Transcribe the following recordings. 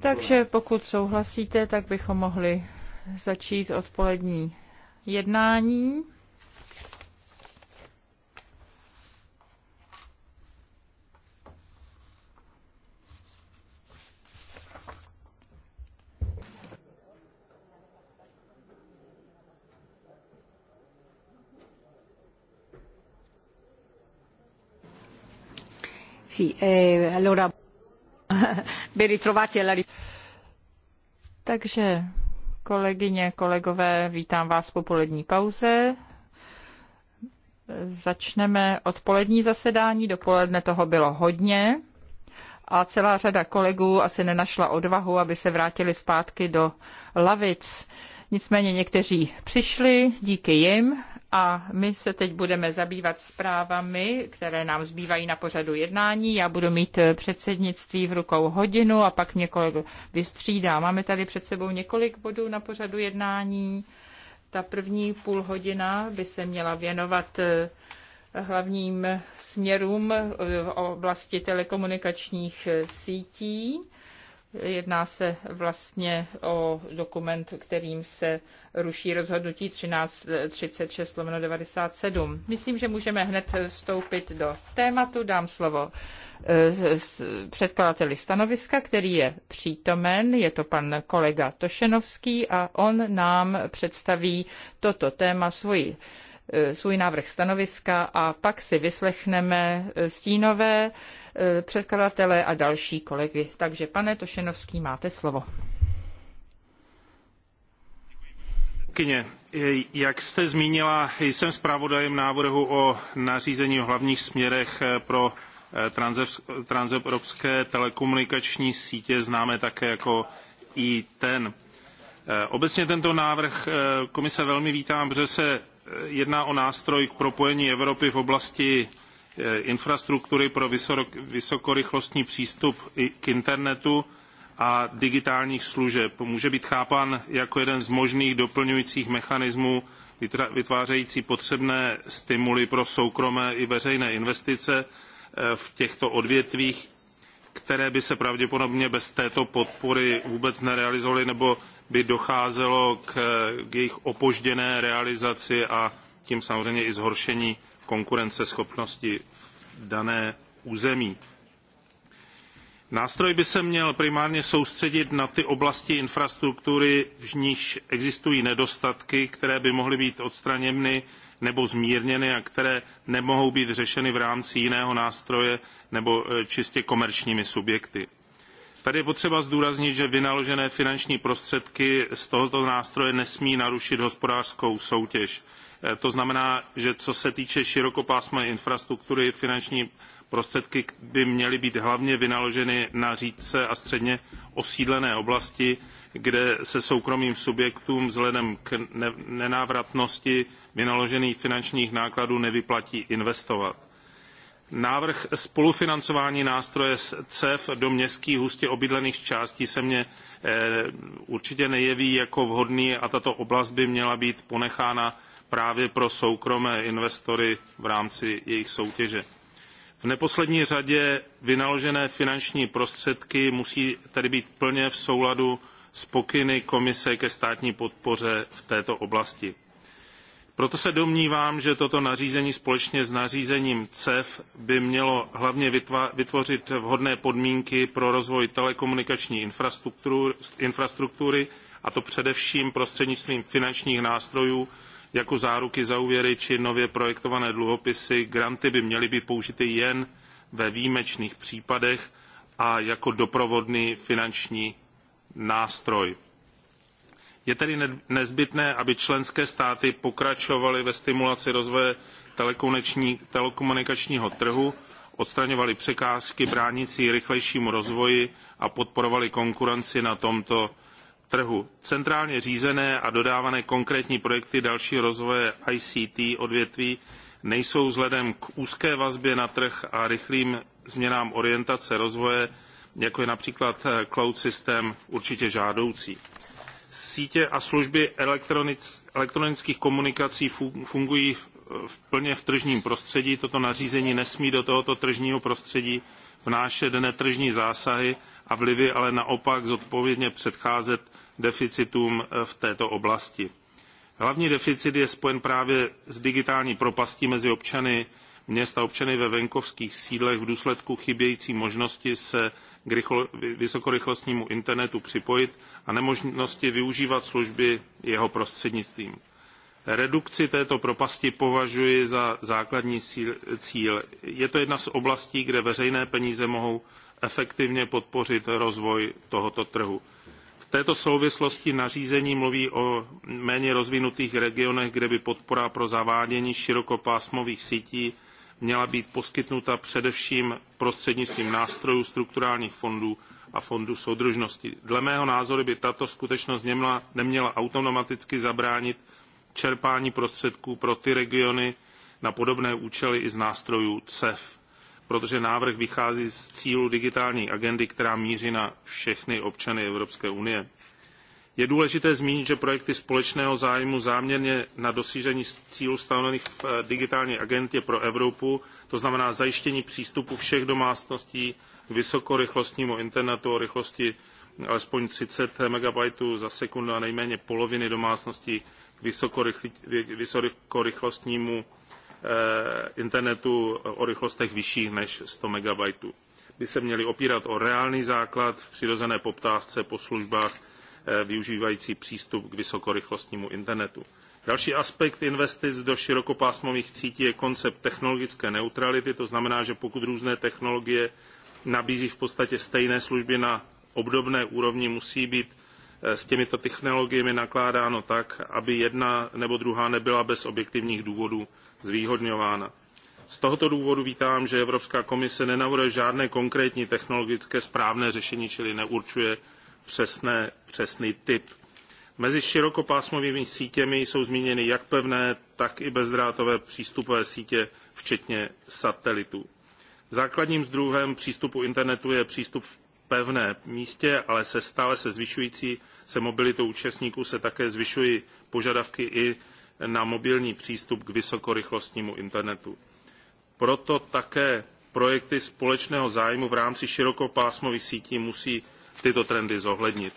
Takže pokud souhlasíte, tak bychom mohli začít odpolední jednání. Sì, eh, allora takže kolegyně, kolegové, vítám vás po polední pauze. Začneme odpolední zasedání, dopoledne toho bylo hodně a celá řada kolegů asi nenašla odvahu, aby se vrátili zpátky do lavic. Nicméně někteří přišli, díky jim a my se teď budeme zabývat zprávami, které nám zbývají na pořadu jednání. Já budu mít eh, předsednictví v rukou hodinu a pak mě několik vystřídá. Máme tady před sebou několik bodů na pořadu jednání. Ta první půl hodina by se měla věnovat eh, hlavním směrům eh, v oblasti telekomunikačních sítí. Jedná se vlastně o dokument, kterým se ruší rozhodnutí 1336 97. Myslím, že můžeme hned vstoupit do tématu. Dám slovo eh, předkladateli stanoviska, který je přítomen, je to pan kolega Tošenovský a on nám představí toto téma svůj, eh, svůj návrh stanoviska a pak si vyslechneme eh, stínové E, předkladatelé a další kolegy. Takže pane Tošenovský, máte slovo. Kyně, e, jak jste zmínila, jsem zpravodajem návrhu o nařízení o hlavních směrech e, pro transevropské telekomunikační sítě, známé také jako i ten. Obecně tento návrh komise velmi vítám, protože se jedná o nástroj k propojení Evropy v oblasti Eh, infrastruktury pro vysokorychlostní přístup k internetu a digitálních služeb. Může být chápán jako jeden z možných doplňujících mechanismů vytvářející potřebné stimuly pro soukromé i veřejné investice eh, v těchto odvětvích, které by se pravděpodobně bez této podpory vůbec nerealizovaly nebo by docházelo k, eh, k jejich opožděné realizaci a tím samozřejmě i zhoršení konkurenceschopnosti v dané území. Nástroj by se měl primárně soustředit na ty oblasti infrastruktury, v níž existují nedostatky, které by mohly být odstraněny nebo zmírněny a které nemohou být řešeny v rámci jiného nástroje nebo e, čistě komerčními subjekty. Tady je potřeba zdůraznit, že vynaložené finanční prostředky z tohoto nástroje nesmí narušit hospodářskou soutěž. Eh, to znamená, že co se týče širokopásmové infrastruktury, finanční prostředky by měly být hlavně vynaloženy na řídce a středně osídlené oblasti, kde se soukromým subjektům vzhledem k nenávratnosti vynaložených finančních nákladů nevyplatí investovat. Návrh spolufinancování nástroje CEF do městských hustě obydlených částí se mně eh, určitě nejeví jako vhodný a tato oblast by měla být ponechána právě pro soukromé investory v rámci jejich soutěže. V neposlední řadě vynaložené finanční prostředky musí tedy být plně v souladu s pokyny Komise ke státní podpoře v této oblasti. Proto se domnívám, že toto nařízení společně s nařízením CEF by mělo hlavně vytvořit vhodné podmínky pro rozvoj telekomunikační infrastruktury, infrastruktury a to především prostřednictvím finančních nástrojů, jako záruky za úvěry či nově projektované dluhopisy granty by měly být použity jen ve výjimečných případech a jako doprovodný finanční nástroj. je tedy nezbytné aby členské státy pokračovaly ve stimulaci rozvoje telekomunikačního trhu odstraňovaly překážky bránící rychlejšímu rozvoji a podporovaly konkurenci na tomto trhu. Centrálně řízené a dodávané konkrétní projekty dalšího rozvoje ICT odvětví nejsou vzhledem k úzké vazbě na trh a rychlým změnám orientace rozvoje, jako je například eh, cloud systém, určitě žádoucí. Sítě a služby elektronic, elektronických komunikací fungují eh, v plně v tržním prostředí. Toto nařízení nesmí do tohoto tržního prostředí vnášet netržní zásahy a vlivy, ale naopak zodpovědně předcházet deficitům eh, v této oblasti. Hlavní deficit je spojen právě s digitální propastí mezi občany měst a občany ve venkovských sídlech v důsledku chybějící možnosti se k rychlo, vysokorychlostnímu internetu připojit a nemožnosti využívat služby jeho prostřednictvím. Redukci této propasti považuji za základní cíl. Je to jedna z oblastí, kde veřejné peníze mohou efektivně podpořit rozvoj tohoto trhu této souvislosti nařízení mluví o méně rozvinutých regionech, kde by podpora pro zavádění širokopásmových sítí měla být poskytnuta především prostřednictvím nástrojů strukturálních fondů a fondu soudržnosti. Dle mého názoru by tato skutečnost neměla, neměla automaticky zabránit čerpání prostředků pro ty regiony na podobné účely i z nástrojů CEF protože návrh vychází z cílů digitální agendy, která míří na všechny občany Evropské unie. Je důležité zmínit, že projekty společného zájmu záměrně na dosažení cílů stanovených v eh, digitální agentě pro Evropu, to znamená zajištění přístupu všech domácností k vysokorychlostnímu internetu o rychlosti alespoň 30 MB za sekundu a nejméně poloviny domácností k vysokorychlostnímu Eh, internetu o rychlostech vyšších než 100 MB. By se měly opírat o reálný základ v přirozené poptávce po službách eh, využívající přístup k vysokorychlostnímu internetu. Další aspekt investic do širokopásmových sítí je koncept technologické neutrality, to znamená, že pokud různé technologie nabízí v podstatě stejné služby na obdobné úrovni, musí být eh, s těmito technologiemi nakládáno tak, aby jedna nebo druhá nebyla bez objektivních důvodů zvýhodňována. Z tohoto důvodu vítám, že Evropská komise nenavrhuje žádné konkrétní technologické správné řešení, čili neurčuje přesné, přesný typ. Mezi širokopásmovými sítěmi jsou zmíněny jak pevné, tak i bezdrátové přístupové sítě, včetně satelitů. Základním zdrojem přístupu internetu je přístup v pevné místě, ale se stále se zvyšující se mobilitou účastníků se také zvyšují požadavky i na mobilní přístup k vysokorychlostnímu internetu. Proto také projekty společného zájmu v rámci širokopásmových sítí musí tyto trendy zohlednit.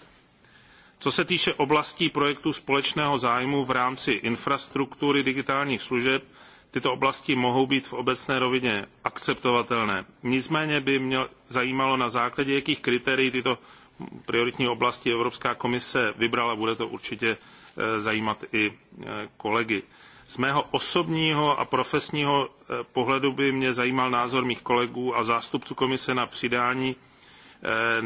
Co se týče oblastí projektů společného zájmu v rámci infrastruktury digitálních služeb, tyto oblasti mohou být v obecné rovině akceptovatelné. Nicméně by mě zajímalo, na základě jakých kritérií tyto prioritní oblasti Evropská komise vybrala, bude to určitě Eh, zajímat i eh, kolegy. Z mého osobního a profesního eh, pohledu by mě zajímal názor mých kolegů a zástupců komise na přidání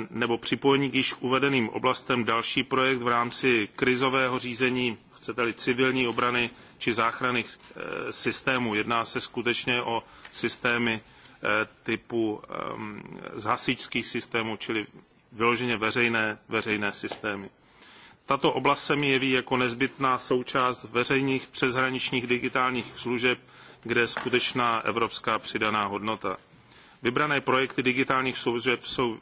nebo připojení k již uvedeným oblastem další projekt v rámci krizového řízení, chcete-li civilní obrany či záchranných systémů. Jedná se skutečně o systémy typu ehm, z hasičských systémů, čili vyloženě veřejné, veřejné systémy. Tato oblast se mi jeví jako nezbytná součást veřejných přeshraničních digitálních služeb, kde je skutečná evropská přidaná hodnota. Vybrané projekty digitálních služeb jsou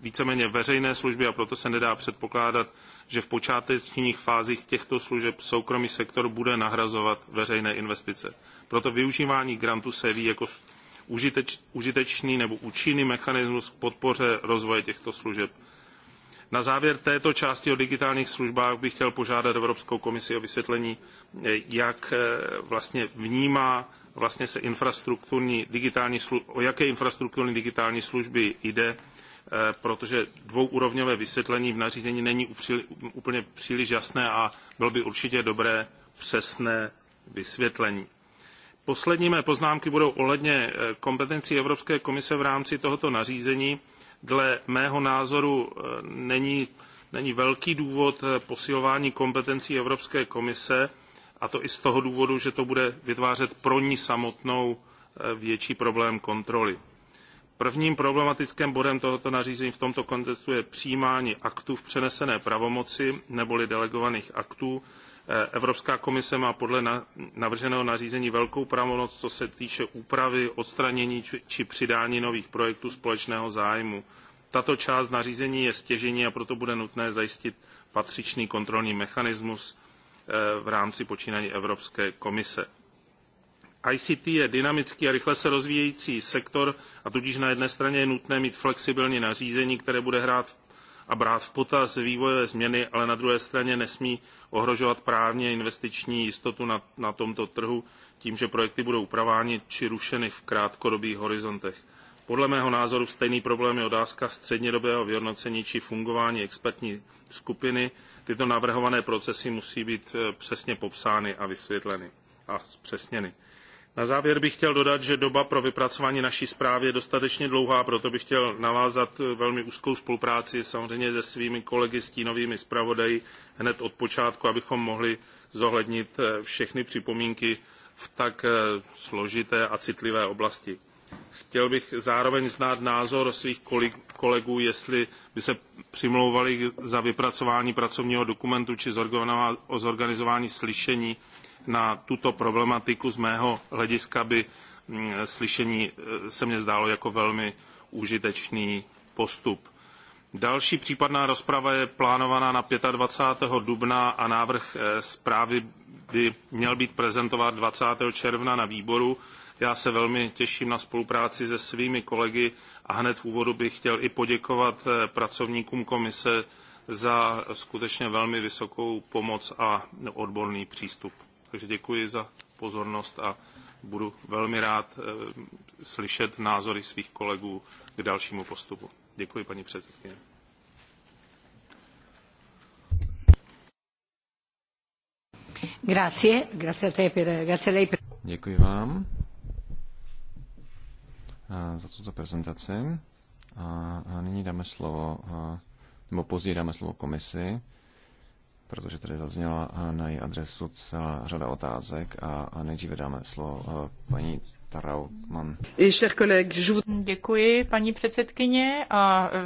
víceméně veřejné služby a proto se nedá předpokládat, že v počátečních fázích těchto služeb soukromý sektor bude nahrazovat veřejné investice. Proto využívání grantu se ví jako užitečný nebo účinný mechanismus k podpoře rozvoje těchto služeb. Na závěr této části o digitálních službách bych chtěl požádat Evropskou komisi o vysvětlení, eh, jak eh, vlastně vnímá vlastně se infrastrukturní digitální o jaké infrastrukturní digitální služby jde, eh, protože dvouúrovňové vysvětlení v nařízení není úplně příliš jasné a bylo by určitě dobré přesné vysvětlení. Poslední mé poznámky budou ohledně kompetencí Evropské komise v rámci tohoto nařízení dle mého názoru eh, není, není velký důvod eh, posilování kompetencí Evropské komise, a to i z toho důvodu, že to bude vytvářet pro ní samotnou eh, větší problém kontroly. Prvním problematickým bodem tohoto nařízení v tomto kontextu je přijímání aktů v přenesené pravomoci neboli delegovaných aktů, Eh, Evropská komise má podle navrženého nařízení velkou pravomoc, co se týče úpravy, odstranění či přidání nových projektů společného zájmu. Tato část nařízení je stěžení a proto bude nutné zajistit patřičný kontrolní mechanismus eh, v rámci počínání Evropské komise. ICT je dynamický a rychle se rozvíjející sektor a tudíž na jedné straně je nutné mít flexibilní nařízení, které bude hrát a brát v potaz vývojové změny, ale na druhé straně nesmí ohrožovat právně investiční jistotu na, na tomto trhu tím, že projekty budou upravovány či rušeny v krátkodobých horizontech. Podle mého názoru stejný problém je otázka střednědobého vyhodnocení či fungování expertní skupiny. Tyto navrhované procesy musí být eh, přesně popsány a vysvětleny a zpřesněny na závěr bych chtěl dodat, že doba pro vypracování naší zprávy je dostatečně dlouhá, proto bych chtěl navázat eh, velmi úzkou spolupráci samozřejmě se svými kolegy stínovými zpravodaji hned od počátku, abychom mohli zohlednit eh, všechny připomínky v tak eh, složité a citlivé oblasti. Chtěl bych zároveň znát názor svých kolegů, jestli by se přimlouvali za vypracování pracovního dokumentu či zorganizování slyšení na tuto problematiku z mého hlediska by mm, slyšení eh, se mně zdálo jako velmi užitečný postup. Další případná rozprava je plánovaná na 25. dubna a návrh eh, zprávy by měl být prezentován 20. června na výboru. Já se velmi těším na spolupráci se svými kolegy a hned v úvodu bych chtěl i poděkovat eh, pracovníkům komise za skutečně velmi vysokou pomoc a odborný přístup. Takže děkuji za pozornost a budu velmi rád eh, slyšet názory svých kolegů k dalšímu postupu. Děkuji, paní předsedkyně. Grazie, grazie te per, grazie lei per... Děkuji vám eh, za tuto prezentaci. A nyní dáme slovo, eh, nebo později dáme slovo komisi protože tady zazněla na její adresu celá řada otázek a nejdříve dáme slovo eh, paní Trautmann. Eh, Děkuji, paní předsedkyně. A eh,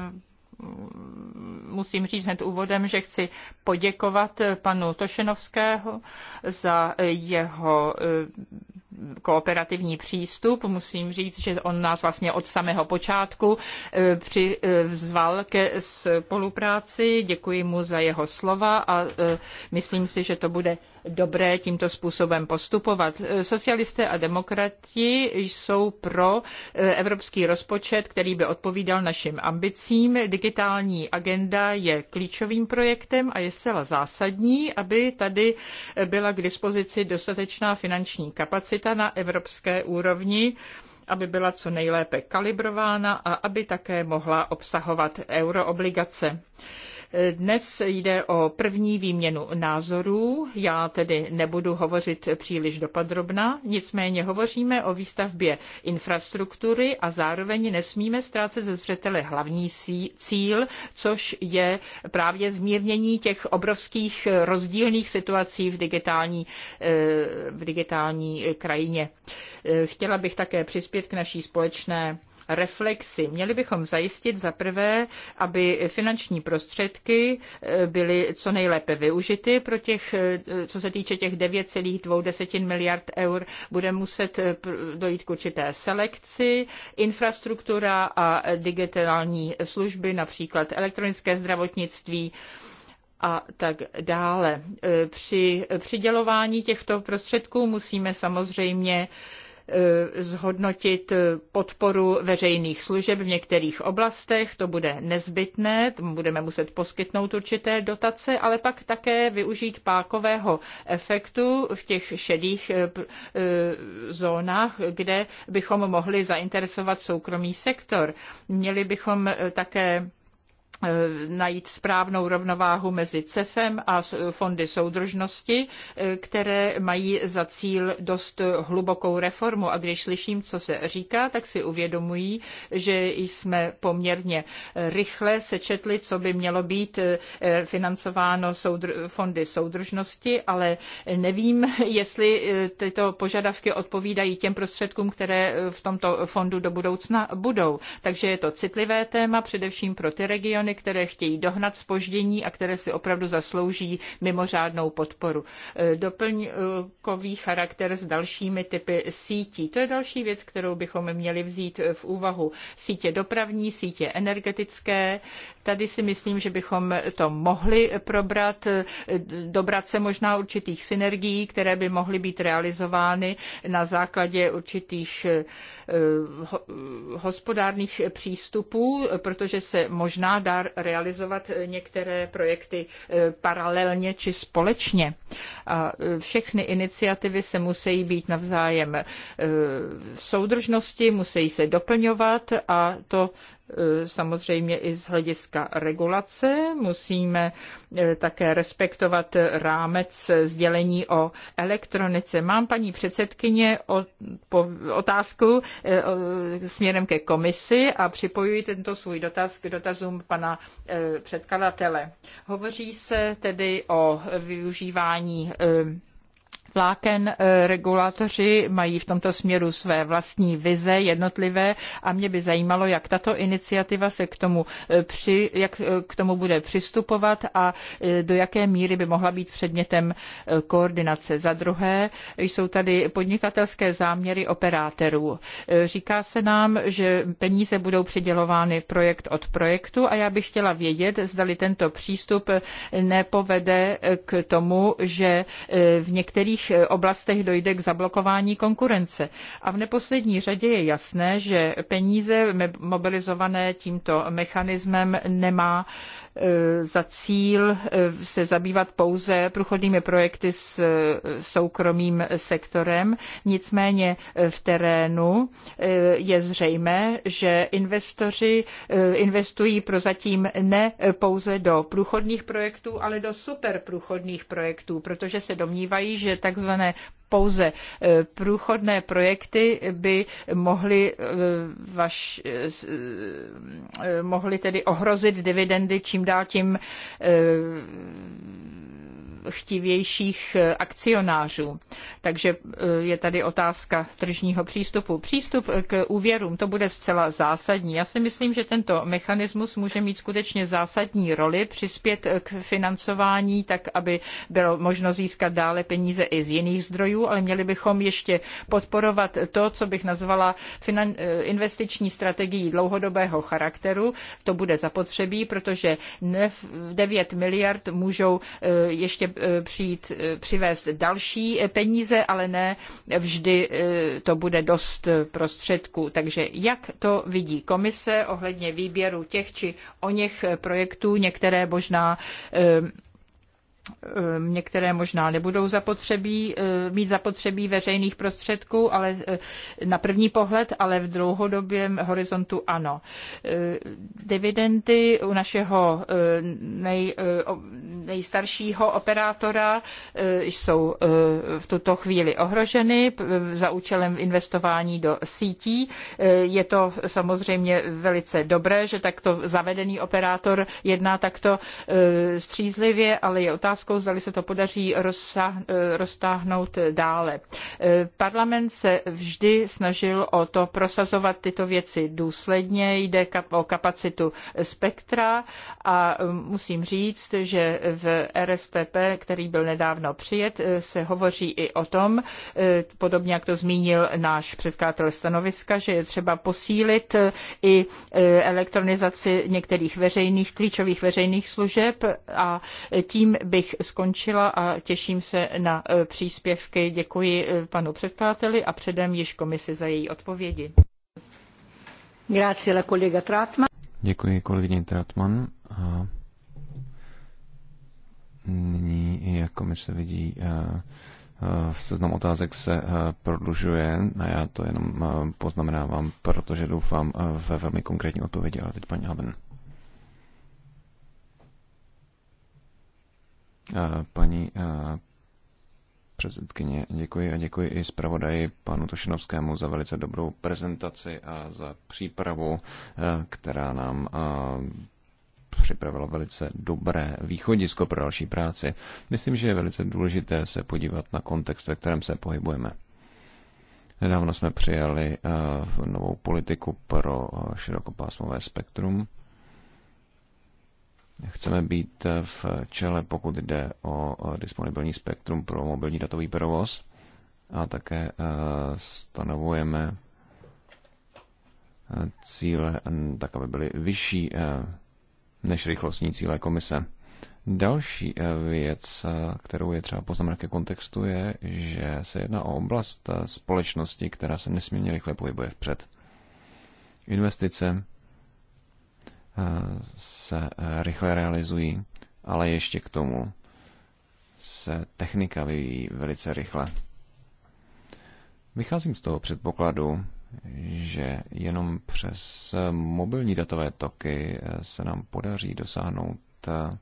musím říct hned úvodem, že chci poděkovat panu Tošenovského za jeho kooperativní přístup. Musím říct, že on nás vlastně od samého počátku eh, přizval eh, ke spolupráci. Děkuji mu za jeho slova a eh, myslím si, že to bude dobré tímto způsobem postupovat. Socialisté a demokrati jsou pro evropský rozpočet, který by odpovídal našim ambicím. Digitální agenda je klíčovým projektem a je zcela zásadní, aby tady byla k dispozici dostatečná finanční kapacita kapacita na evropské úrovni aby byla co nejlépe kalibrována a aby také mohla obsahovat euroobligace. Dnes jde o první výměnu názorů. Já tedy nebudu hovořit příliš dopadrobna, nicméně hovoříme o výstavbě infrastruktury a zároveň nesmíme ztrácet ze zřetele hlavní cíl, což je právě zmírnění těch obrovských rozdílných situací v digitální, eh, v digitální krajině. Eh, chtěla bych také přispět k naší společné reflexi. Měli bychom zajistit za prvé, aby finanční prostředky eh, byly co nejlépe využity pro těch, eh, co se týče těch 9,2 miliard eur, bude muset eh, dojít k určité selekci. Infrastruktura a digitální služby, například elektronické zdravotnictví, a tak dále. Při přidělování těchto prostředků musíme samozřejmě Eh, zhodnotit podporu veřejných služeb v některých oblastech. To bude nezbytné, budeme muset poskytnout určité dotace, ale pak také využít pákového efektu v těch šedých eh, eh, zónách, kde bychom mohli zainteresovat soukromý sektor. Měli bychom také Eh, najít správnou rovnováhu mezi CEFem a eh, fondy soudržnosti, eh, které mají za cíl dost hlubokou reformu. A když slyším, co se říká, tak si uvědomují, že jsme poměrně rychle sečetli, co by mělo být financováno soudr- fondy soudržnosti, ale nevím, jestli tyto požadavky odpovídají těm prostředkům, které v tomto fondu do budoucna budou. Takže je to citlivé téma, především pro ty regiony, strany, které chtějí dohnat spoždění a které si opravdu zaslouží mimořádnou podporu. Eh, doplňkový charakter s dalšími typy sítí. To je další věc, kterou bychom měli vzít v úvahu. Sítě dopravní, sítě energetické, Tady si myslím, že bychom to mohli probrat, dobrat se možná určitých synergií, které by mohly být realizovány na základě určitých eh, hospodárných přístupů, protože se možná dá realizovat některé projekty eh, paralelně či společně. A eh, všechny iniciativy se musí být navzájem v soudržnosti, musí se doplňovat a to E, samozřejmě i z hlediska regulace. Musíme e, také respektovat rámec sdělení o elektronice. Mám paní předsedkyně otázku e, směrem ke komisi a připojuji tento svůj dotaz k dotazům pana předkladatele. Hovoří se tedy o využívání vláken. Eh, regulátoři mají v tomto směru své vlastní vize jednotlivé a mě by zajímalo, jak tato iniciativa se k tomu, eh, při, jak eh, k tomu bude přistupovat a do jaké míry by mohla být předmětem koordinace. Za druhé jsou tady podnikatelské záměry operátorů. Říká se nám, že peníze budou přidělovány projekt od projektu a já bych chtěla vědět, zdali tento přístup nepovede k tomu, že v některých některých eh, oblastech dojde k zablokování konkurence. A v neposlední řadě je jasné, že peníze mobilizované tímto mechanismem nemá Eh, za cíl eh, se zabývat pouze průchodnými projekty s eh, soukromým sektorem. Nicméně v terénu je zřejmé, že investoři investují prozatím ne pouze do průchodných projektů, ale do superprůchodných projektů, protože se domnívají, že takzvané pouze eh, průchodné projekty by mohly, eh, vaš, eh, mohly tedy ohrozit dividendy čím dál tím chtivějších akcionářů. Takže je tady otázka tržního přístupu. Přístup k úvěrům, to bude zcela zásadní. Já si myslím, že tento mechanismus může mít skutečně zásadní roli, přispět k financování tak, aby bylo možno získat dále peníze i z jiných zdrojů ale měli bychom ještě podporovat to, co bych nazvala investiční strategií dlouhodobého charakteru. To bude zapotřebí, protože 9 miliard můžou eh, ještě eh, přijít, eh, přivést další peníze, ale ne vždy to bude dost prostředků. Takže jak to vidí komise ohledně výběru těch či o něch projektů, některé možná Ehm, některé možná nebudou zapotřebí, ehm, mít zapotřebí veřejných prostředků, ale ehm, na první pohled, ale v dlouhodobém horizontu ano. Dividendy u našeho nej, nejstaršího operátora jsou v tuto chvíli ohroženy za účelem investování do sítí. Je to samozřejmě velice dobré, že takto zavedený operátor jedná takto střízlivě, ale je otázka, otázkou, zda se to podaří eh, roztáhnout dále. Eh, parlament se vždy snažil o to prosazovat tyto věci důsledně, jde o kapacitu spektra a musím říct, že v RSPP, který byl nedávno přijat, eh, se hovoří i o tom, podobně jak to zmínil náš předkátel stanoviska, že je třeba posílit i elektronizaci některých veřejných, klíčových veřejných služeb a tím bych bych skončila a těším se na e, příspěvky. Děkuji e, panu předkladateli a předem již komisi za její odpovědi. Grazie la kolega Tratman. Děkuji kolegyně Tratman. A nyní, jak komise vidí, e, seznam otázek se prodlužuje a já to jenom poznamenávám, protože doufám ve velmi konkrétní odpovědi, ale teď paní Haben. Paní předsedkyně, děkuji a děkuji i zpravodaji panu Tošinovskému za velice dobrou prezentaci a za přípravu, která nám připravila velice dobré východisko pro další práci. Myslím, že je velice důležité se podívat na kontext, ve kterém se pohybujeme. Nedávno jsme přijali novou politiku pro širokopásmové spektrum Chceme být v čele, pokud jde o disponibilní spektrum pro mobilní datový provoz a také eh, stanovujeme eh, cíle tak, aby byly vyšší eh, než rychlostní cíle komise. Další věc, kterou je třeba poznamenat ke kontextu, je, že se jedná o oblast společnosti, která se nesmírně rychle pohybuje vpřed. Investice se eh, rychle realizují, ale ještě k tomu se technika vyvíjí velice rychle. Vycházím z toho předpokladu, že jenom přes mobilní datové toky eh, se nám podaří dosáhnout eh,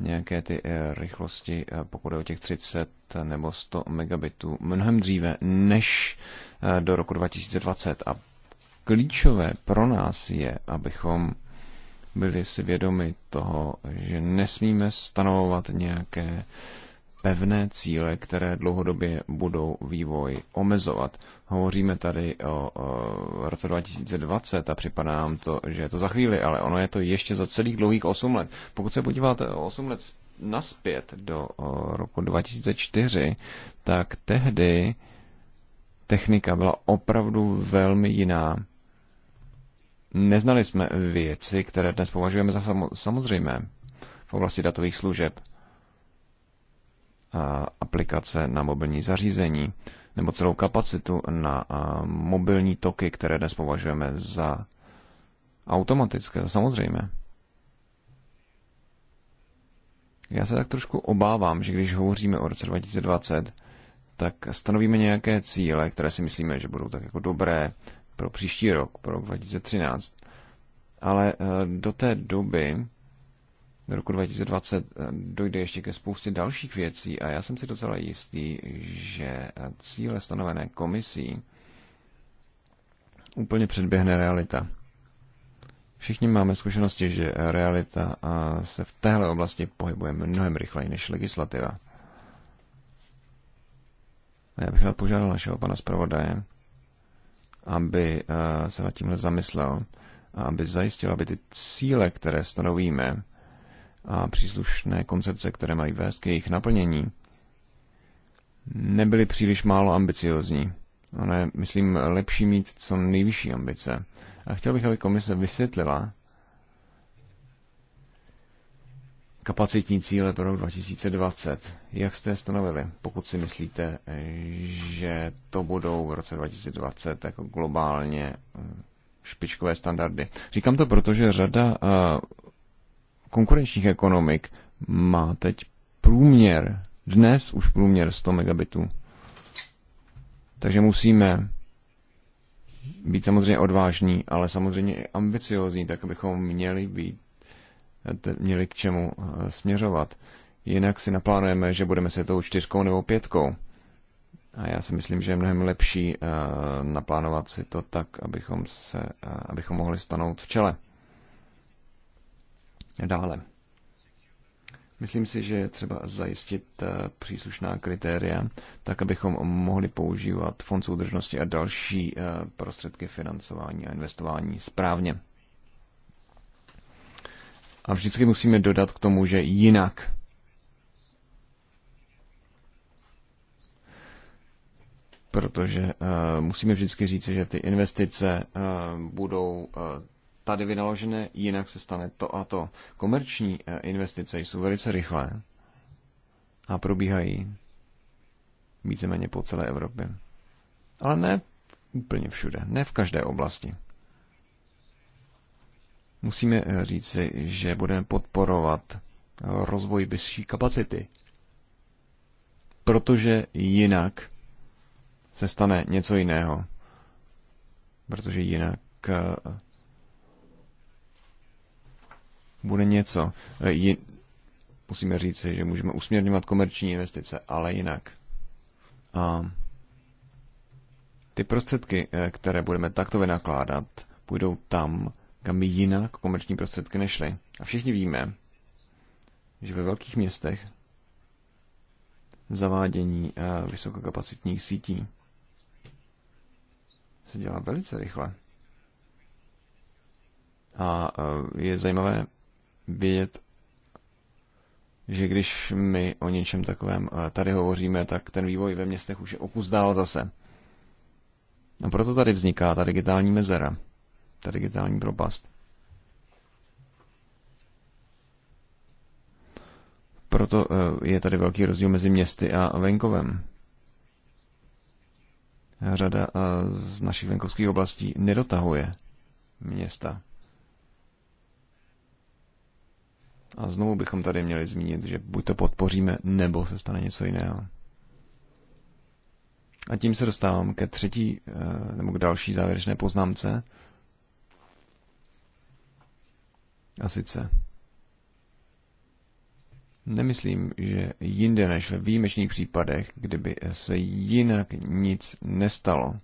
nějaké ty rychlosti, pokud je o těch 30 nebo 100 megabitů, mnohem dříve než do roku 2020. A klíčové pro nás je, abychom byli si vědomi toho, že nesmíme stanovovat nějaké pevné cíle, které dlouhodobě budou vývoj omezovat. Hovoříme tady o, o roce 2020 a připadá nám to, že je to za chvíli, ale ono je to ještě za celých dlouhých 8 let. Pokud se podíváte o 8 let naspět do o, roku 2004, tak tehdy technika byla opravdu velmi jiná Neznali jsme věci, které dnes považujeme za samozřejmé v oblasti datových služeb, aplikace na mobilní zařízení nebo celou kapacitu na mobilní toky, které dnes považujeme za automatické, za samozřejmé. Já se tak trošku obávám, že když hovoříme o roce 2020, tak stanovíme nějaké cíle, které si myslíme, že budou tak jako dobré, pro příští rok, pro 2013. Ale eh, do té doby, do roku 2020, eh, dojde ještě ke spoustě dalších věcí a já jsem si docela jistý, že eh, cíle stanovené komisí úplně předběhne realita. Všichni máme zkušenosti, že realita se v téhle oblasti pohybuje mnohem rychleji než legislativa. A já bych rád požádal našeho pana zpravodaje, aby eh, se nad tímhle zamyslel a aby zajistil, aby ty cíle, které stanovíme a příslušné koncepce, které mají vést k jejich naplnění, nebyly příliš málo ambiciozní. Ono je, myslím, lepší mít co nejvyšší ambice. A chtěl bych, aby komise vysvětlila, kapacitní cíle pro rok 2020. Jak jste je stanovili, pokud si myslíte, že to budou v roce 2020 jako globálně eh, špičkové standardy? Říkám to, protože řada eh, konkurenčních ekonomik má teď průměr, dnes už průměr 100 megabitů. Takže musíme být samozřejmě odvážní, ale samozřejmě i ambiciozní, tak abychom měli být měli k čemu eh, směřovat. Jinak si naplánujeme, že budeme se tou čtyřkou nebo pětkou. A já si myslím, že je mnohem lepší eh, naplánovat si to tak, abychom, se, eh, abychom mohli stanout v čele. Dále. Myslím si, že je třeba zajistit příslušná kritéria, tak abychom mohli používat fond soudržnosti a další prostředky financování a investování správně. A vždycky musíme dodat k tomu, že jinak. Protože uh, musíme vždycky říct, že ty investice uh, budou uh, tady vynaložené, jinak se stane to a to. Komerční uh, investice jsou velice rychlé a probíhají víceméně po celé Evropě. Ale ne úplně všude, ne v každé oblasti. Musíme eh, říci, že budeme podporovat eh, rozvoj vyšší kapacity, protože jinak se stane něco jiného. Protože jinak eh, bude něco. Musíme říci, že můžeme usměrňovat komerční investice, ale jinak. A ty prostředky, které budeme takto vynakládat, půjdou tam, kam by jinak komerční prostředky nešly. A všichni víme, že ve velkých městech zavádění eh, vysokokapacitních sítí se dělá velice rychle. A eh, je zajímavé vědět, že když my o něčem takovém eh, tady hovoříme, tak ten vývoj ve městech už je opus dál zase. A proto tady vzniká ta digitální mezera ta digitální propast. Proto eh, je tady velký rozdíl mezi městy a venkovem. Řada eh, z našich venkovských oblastí nedotahuje města. A znovu bychom tady měli zmínit, že buď to podpoříme, nebo se stane něco jiného. A tím se dostávám ke třetí, eh, nebo k další závěrečné poznámce, A sice Nemyslím, že jinde než ve výjimečných případech, kdyby se jinak nic nestalo.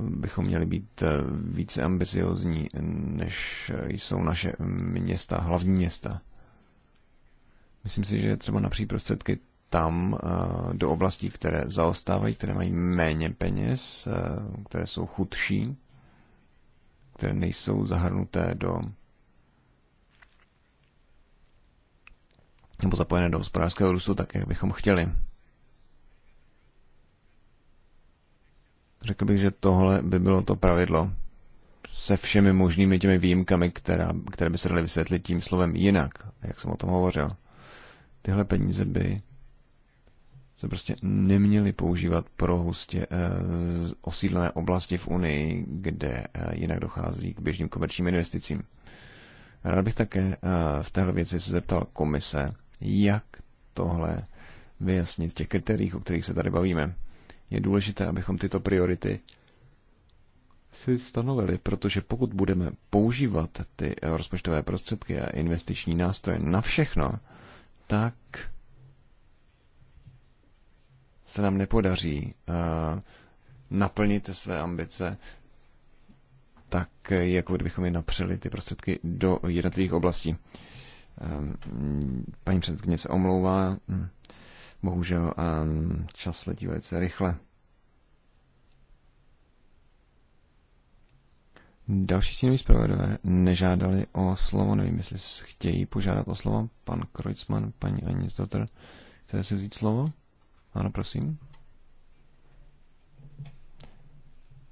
bychom měli být více ambiciozní, než jsou naše města, hlavní města. Myslím si, že třeba na příprostředky tam eh, do oblastí, které zaostávají, které mají méně peněz, eh, které jsou chudší, které nejsou zahrnuté do nebo zapojené do hospodářského růstu, tak jak bychom chtěli. Řekl bych, že tohle by bylo to pravidlo se všemi možnými těmi výjimkami, která, které by se daly vysvětlit tím slovem jinak, jak jsem o tom hovořil. Tyhle peníze by se prostě neměli používat pro hustě eh, osídlené oblasti v Unii, kde eh, jinak dochází k běžným komerčním investicím. Rád bych také eh, v téhle věci se zeptal komise, jak tohle vyjasnit v těch kritériích, o kterých se tady bavíme. Je důležité, abychom tyto priority si stanovili, protože pokud budeme používat ty rozpočtové prostředky a investiční nástroje na všechno, tak se nám nepodaří eh, naplnit své ambice, tak jako kdybychom je napřeli ty prostředky do jednotlivých oblastí. Eh, paní předsedkyně se omlouvá, hm. bohužel eh, čas letí velice rychle. Další stínoví zpravodové nežádali o slovo, nevím, jestli chtějí požádat o slovo. Pan Kreuzmann, paní Anisdotr, chce si vzít slovo? Ano, prosím.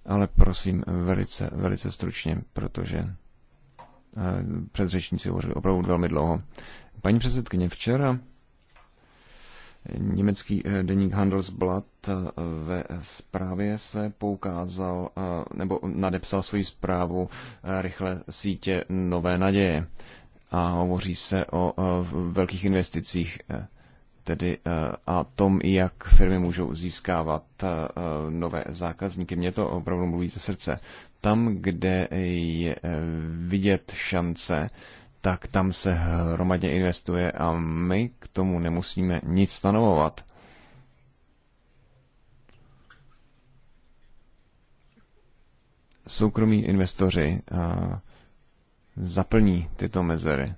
Ale prosím, velice, velice stručně, protože eh, předřečníci hovořili opravdu velmi dlouho. Paní předsedkyně, včera Německý eh, deník Handelsblatt eh, ve zprávě své poukázal, nebo nadepsal svoji zprávu rychle sítě Nové naděje. A hovoří se o velkých investicích tedy eh, a tom, jak firmy můžou získávat eh, eh, nové zákazníky. Mě to opravdu mluví ze srdce. Tam, kde je vidět šance, tak tam se hromadně investuje a my k tomu nemusíme nic stanovovat. Soukromí investoři zaplní tyto mezery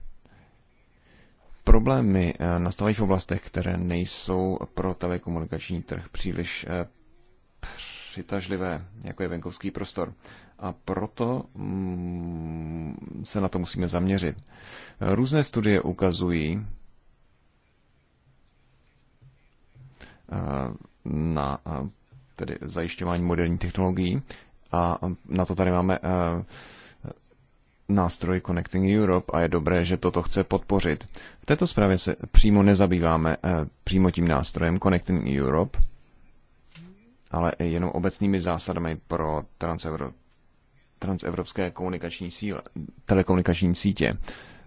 problémy eh, nastávají v oblastech, které nejsou pro telekomunikační trh příliš eh, přitažlivé, jako je venkovský prostor. A proto mm, se na to musíme zaměřit. Různé studie ukazují eh, na tedy zajišťování moderní technologií a na to tady máme nástroj Connecting Europe a je dobré, že toto chce podpořit. V této zprávě se přímo nezabýváme eh, přímo tím nástrojem Connecting Europe, ale jenom obecnými zásadami pro transevro, transevropské komunikační síle, telekomunikační sítě.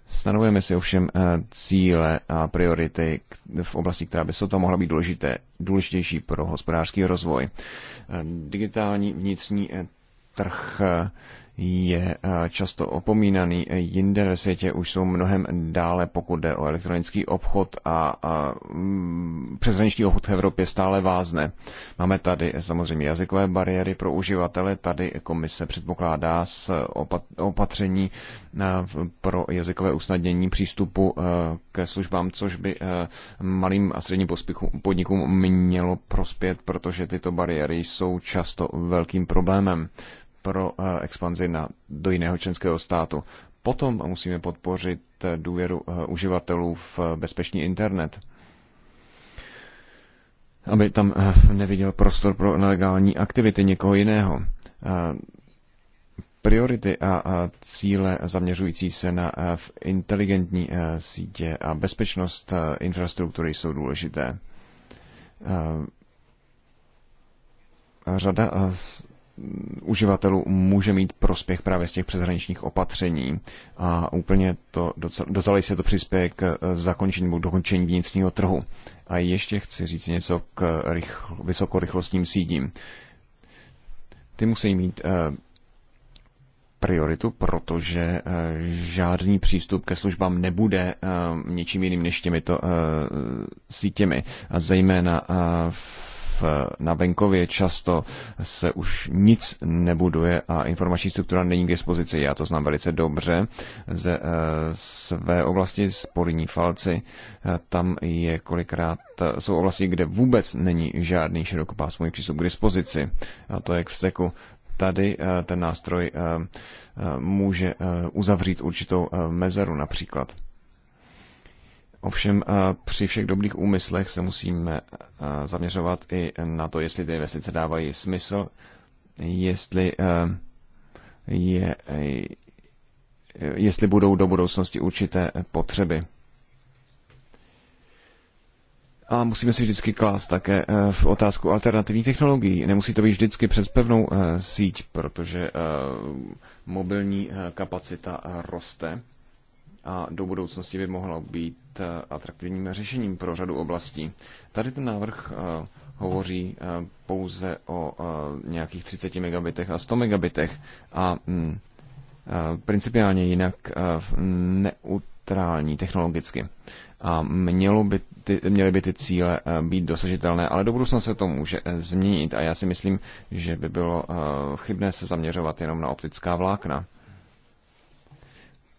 Stanovujeme si ovšem eh, cíle a priority v oblasti, která by sotva mohla být důležité, důležitější pro hospodářský rozvoj. Eh, digitální vnitřní trh je eh, často opomínaný. Jinde ve světě už jsou mnohem dále, pokud jde o elektronický obchod a, a mm, přeshraniční obchod v Evropě stále vázne. Máme tady samozřejmě jazykové bariéry pro uživatele, tady komise předpokládá s opatření eh, pro jazykové usnadnění přístupu eh, ke službám, což by malým a středním podnikům mělo prospět, protože tyto bariéry jsou často velkým problémem pro eh, expanzi na, do jiného členského státu. Potom musíme podpořit eh, důvěru eh, uživatelů v bezpečný internet aby tam neviděl prostor pro nelegální aktivity někoho jiného. Priority a cíle zaměřující se na inteligentní sítě a bezpečnost infrastruktury jsou důležité. Řada uživatelů může mít prospěch právě z těch přeshraničních opatření. A úplně to docela se to přispěje k eh, zakončení nebo dokončení vnitřního trhu. A ještě chci říct něco k rychl, vysokorychlostním sídím. Ty musí mít eh, prioritu, protože eh, žádný přístup ke službám nebude ničím jiným než těmito sítěmi. A zejména v na venkově často se už nic nebuduje a informační struktura není k dispozici. Já to znám velice dobře ze eh, své oblasti z Porní Falci. Eh, tam je kolikrát eh, jsou oblasti, kde vůbec není žádný širokopásmový přístup k dispozici. A to je k vzteku tady ten nástroj může uzavřít určitou mezeru například. Ovšem eh, při všech dobrých úmyslech se musíme eh, zaměřovat i na to, jestli ty investice dávají smysl, jestli eh, je, jestli budou do budoucnosti určité potřeby. A musíme si vždycky klást také v otázku alternativních technologií. Nemusí to být vždycky přes pevnou síť, protože mobilní kapacita roste a do budoucnosti by mohla být eh, atraktivním řešením pro řadu oblastí. Tady ten návrh eh, hovoří eh, pouze o nějakých 30 megabitech a 100 megabitech a mm, principiálně jinak neutrální technologicky. A mělo by ty, měly by ty cíle být dosažitelné, ale do budoucna se to může změnit a já si myslím, že by bylo chybné se zaměřovat jenom na optická vlákna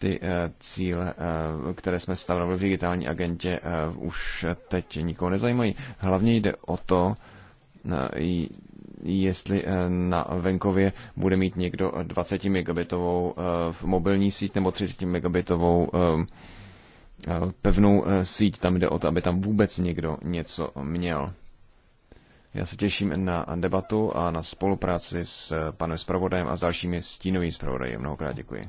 ty eh, cíle, eh, které jsme stavili v digitální agentě, eh, už teď nikoho nezajímají. Hlavně jde o to, jestli na venkově bude mít někdo 20 megabitovou mobilní síť nebo 30 megabitovou pevnou síť. Tam jde o to, aby tam vůbec někdo něco měl. Já se těším na debatu a na spolupráci s panem zpravodajem a s dalšími stínovými zpravodaji. Mnohokrát děkuji.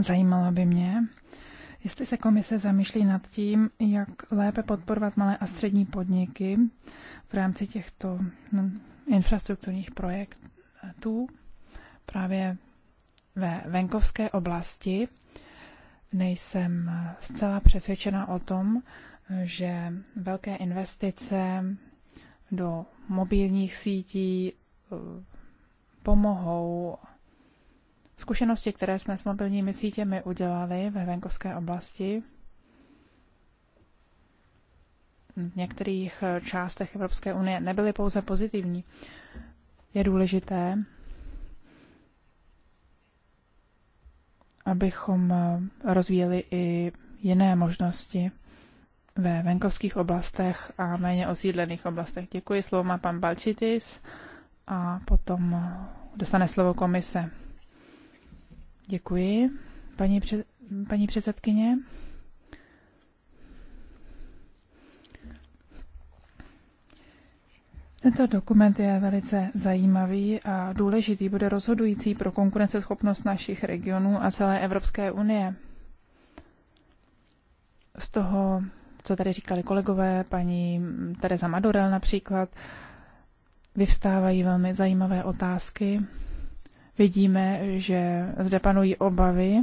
Zajímalo by mě, jestli se komise zamýšlí nad tím, jak lépe podporovat malé a střední podniky v rámci těchto no, infrastrukturních projektů právě ve venkovské oblasti. Nejsem zcela přesvědčena o tom, že velké investice do mobilních sítí eh, pomohou Zkušenosti, které jsme s mobilními sítěmi udělali ve venkovské oblasti, v některých částech Evropské unie nebyly pouze pozitivní. Je důležité, abychom rozvíjeli i jiné možnosti ve venkovských oblastech a méně osídlených oblastech. Děkuji, slovo má pan Balčitis a potom dostane slovo komise. Děkuji, paní, před, paní předsedkyně. Tento dokument je velice zajímavý a důležitý, bude rozhodující pro konkurenceschopnost našich regionů a celé Evropské unie. Z toho, co tady říkali kolegové, paní Tereza Madorel například, vyvstávají velmi zajímavé otázky vidíme, že zde panují obavy.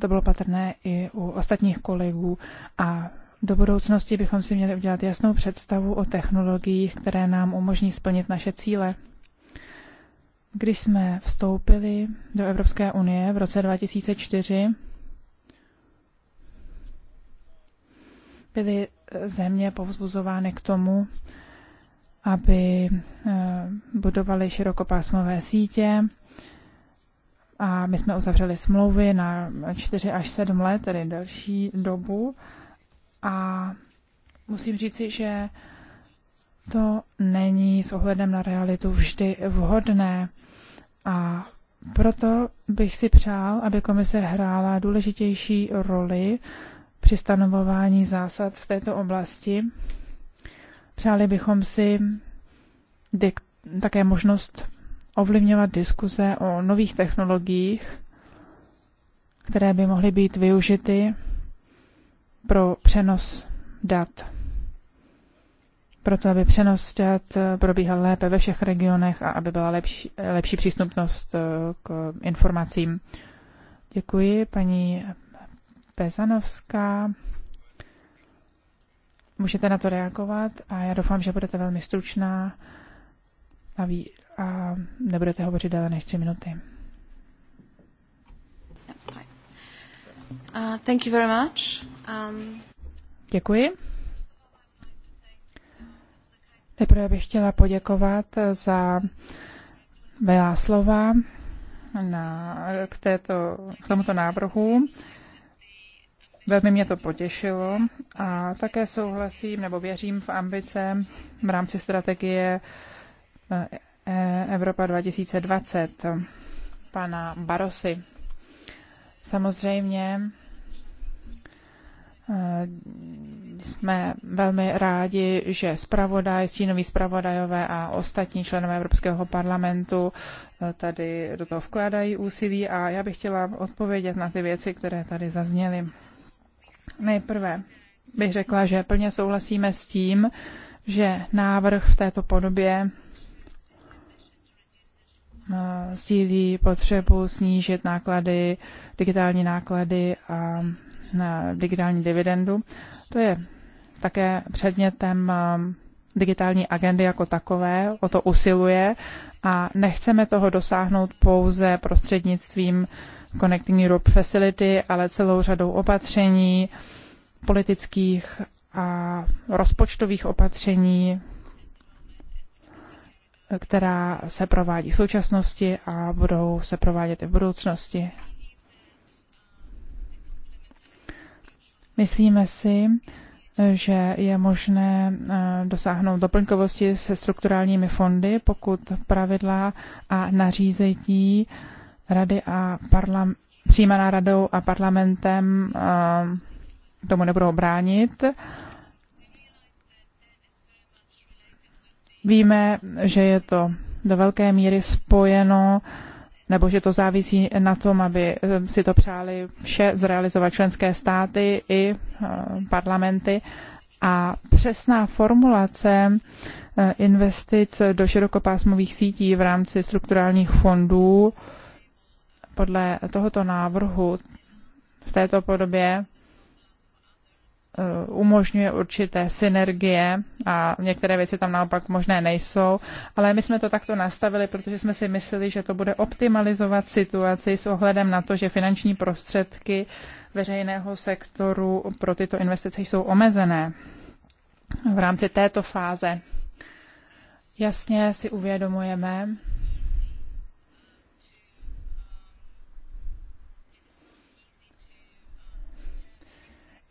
To bylo patrné i u ostatních kolegů a do budoucnosti bychom si měli udělat jasnou představu o technologiích, které nám umožní splnit naše cíle. Když jsme vstoupili do Evropské unie v roce 2004, byly země povzbuzovány k tomu, aby eh, budovali širokopásmové sítě a my jsme uzavřeli smlouvy na 4 až 7 let, tedy další dobu. A musím říci, že to není s ohledem na realitu vždy vhodné. A proto bych si přál, aby komise hrála důležitější roli při stanovování zásad v této oblasti Přáli bychom si také možnost ovlivňovat diskuze o nových technologiích, které by mohly být využity pro přenos dat. Proto, aby přenos dat probíhal lépe ve všech regionech a aby byla lepší, lepší přístupnost eh, k informacím. Děkuji, paní Pezanovská. Můžete na to reagovat a já doufám, že budete velmi stručná a, ví, a nebudete hovořit déle než tři minuty. Uh, thank you very much. Um... Děkuji. Nejprve bych chtěla poděkovat za milá slova na, k, této, k tomuto návrhu. Velmi mě to potěšilo a také souhlasím nebo věřím v ambice v rámci strategie eh, Evropa 2020 pana Barosy. Samozřejmě eh, jsme velmi rádi, že zpravodaj, stínový zpravodajové a ostatní členové Evropského parlamentu eh, tady do toho vkládají úsilí a já bych chtěla odpovědět na ty věci, které tady zazněly. Nejprve bych řekla, že plně souhlasíme s tím, že návrh v této podobě eh, sdílí potřebu snížit náklady, digitální náklady a na eh, digitální dividendu. To je také předmětem eh, digitální agendy jako takové, o to usiluje a nechceme toho dosáhnout pouze prostřednictvím uh, Connecting Europe Facility, ale celou řadou opatření, politických a rozpočtových opatření, která se provádí v současnosti a budou se provádět i v budoucnosti. Myslíme si, že je možné eh, dosáhnout doplňkovosti se strukturálními fondy, pokud pravidla a nařízení rady a parlam, přijímaná radou a parlamentem eh, tomu nebudou bránit. Víme, že je to do velké míry spojeno nebo že to závisí na tom, aby eh, si to přáli vše zrealizovat členské státy i eh, parlamenty. A přesná formulace investic do širokopásmových sítí v rámci strukturálních fondů podle tohoto návrhu v této podobě eh, umožňuje určité synergie a některé věci tam naopak možné nejsou, ale my jsme to takto nastavili, protože jsme si mysleli, že to bude optimalizovat situaci s ohledem na to, že finanční prostředky veřejného sektoru pro tyto investice jsou omezené v rámci této fáze. Jasně si uvědomujeme,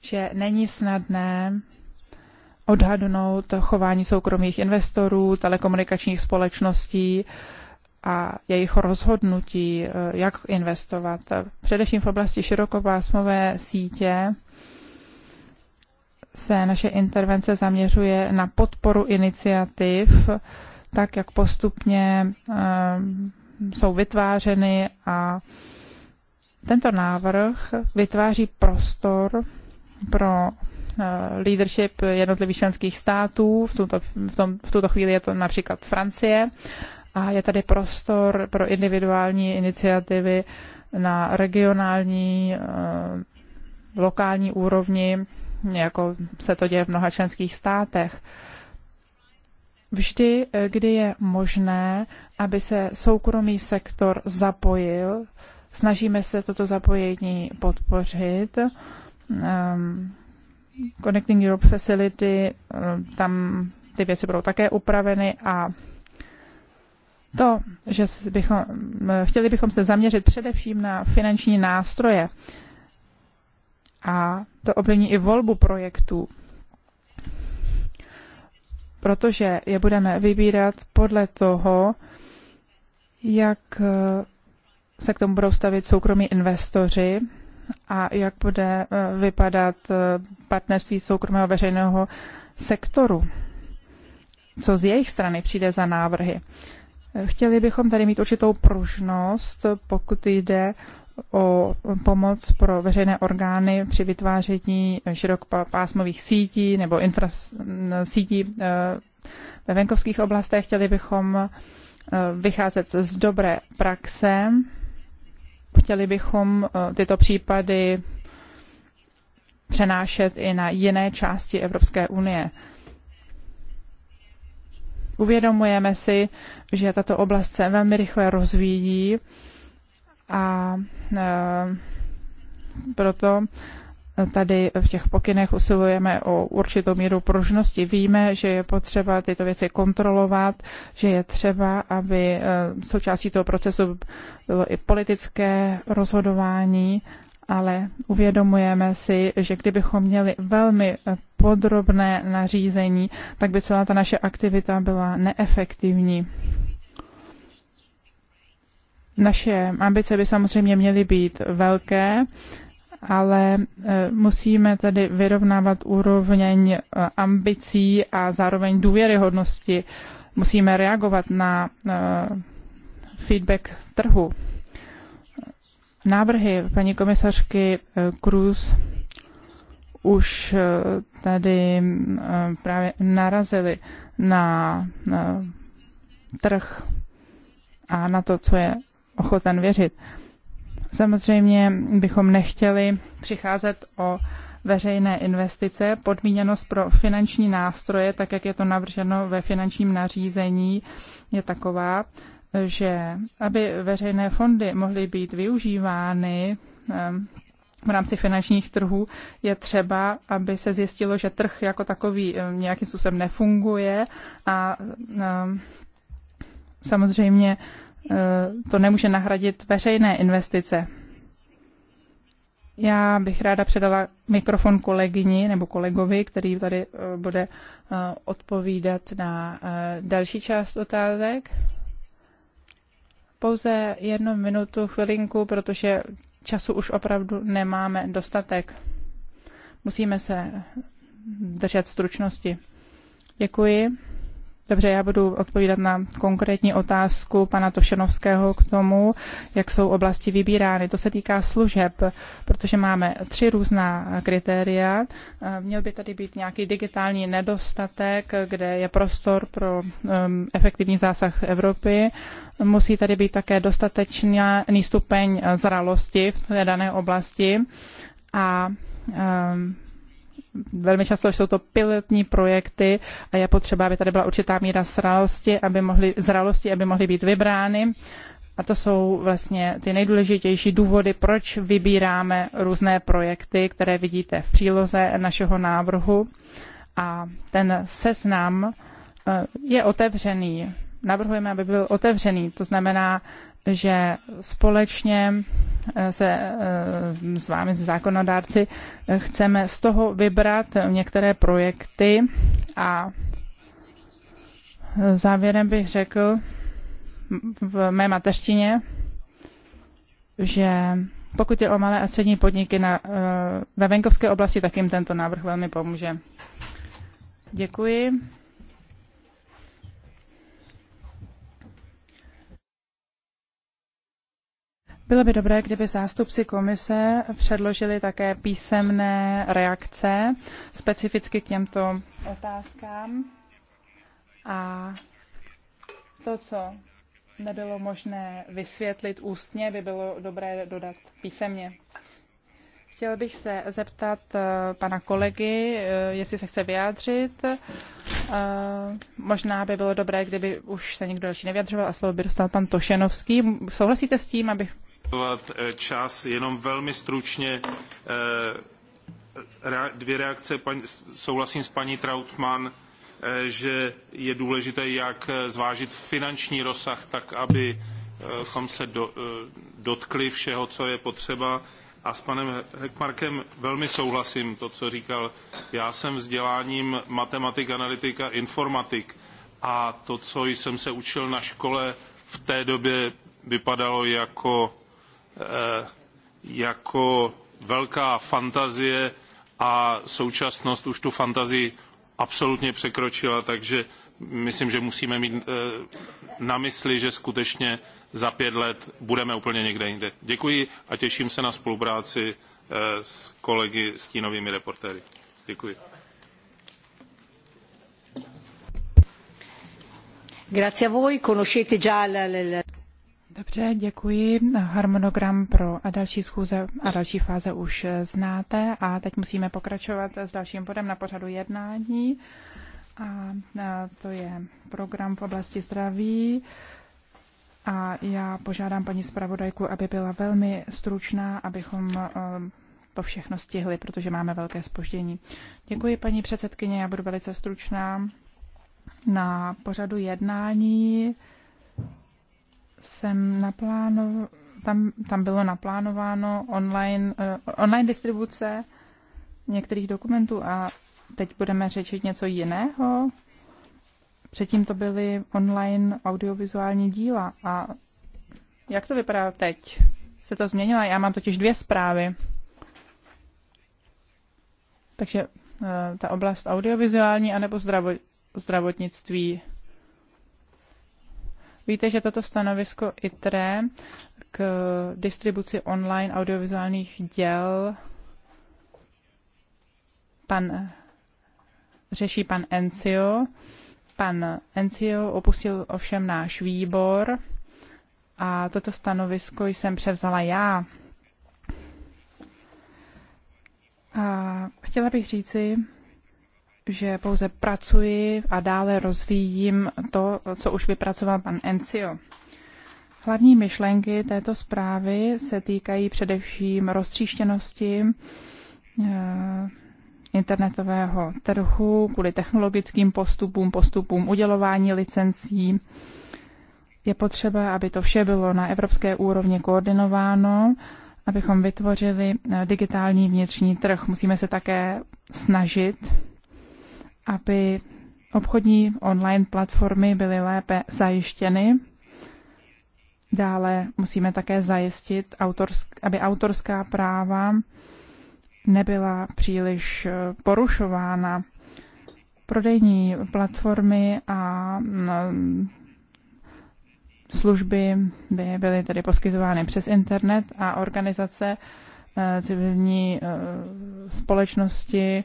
že není snadné odhadnout chování soukromých investorů, telekomunikačních společností a jejich rozhodnutí, eh, jak investovat. Především v oblasti širokopásmové sítě se naše intervence zaměřuje na podporu iniciativ, tak jak postupně eh, jsou vytvářeny a tento návrh vytváří prostor pro eh, leadership jednotlivých členských států. V, tuto, v, tom, v tuto chvíli je to například Francie. A je tady prostor pro individuální iniciativy na regionální, eh, lokální úrovni, jako se to děje v mnoha členských státech. Vždy, eh, kdy je možné, aby se soukromý sektor zapojil, snažíme se toto zapojení podpořit Um, Connecting Europe Facility, um, tam ty věci budou také upraveny a to, že bychom, chtěli bychom se zaměřit především na finanční nástroje a to ovlivní i volbu projektů, protože je budeme vybírat podle toho, jak eh, se k tomu budou stavit soukromí investoři a jak bude eh, vypadat eh, partnerství soukromého veřejného sektoru. Co z jejich strany přijde za návrhy? Eh, chtěli bychom tady mít určitou pružnost, pokud jde o pomoc pro veřejné orgány při vytváření širokopásmových sítí nebo sítí ve venkovských oblastech. Chtěli bychom vycházet z dobré praxe Chtěli bychom eh, tyto případy přenášet i na jiné části Evropské unie. Uvědomujeme si, že tato oblast se velmi rychle rozvíjí a eh, proto tady v těch pokynech usilujeme o určitou míru pružnosti. Víme, že je potřeba tyto věci kontrolovat, že je třeba, aby eh, součástí toho procesu bylo i politické rozhodování, ale uvědomujeme si, že kdybychom měli velmi eh, podrobné nařízení, tak by celá ta naše aktivita byla neefektivní. Naše ambice by samozřejmě měly být velké, ale eh, musíme tedy vyrovnávat úroveň eh, ambicí a zároveň důvěryhodnosti. Musíme reagovat na eh, feedback trhu. Návrhy paní komisařky Cruz už tady právě narazily na trh a na to, co je ochoten věřit. Samozřejmě bychom nechtěli přicházet o veřejné investice, podmíněnost pro finanční nástroje, tak jak je to navrženo ve finančním nařízení, je taková, že aby veřejné fondy mohly být využívány ehm, v rámci finančních trhů, je třeba, aby se zjistilo, že trh jako takový ehm, nějakým způsobem nefunguje a ehm, samozřejmě Eh, to nemůže nahradit veřejné investice. Já bych ráda předala mikrofon kolegyni nebo kolegovi, který tady eh, bude eh, odpovídat na další část otázek. Pouze jednu minutu, chvilinku, protože času už opravdu nemáme dostatek. Musíme se držet stručnosti. Děkuji. Dobře, já budu odpovídat na konkrétní otázku pana Tošenovského k tomu, jak jsou oblasti vybírány. To se týká služeb, protože máme tři různá kritéria. Eh, měl by tady být nějaký digitální nedostatek, kde je prostor pro um, efektivní zásah Evropy. Musí tady být také dostatečný stupeň zralosti v té dané oblasti a um, Velmi často jsou to pilotní projekty a je potřeba, aby tady byla určitá míra zralosti, aby mohly, zralosti, aby mohly být vybrány. A to jsou vlastně ty nejdůležitější důvody, proč vybíráme různé projekty, které vidíte v příloze našeho návrhu. A ten seznam eh, je otevřený. Navrhujeme, aby byl otevřený. To znamená, že společně se eh, s vámi, zákonodárci, eh, chceme z toho vybrat některé projekty a eh, závěrem bych řekl v mé mateřštině, že pokud je o malé a střední podniky na, ve venkovské oblasti, tak jim tento návrh velmi pomůže. Děkuji. Bylo by dobré, kdyby zástupci komise předložili také písemné reakce specificky k těmto otázkám. A to, co nebylo možné vysvětlit ústně, by bylo dobré dodat písemně. Chtěl bych se zeptat eh, pana kolegy, eh, jestli se chce vyjádřit. Eh, možná by bylo dobré, kdyby už se někdo další nevyjadřoval a slovo by dostal pan Tošenovský. Souhlasíte s tím, abych Eh, čas, jenom velmi stručně eh, dvě reakce. Souhlasím s paní Trautmann, eh, že je důležité jak zvážit finanční rozsah, tak abychom se do, dotkli všeho, co je potřeba. A s panem Hekmarkem velmi souhlasím to, co říkal. Já jsem vzděláním matematik, analytika, informatik a to, co jsem se učil na škole, v té době vypadalo jako Eh, jako velká fantazie a současnost už tu fantazii absolutně překročila, takže myslím, že musíme mít eh, na mysli, že skutečně za pět let budeme úplně někde jinde. Děkuji a těším se na spolupráci eh, s kolegy stínovými reportéry. Děkuji. Grazie a voi, conoscete già Dobře, děkuji. Harmonogram pro a další schůze a další fáze už znáte a teď musíme pokračovat s dalším bodem na pořadu jednání. A to je program v oblasti zdraví. A já požádám paní zpravodajku, aby byla velmi stručná, abychom e, to všechno stihli, protože máme velké spoždění. Děkuji, paní předsedkyně, já budu velice stručná. Na pořadu jednání jsem naplánoval, tam, tam bylo naplánováno online, uh, online distribuce některých dokumentů a teď budeme řečit něco jiného. Předtím to byly online audiovizuální díla a jak to vypadá teď? Se to změnilo? Já mám totiž dvě zprávy. Takže uh, ta oblast audiovizuální anebo zdravo, zdravotnictví Víte, že toto stanovisko ITRE k distribuci online audiovizuálních děl pan, řeší pan Encio. Pan Encio opustil ovšem náš výbor a toto stanovisko jsem převzala já. A chtěla bych říci, že pouze pracuji a dále rozvíjím to, co už vypracoval pan Encio. Hlavní myšlenky této zprávy se týkají především roztříštěnosti eh, internetového trhu kvůli technologickým postupům, postupům udělování licencí. Je potřeba, aby to vše bylo na evropské úrovni koordinováno, abychom vytvořili eh, digitální vnitřní trh. Musíme se také snažit aby obchodní online platformy byly lépe zajištěny. Dále musíme také zajistit, aby autorská práva nebyla příliš eh, porušována. Prodejní platformy a mm, služby by byly tedy poskytovány přes internet a organizace eh, civilní eh, společnosti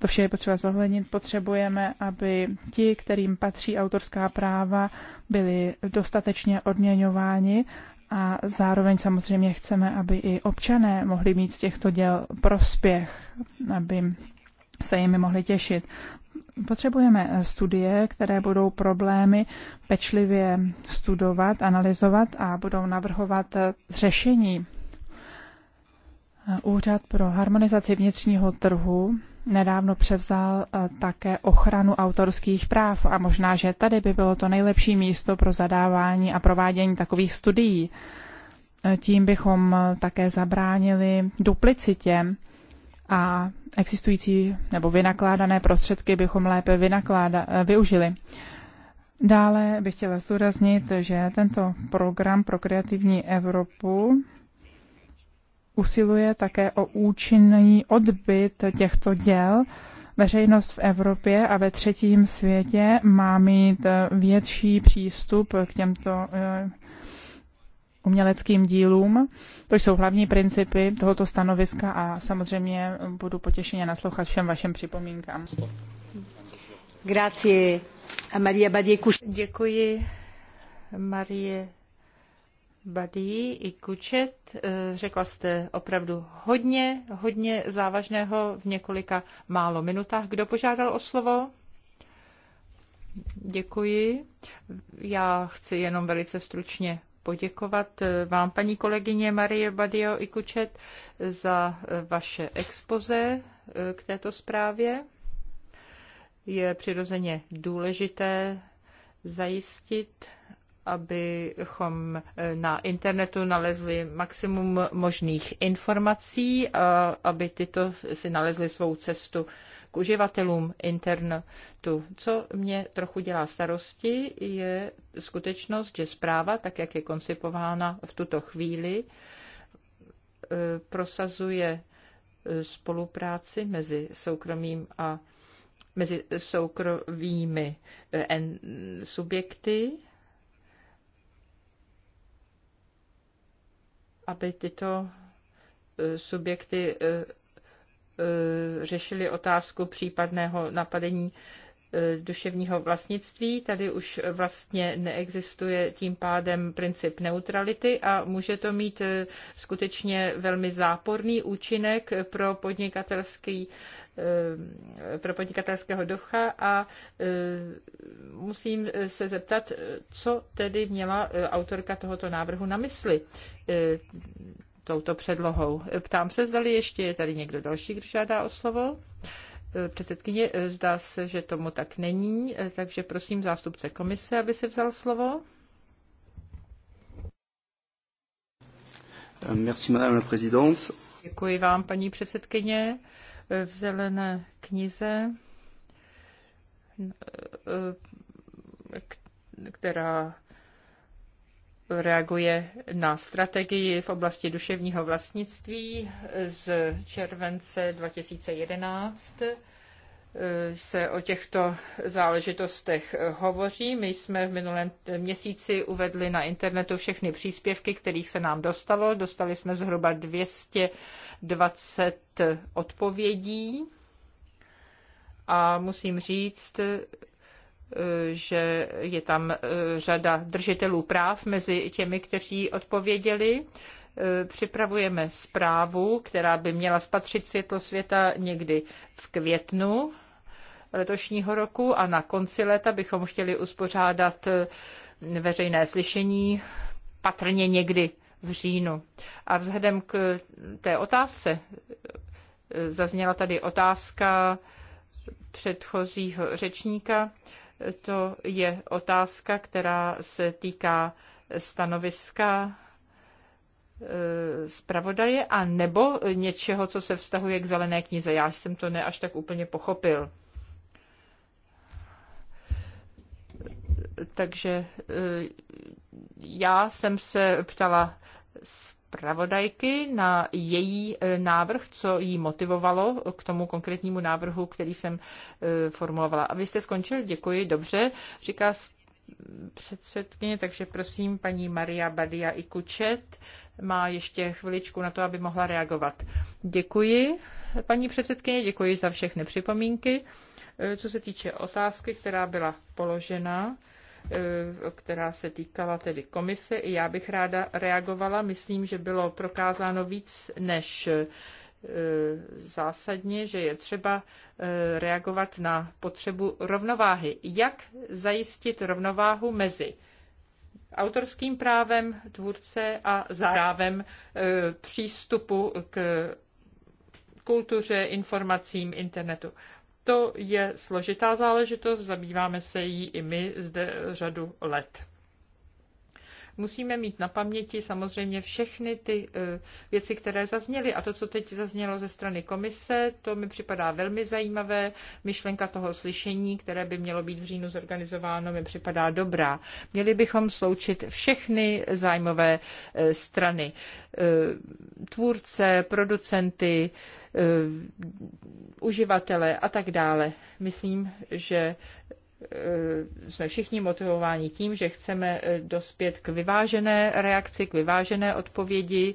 to vše je potřeba zohlednit. Potřebujeme, aby ti, kterým patří autorská práva, byli dostatečně odměňováni a zároveň samozřejmě chceme, aby i občané mohli mít z těchto děl prospěch, aby se jimi mohli těšit. Potřebujeme studie, které budou problémy pečlivě studovat, analyzovat a budou navrhovat řešení. Úřad pro harmonizaci vnitřního trhu nedávno převzal eh, také ochranu autorských práv a možná, že tady by bylo to nejlepší místo pro zadávání a provádění takových studií. Eh, tím bychom eh, také zabránili duplicitě a existující nebo vynakládané prostředky bychom lépe vynakláda, využili. Dále bych chtěla zdůraznit, že tento program pro kreativní Evropu usiluje také o účinný odbyt těchto děl. Veřejnost v Evropě a ve třetím světě má mít eh, větší přístup k těmto eh, uměleckým dílům. To jsou hlavní principy tohoto stanoviska a samozřejmě budu potěšeně naslouchat všem vašim připomínkám. Grazie. Maria Děkuji Marie Badí i Kučet. Eh, řekla jste opravdu hodně, hodně závažného v několika málo minutách. Kdo požádal o slovo? Děkuji. Já chci jenom velice stručně poděkovat eh, vám, paní kolegyně Marie Badio i Kučet, za eh, vaše expoze k této zprávě. Je přirozeně důležité zajistit, abychom eh, na internetu nalezli maximum možných informací a aby tyto si nalezly svou cestu k uživatelům internetu. Co mě trochu dělá starosti, je skutečnost, že zpráva, tak jak je koncipována v tuto chvíli, eh, prosazuje eh, spolupráci mezi soukromým a mezi soukromými subjekty aby tyto e, subjekty e, e, řešili otázku případného napadení duševního vlastnictví. Tady už vlastně neexistuje tím pádem princip neutrality a může to mít skutečně velmi záporný účinek pro podnikatelský Eh, pro podnikatelského ducha a eh, musím se zeptat, co tedy měla eh, autorka tohoto návrhu na mysli touto předlohou. Ptám se, zdali ještě je tady někdo další, kdo žádá o slovo. Předsedkyně, zdá se, že tomu tak není, takže prosím zástupce komise, aby si vzal slovo. Euh, merci, madame la Děkuji vám, paní předsedkyně v zelené knize, která reaguje na strategii v oblasti duševního vlastnictví z července 2011 se o těchto záležitostech hovoří. My jsme v minulém měsíci uvedli na internetu všechny příspěvky, kterých se nám dostalo. Dostali jsme zhruba 220 odpovědí a musím říct, že je tam eh, řada držitelů práv mezi těmi, kteří odpověděli. Eh, připravujeme zprávu, která by měla spatřit světlo světa někdy v květnu letošního roku a na konci léta bychom chtěli uspořádat eh, veřejné slyšení patrně někdy v říjnu. A vzhledem k té otázce, eh, zazněla tady otázka předchozího řečníka, to je otázka, která se týká stanoviska Eh, zpravodaje a nebo něčeho, co se vztahuje k zelené knize. Já jsem to ne až tak úplně pochopil. Takže eh, já jsem se ptala zpravodajky na její eh, návrh, co jí motivovalo k tomu konkrétnímu návrhu, který jsem formulovala. A vy jste skončil, děkuji, dobře, říká předsedkyně, takže prosím paní Maria Badia Ikučet má ještě chviličku na to, aby mohla reagovat. Děkuji, paní předsedkyně, děkuji za všechny připomínky. E, co se týče otázky, která byla položena, e, která se týkala tedy komise, i já bych ráda reagovala. Myslím, že bylo prokázáno víc než e, zásadně, že je třeba reagovat na potřebu rovnováhy. Jak zajistit rovnováhu mezi autorským právem tvůrce a právem e, přístupu k kultuře, informacím, internetu. To je složitá záležitost, zabýváme se jí i my zde řadu let musíme mít na paměti samozřejmě všechny ty eh, věci, které zazněly. A to, co teď zaznělo ze strany komise, to mi připadá velmi zajímavé. Myšlenka toho slyšení, které by mělo být v říjnu zorganizováno, mi připadá dobrá. Měli bychom sloučit všechny zájmové eh, strany. Eh, tvůrce, producenty, uživatele a tak dále. Myslím, že Eh, jsme všichni motivováni tím, že chceme eh, dospět k vyvážené reakci, k vyvážené odpovědi,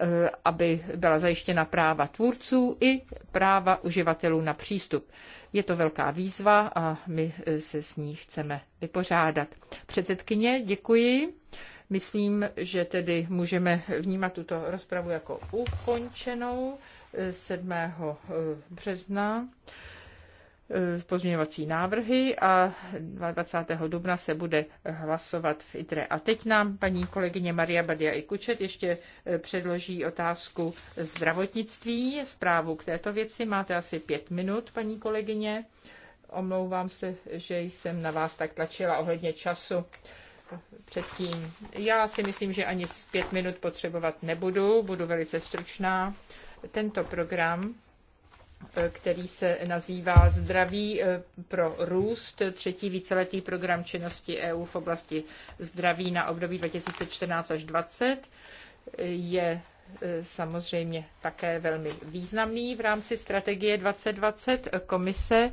eh, aby byla zajištěna práva tvůrců i práva uživatelů na přístup. Je to velká výzva a my se s ní chceme vypořádat. Předsedkyně, děkuji. Myslím, že tedy můžeme vnímat tuto rozpravu jako ukončenou 7. března. Eh, pozměňovací návrhy a 22. dubna se bude hlasovat v ITRE. A teď nám paní kolegyně Maria Badia i Kučet ještě eh, předloží otázku zdravotnictví, zprávu k této věci. Máte asi pět minut, paní kolegyně. Omlouvám se, že jsem na vás tak tlačila ohledně času předtím. Já si myslím, že ani z pět minut potřebovat nebudu, budu velice stručná. Tento program který se nazývá Zdraví eh, pro růst, třetí víceletý program činnosti EU v oblasti zdraví na období 2014 až 2020, eh, je eh, samozřejmě také velmi významný. V rámci strategie 2020 komise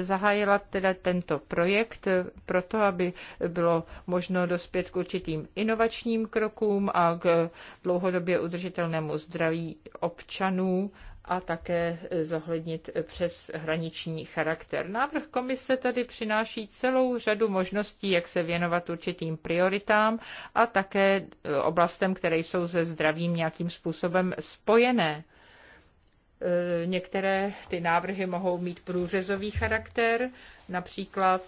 zahájila teda tento projekt proto, aby bylo možno dospět k určitým inovačním krokům a k dlouhodobě udržitelnému zdraví občanů a také zohlednit přes hraniční charakter. Návrh komise tady přináší celou řadu možností, jak se věnovat určitým prioritám a také oblastem, které jsou se zdravím nějakým způsobem spojené. E, některé ty návrhy mohou mít průřezový charakter, například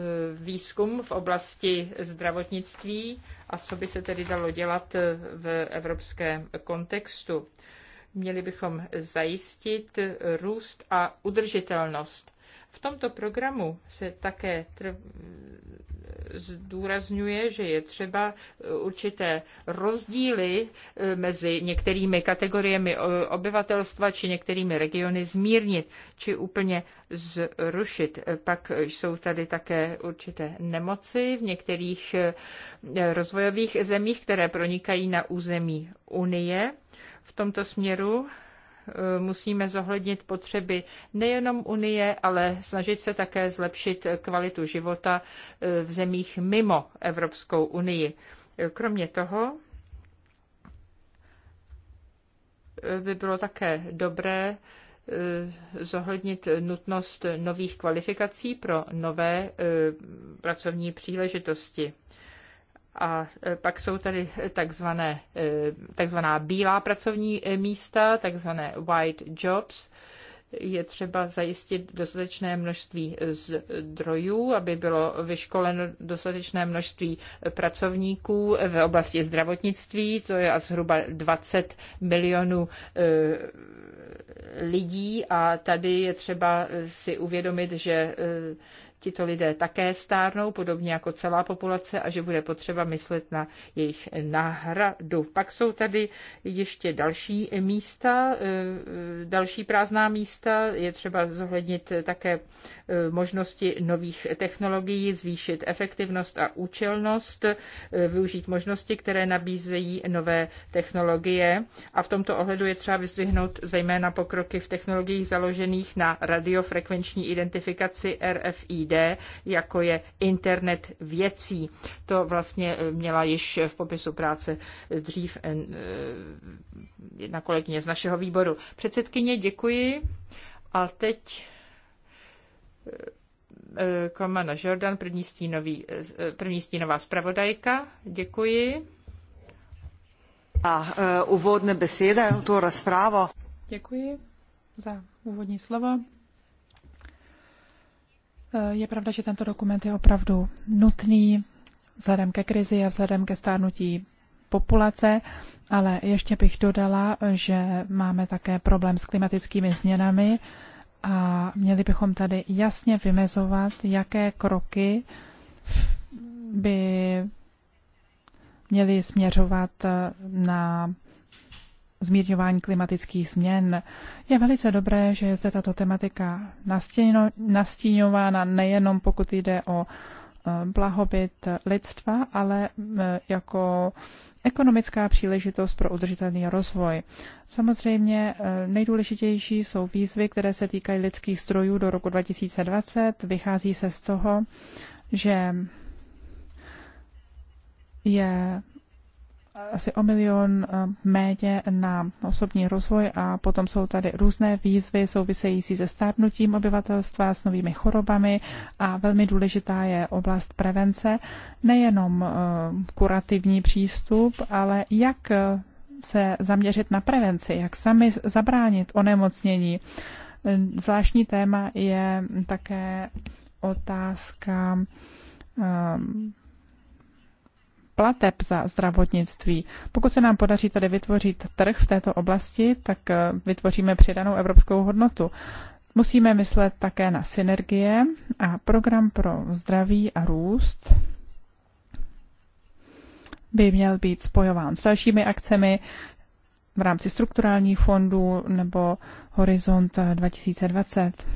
Eh, výzkum v oblasti zdravotnictví a co by se tedy dalo dělat eh, v evropském kontextu. Měli bychom zajistit růst a udržitelnost. V tomto programu se také tr- zdůrazňuje, že je třeba e, určité rozdíly e, mezi některými kategoriemi obyvatelstva či některými regiony zmírnit či úplně zrušit. E, pak jsou tady také určité nemoci v některých rozvojových zemích, které pronikají na území Unie. V tomto směru Eh, musíme zohlednit potřeby nejenom Unie, ale snažit se také zlepšit kvalitu života eh, v zemích mimo Evropskou unii. Eh, kromě toho by bylo také dobré zohlednit nutnost nových kvalifikací pro nové pracovní příležitosti. A e, pak jsou tady takzvané, e, takzvaná bílá pracovní e, místa, takzvané white jobs. Je třeba zajistit dostatečné množství zdrojů, aby bylo vyškoleno dostatečné množství pracovníků v oblasti zdravotnictví, to je zhruba 20 milionů lidí a tady je třeba si uvědomit, že tito lidé také stárnou, podobně jako celá populace, a že bude potřeba myslet na jejich náhradu. Pak jsou tady ještě další místa, eh, další prázdná místa. Je třeba zohlednit také eh, možnosti nových technologií, zvýšit efektivnost a účelnost, eh, využít možnosti, které nabízejí nové technologie. A v tomto ohledu je třeba vyzdvihnout zejména pokroky v technologiích založených na radiofrekvenční identifikaci RFID jde, jako je internet věcí. To vlastně eh, měla již v popisu práce eh, dřív eh, jedna kolegyně z našeho výboru. Předsedkyně, děkuji. A teď Komana Jordan, první, stínový, první stínová zpravodajka. Děkuji. A uh, úvodné besede, tu rozprávu. Děkuji za úvodní slovo je pravda, že tento dokument je opravdu nutný vzhledem ke krizi a vzhledem ke stárnutí populace, ale ještě bych dodala, že máme také problém s klimatickými změnami a měli bychom tady jasně vymezovat, jaké kroky by měly směřovat na zmírňování klimatických změn. Je velice dobré, že je zde tato tematika nastíňována nejenom pokud jde o e, blahobyt lidstva, ale e, jako ekonomická příležitost pro udržitelný rozvoj. Samozřejmě e, nejdůležitější jsou výzvy, které se týkají lidských strojů do roku 2020. Vychází se z toho, že je asi o milion eh, méně na osobní rozvoj a potom jsou tady různé výzvy související se stárnutím obyvatelstva, s novými chorobami a velmi důležitá je oblast prevence, nejenom eh, kurativní přístup, ale jak eh, se zaměřit na prevenci, jak sami zabránit onemocnění. Zvláštní téma je také otázka um, plateb za zdravotnictví. Pokud se nám podaří tady vytvořit trh v této oblasti, tak eh, vytvoříme přidanou evropskou hodnotu. Musíme myslet také na synergie a program pro zdraví a růst by měl být spojován s dalšími akcemi v rámci strukturálních fondů nebo Horizont 2020.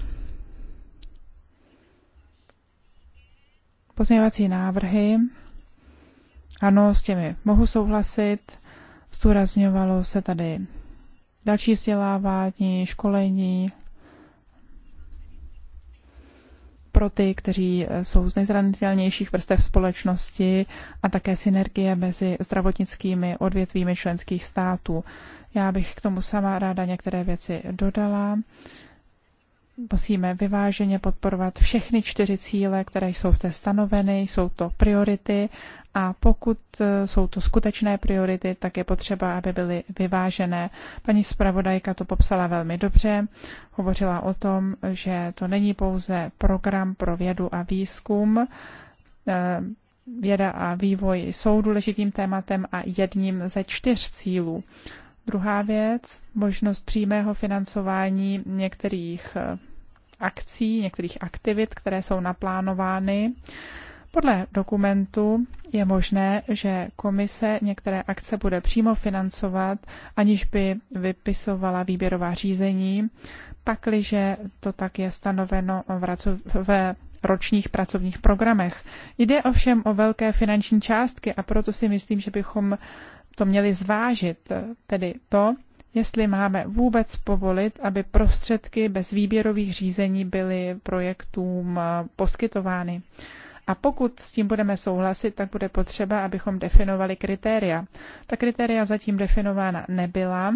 Pozměňovací návrhy ano, s těmi mohu souhlasit. Zdůrazňovalo se tady další vzdělávání, školení pro ty, kteří jsou z nejzranitelnějších vrstev společnosti a také synergie mezi zdravotnickými odvětvími členských států. Já bych k tomu sama ráda některé věci dodala. Musíme vyváženě podporovat všechny čtyři cíle, které jsou zde stanoveny, jsou to priority a pokud e, jsou to skutečné priority, tak je potřeba, aby byly vyvážené. Paní zpravodajka to popsala velmi dobře. Hovořila o tom, že to není pouze program pro vědu a výzkum. E, věda a vývoj jsou důležitým tématem a jedním ze čtyř cílů. Druhá věc, možnost přímého financování některých e, akcí, některých aktivit, které jsou naplánovány podle dokumentu je možné, že komise některé akce bude přímo financovat, aniž by vypisovala výběrová řízení, pakliže to tak je stanoveno v ročních pracovních programech. Jde ovšem o velké finanční částky a proto si myslím, že bychom to měli zvážit, tedy to, jestli máme vůbec povolit, aby prostředky bez výběrových řízení byly projektům poskytovány. A pokud s tím budeme souhlasit, tak bude potřeba, abychom definovali kritéria. Ta kritéria zatím definována nebyla.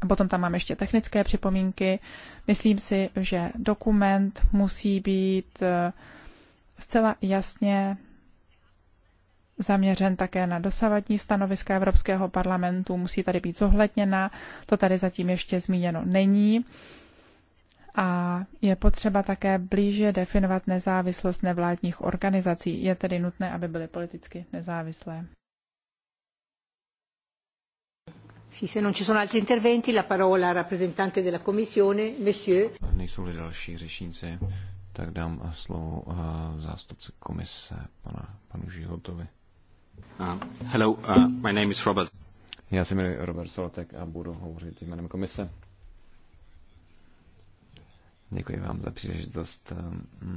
A potom tam mám ještě technické připomínky. Myslím si, že dokument musí být eh, zcela jasně zaměřen také na dosavadní stanoviska Evropského parlamentu, musí tady být zohledněna, to tady zatím ještě zmíněno není a je potřeba také blíže definovat nezávislost nevládních organizací. Je tedy nutné, aby byly politicky nezávislé. Sì, se non ci sono altri interventi, la parola rappresentante della Commissione, monsieur. Nejsou-li další řečníci, tak dám slovo eh, zástupce komise, pana, panu Žihotovi. Uh, hello, uh, my name is Robert. Já se jmenuji Robert Solotek a budu hovořit jménem komise. Děkuji vám za příležitost, eh,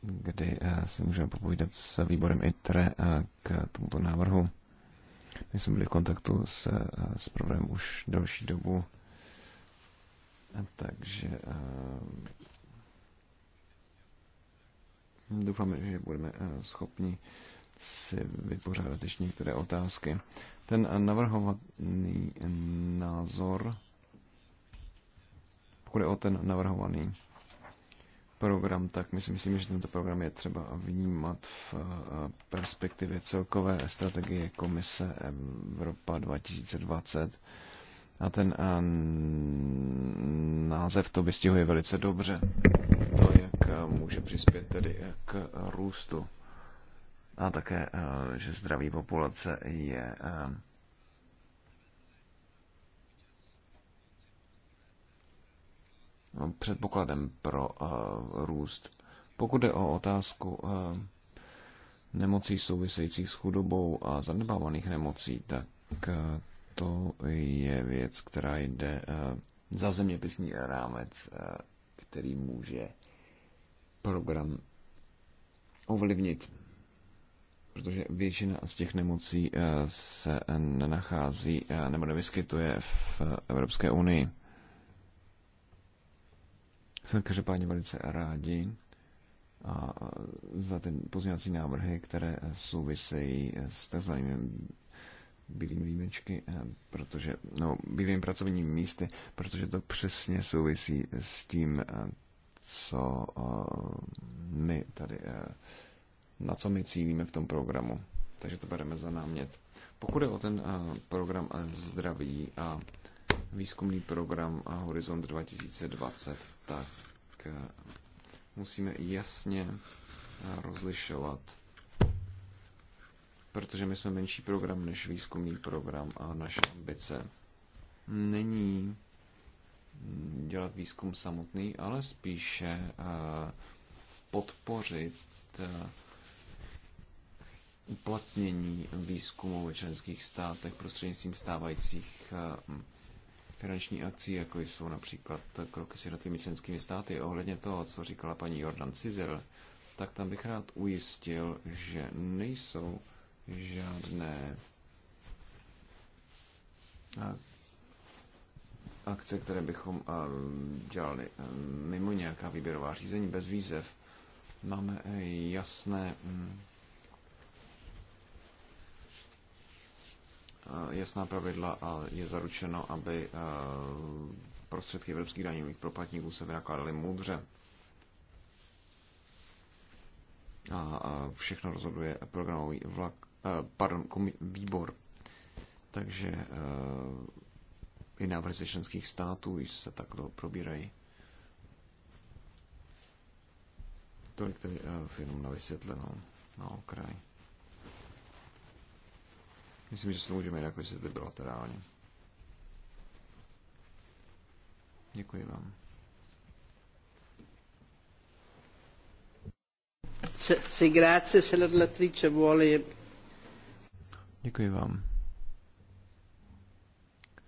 kdy eh, si můžeme popovídat s výborem ITRE eh, k tomuto návrhu. My jsme byli v kontaktu s, s problémem už delší dobu, takže doufáme, že budeme schopni si vypořádat ještě některé otázky. Ten navrhovaný názor pokud je o ten navrhovaný program, tak my si myslíme, že tento program je třeba vnímat v eh, perspektivě celkové strategie Komise Evropa 2020. A ten eh, název to vystihuje velice dobře. To, jak eh, může přispět tedy k růstu. A také, že zdraví populace je předpokladem pro eh, růst. Pokud je o otázku eh, nemocí souvisejících s chudobou a zanedbávaných nemocí, tak eh, to je věc, která jde za zeměpisní rámec, který může program ovlivnit, protože většina z těch nemocí se nenachází nebo nevyskytuje v Evropské unii. Jsme každopádně velice rádi a za ten pozměňovací návrhy, které souvisejí s tzv. bílými výjimečky, eh, protože, no, bílými pracovními místy, protože to přesně souvisí s tím, eh, co eh, my tady, na co my cílíme v tom programu. Takže to bereme za námět. Pokud je o ten program zdraví a výzkumný program a Horizont 2020, tak eh, musíme jasně eh, rozlišovat, protože my jsme menší program než výzkumný program a naše ambice není mm, dělat výzkum samotný, ale spíše eh, podpořit uplatnění výzkumu ve členských státech prostřednictvím stávajících finanční akcí, jako jsou například kroky s jednotlivými členskými státy. Ohledně toho, co říkala paní Jordan Cizel, tak tam bych rád ujistil, že nejsou žádné akce, které bychom dělali mimo nějaká výběrová řízení bez výzev. Máme e, jasné mm, Eh, jasná pravidla a je zaručeno, aby eh, prostředky evropských daňových proplatníků se vynakládaly moudře. A všechno rozhoduje programový vlak, eh, pardon, výbor. Takže i návrhy ze členských států se takto probírají. Tolik tedy jenom na vysvětlenou na okraj. Myslím, že si to můžeme jinak vysvětlit bilaterálně. Děkuji vám. Děkuji vám.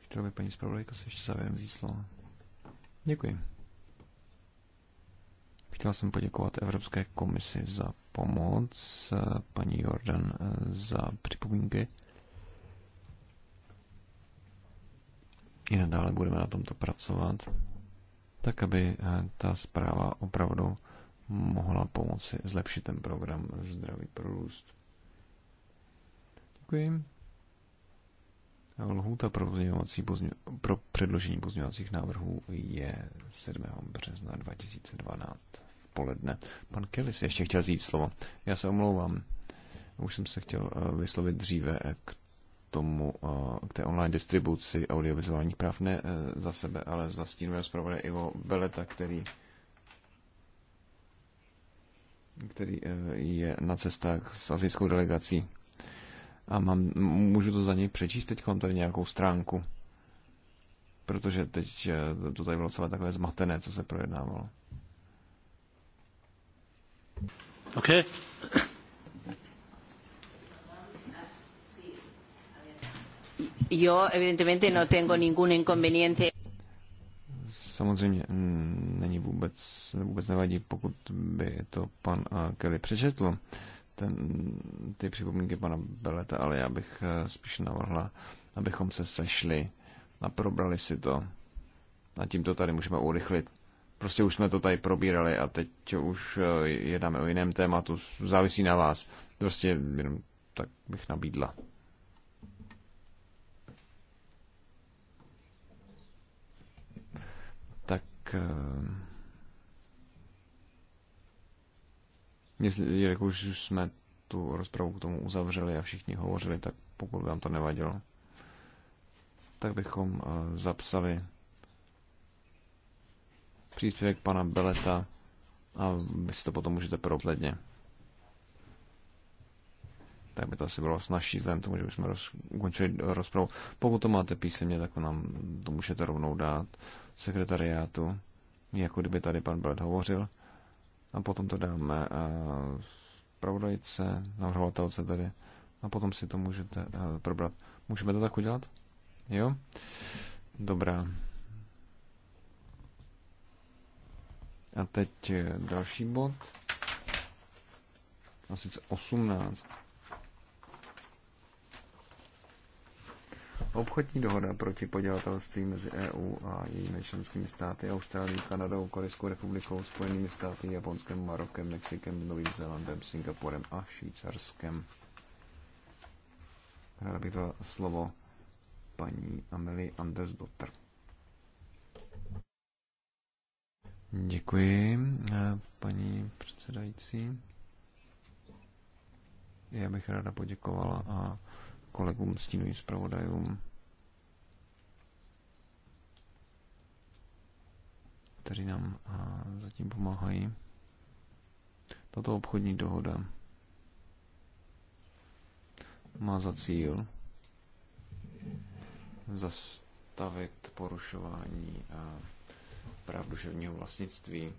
Chtěla by paní zpravodajka se ještě závěrem vzít slovo. Děkuji. Chtěla jsem poděkovat Evropské komisi za pomoc, paní Jordan za připomínky. i nadále budeme na tomto pracovat, tak aby eh, ta zpráva opravdu mohla pomoci zlepšit ten program Zdravý pro Děkuji. Lhůta pro, pro předložení pozměňovacích návrhů je 7. března 2012 v poledne. Pan Kelly si ještě chtěl říct slovo. Já se omlouvám. Už jsem se chtěl eh, vyslovit dříve k tomu, eh, k té online distribuci audiovizuálních práv, ne eh, za sebe, ale za stínového zpravodaje Ivo Beleta, který který eh, je na cestách s azijskou delegací. A mám, můžu to za něj přečíst teď tady nějakou stránku, protože teď to tady bylo celé takové zmatené, co se projednávalo. Okay. Yo, evidentemente, no tengo ningún inconveniente. Samozřejmě není vůbec, vůbec nevadí, pokud by to pan eh, Kelly přečetl, ten, ty připomínky pana Beleta, ale já bych eh, spíš navrhla, abychom se sešli a probrali si to. A tím to tady můžeme urychlit. Prostě už jsme to tady probírali a teď už eh, jednáme o jiném tématu, závisí na vás. Prostě jenom tak bych nabídla. Eh, jestli, jak už jsme tu rozpravu k tomu uzavřeli a všichni hovořili, tak pokud vám to nevadilo, tak bychom eh, zapsali příspěvek pana Beleta a vy si to potom můžete propledně tak by to asi bylo snažší, vzhledem tomu, že bychom roz, ukončili rozpravu. Pokud to máte písemně, tak nám to můžete rovnou dát sekretariátu, jako kdyby tady pan Bled hovořil. A potom to dáme eh, zpravodajce, navrhovatelce tady, a potom si to můžete eh, probrat. Můžeme to tak udělat? Jo? Dobrá. A teď eh, další bod. A sice 18. Obchodní dohoda proti podělatelství mezi EU a jejími členskými státy, Austrálií, Kanadou, Korejskou republikou, Spojenými státy, Japonskem, Marokem, Mexikem, Novým Zélandem, Singapurem a Švýcarskem. Ráda bych dala slovo paní Amelie Andersdotter. Děkuji, eh, paní předsedající. Já bych ráda poděkovala a kolegům stínovým zpravodajům, kteří nám zatím pomáhají. Tato obchodní dohoda má za cíl zastavit porušování práv duševního vlastnictví.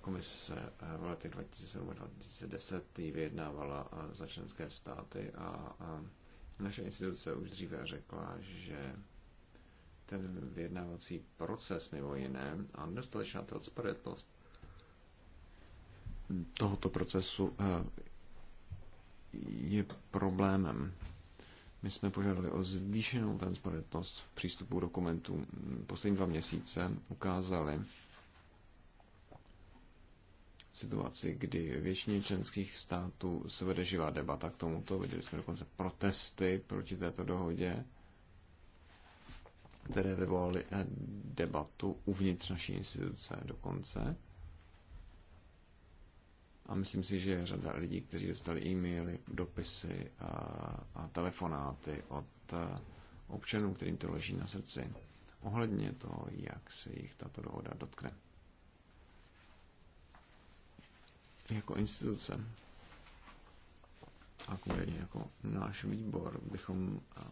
Komise v letech 2007 a 2010 vyjednávala za členské státy a naše instituce už dříve řekla, že ten vyjednávací proces mimo jiné a nedostatečná transparentnost tohoto procesu eh, je problémem. My jsme požádali o zvýšenou transparentnost v přístupu dokumentů. Poslední dva měsíce ukázali, situaci, kdy většině členských států se vede živá debata k tomuto. Viděli jsme dokonce protesty proti této dohodě, které vyvolaly eh, debatu uvnitř naší instituce dokonce. A myslím si, že je řada lidí, kteří dostali e-maily, dopisy a, eh, a telefonáty od eh, občanů, kterým to leží na srdci, ohledně toho, jak se jich tato dohoda dotkne. jako instituce a konkrétně jako náš výbor bychom eh,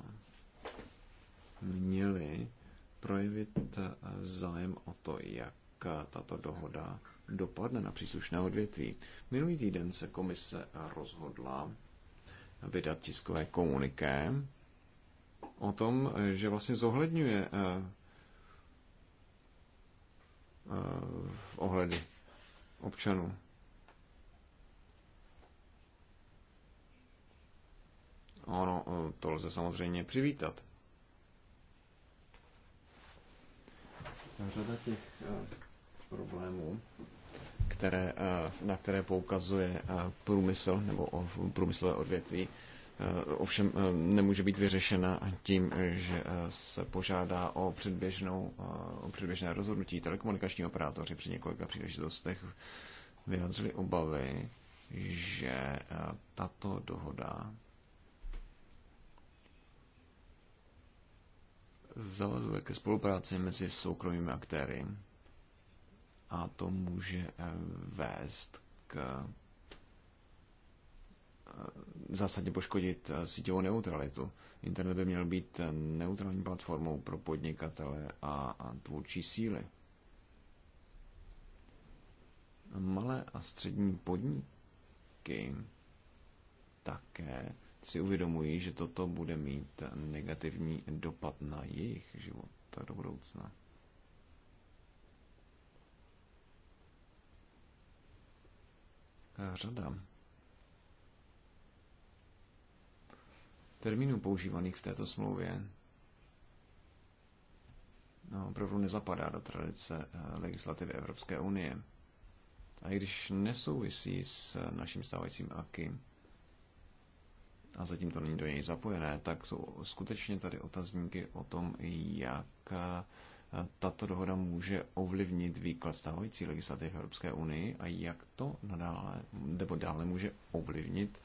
měli projevit eh, zájem o to, jak eh, tato dohoda dopadne na příslušné odvětví. Minulý týden se komise rozhodla vydat tiskové komuniké o tom, že vlastně zohledňuje ohledy občanů Ono, eh, to lze samozřejmě přivítat. Řada těch eh, problémů, které, eh, na které poukazuje průmysl nebo průmyslové odvětví, ovšem nemůže být vyřešena tím, že se požádá o, předběžnou, o předběžné rozhodnutí. Telekomunikační operátoři při několika příležitostech vyjádřili obavy, že tato dohoda zavazuje ke spolupráci mezi soukromými aktéry a to může eh, vést k eh, zásadně poškodit eh, síťovou neutralitu. Internet by měl být neutrální platformou pro podnikatele a tvůrčí síly. Malé a střední podniky také si uvědomují, že toto bude mít negativní dopad na jejich život tak do budoucna. Řada termínů používaných v této smlouvě no, opravdu nezapadá do tradice eh, legislativy Evropské unie. A i když nesouvisí s naším stávajícím AKY, a zatím to není do něj zapojené, tak jsou skutečně tady otazníky o tom, jak eh, tato dohoda může ovlivnit výklad stávající legislativy Evropské unii a jak to nadále, nebo dále může ovlivnit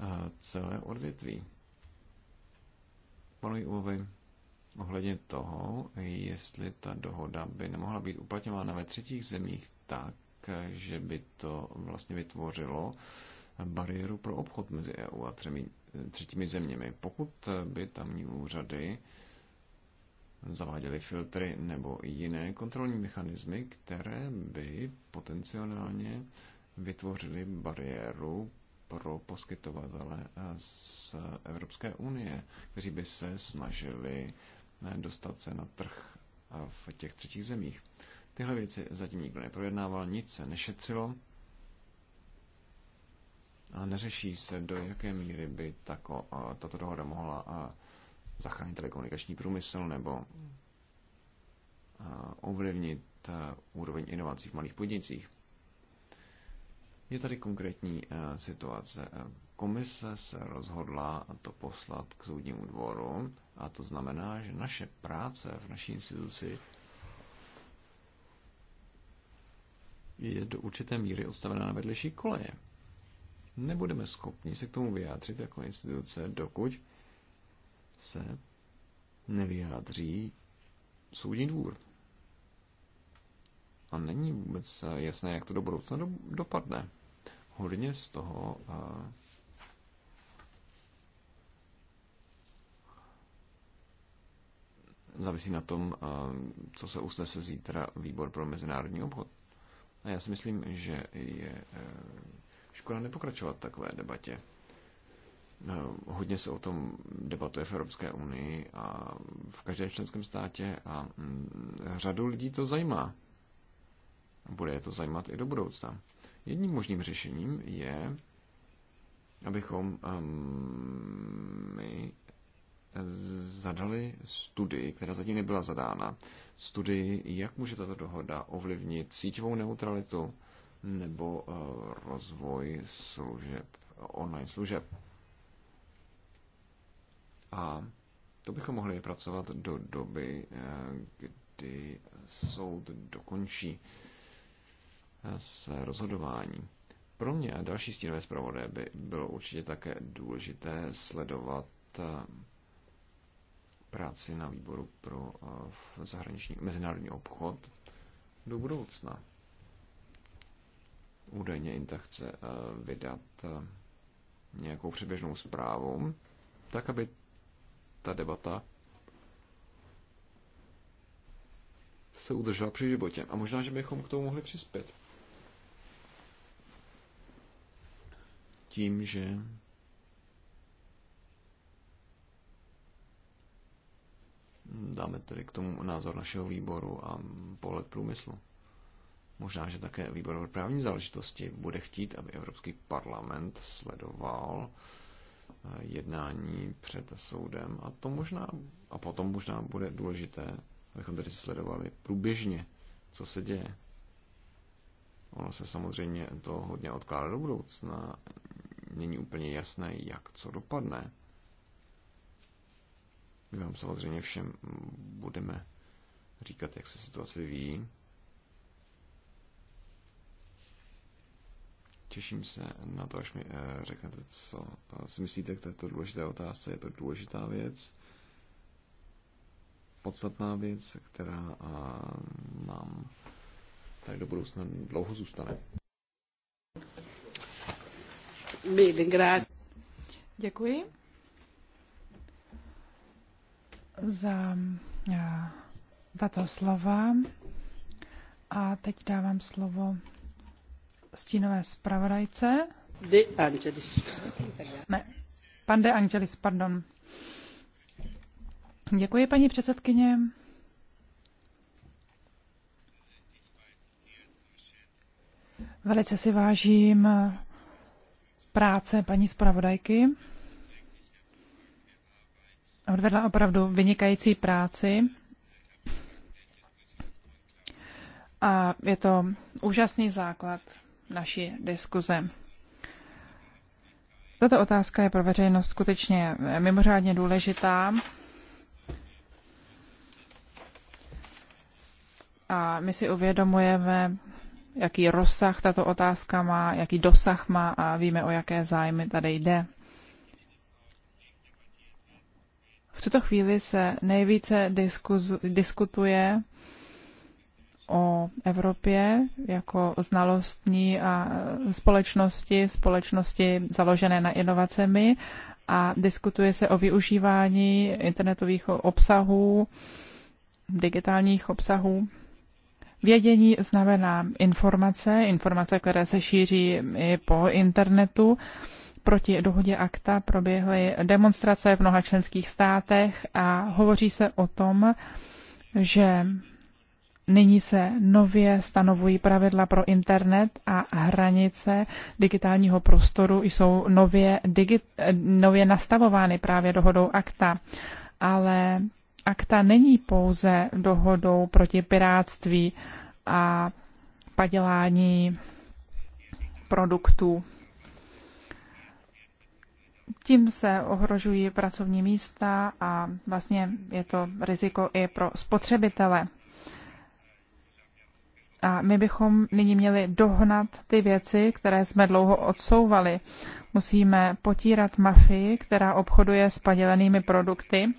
eh, celé odvětví. Panují obavy ohledně toho, jestli ta dohoda by nemohla být uplatňována ve třetích zemích tak, že by to vlastně vytvořilo uh, bariéru pro obchod mezi EU a třemi, třetími zeměmi. Pokud by tamní úřady zaváděly filtry nebo jiné kontrolní mechanismy, které by potenciálně vytvořily bariéru pro poskytovatele z Evropské unie, kteří by se snažili dostat se na trh v těch třetích zemích. Tyhle věci zatím nikdo neprojednával, nic se nešetřilo a neřeší se, do jaké míry by tako, tato dohoda mohla zachránit telekomunikační průmysl nebo ovlivnit úroveň inovací v malých podnicích. Je tady konkrétní situace. Komise se rozhodla to poslat k soudnímu dvoru a to znamená, že naše práce v naší instituci je do určité míry odstavená na vedlejší koleje nebudeme schopni se k tomu vyjádřit jako instituce, dokud se nevyjádří soudní dvůr. A není vůbec jasné, jak to do budoucna do, dopadne. Hodně z toho a, závisí na tom, a, co se usnese zítra výbor pro mezinárodní obchod. A já si myslím, že je. E, Škoda nepokračovat takové debatě. No, hodně se o tom debatuje v Evropské unii a v každém členském státě a mm, řadu lidí to zajímá. Bude je to zajímat i do budoucna. Jedním možným řešením je, abychom mm, my zadali studii, která zatím nebyla zadána, studii, jak může tato dohoda ovlivnit síťovou neutralitu, nebo eh, rozvoj služeb, online služeb. A to bychom mohli pracovat do doby, eh, kdy soud dokončí eh, s rozhodování. Pro mě a další stínové zpravodé by bylo určitě také důležité sledovat práci na výboru pro zahraniční mezinárodní obchod do budoucna údajně Inta chce eh, vydat eh, nějakou předběžnou zprávu, tak aby ta debata se udržela při životě. A možná, že bychom k tomu mohli přispět. Tím, že dáme tedy k tomu názor našeho výboru a pohled průmyslu. Možná, že také výbor pro právní záležitosti bude chtít, aby Evropský parlament sledoval eh, jednání před soudem a to možná, a potom možná bude důležité, abychom tady sledovali průběžně, co se děje. Ono se samozřejmě to hodně odkládá do budoucna. Není úplně jasné, jak co dopadne. My vám samozřejmě všem budeme říkat, jak se situace vyvíjí. Těším se na to, až mi eh, řeknete, co eh, si myslíte k této důležité otázce. Je to důležitá věc, podstatná věc, která eh, nám tady do budoucna dlouho zůstane. Děkuji za tato slova a teď dávám slovo stínové zpravodajce. De Angelis. Ne, pan De Angelis, pardon. Děkuji, paní předsedkyně. Velice si vážím práce paní zpravodajky. Odvedla opravdu vynikající práci. A je to úžasný základ naší diskuze. Tato otázka je pro veřejnost skutečně mimořádně důležitá. A my si uvědomujeme, jaký rozsah tato otázka má, jaký dosah má a víme, o jaké zájmy tady jde. V tuto chvíli se nejvíce diskuz, diskutuje o Evropě jako znalostní a e, společnosti, společnosti založené na inovacemi a diskutuje se o využívání internetových obsahů, digitálních obsahů. Vědění znamená informace, informace, které se šíří i po internetu. Proti dohodě akta proběhly demonstrace v mnoha členských státech a hovoří se o tom, že Nyní se nově stanovují pravidla pro internet a hranice digitálního prostoru jsou nově, digi, eh, nově nastavovány právě dohodou akta. Ale akta není pouze dohodou proti piráctví a padělání produktů. Tím se ohrožují pracovní místa a vlastně je to riziko i pro spotřebitele. A my bychom nyní měli dohnat ty věci, které jsme dlouho odsouvali. Musíme potírat mafii, která obchoduje s padělenými produkty.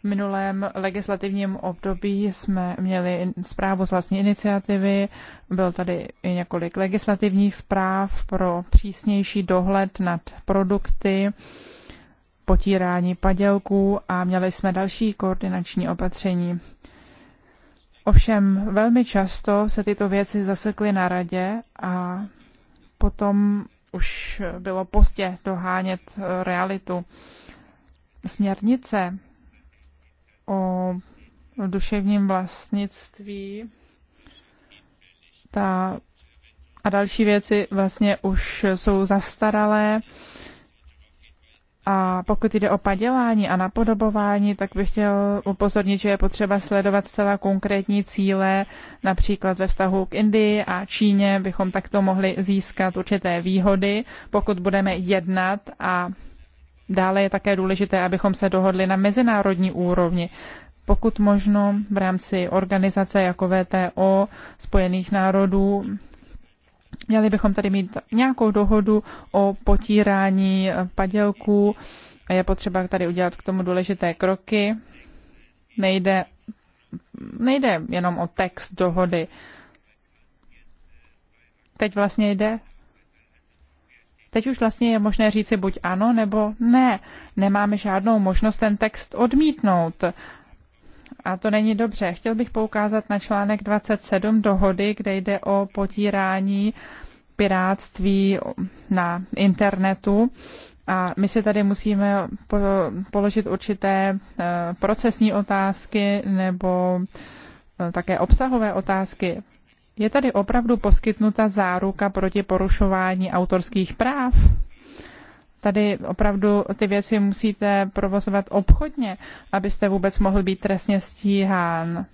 V minulém legislativním období jsme měli zprávu z vlastní iniciativy, byl tady i několik legislativních zpráv pro přísnější dohled nad produkty, potírání padělků a měli jsme další koordinační opatření. Ovšem velmi často se tyto věci zasekly na radě a potom už bylo pozdě dohánět eh, realitu. Směrnice o duševním vlastnictví ta a další věci vlastně už jsou zastaralé a pokud jde o padělání a napodobování, tak bych chtěl upozornit, že je potřeba sledovat zcela konkrétní cíle, například ve vztahu k Indii a Číně bychom takto mohli získat určité výhody, pokud budeme jednat a dále je také důležité, abychom se dohodli na mezinárodní úrovni pokud možno v rámci organizace jako VTO, Spojených národů Měli bychom tady mít nějakou dohodu o potírání padělků a je potřeba tady udělat k tomu důležité kroky. Nejde, nejde jenom o text dohody. Teď vlastně jde Teď už vlastně je možné říci buď ano nebo ne. Nemáme žádnou možnost ten text odmítnout a to není dobře. Chtěl bych poukázat na článek 27 dohody, kde jde o potírání piráctví na internetu. A my si tady musíme položit určité eh, procesní otázky nebo eh, také obsahové otázky. Je tady opravdu poskytnuta záruka proti porušování autorských práv? Tady opravdu ty věci musíte provozovat obchodně, abyste vůbec mohl být trestně stíhán.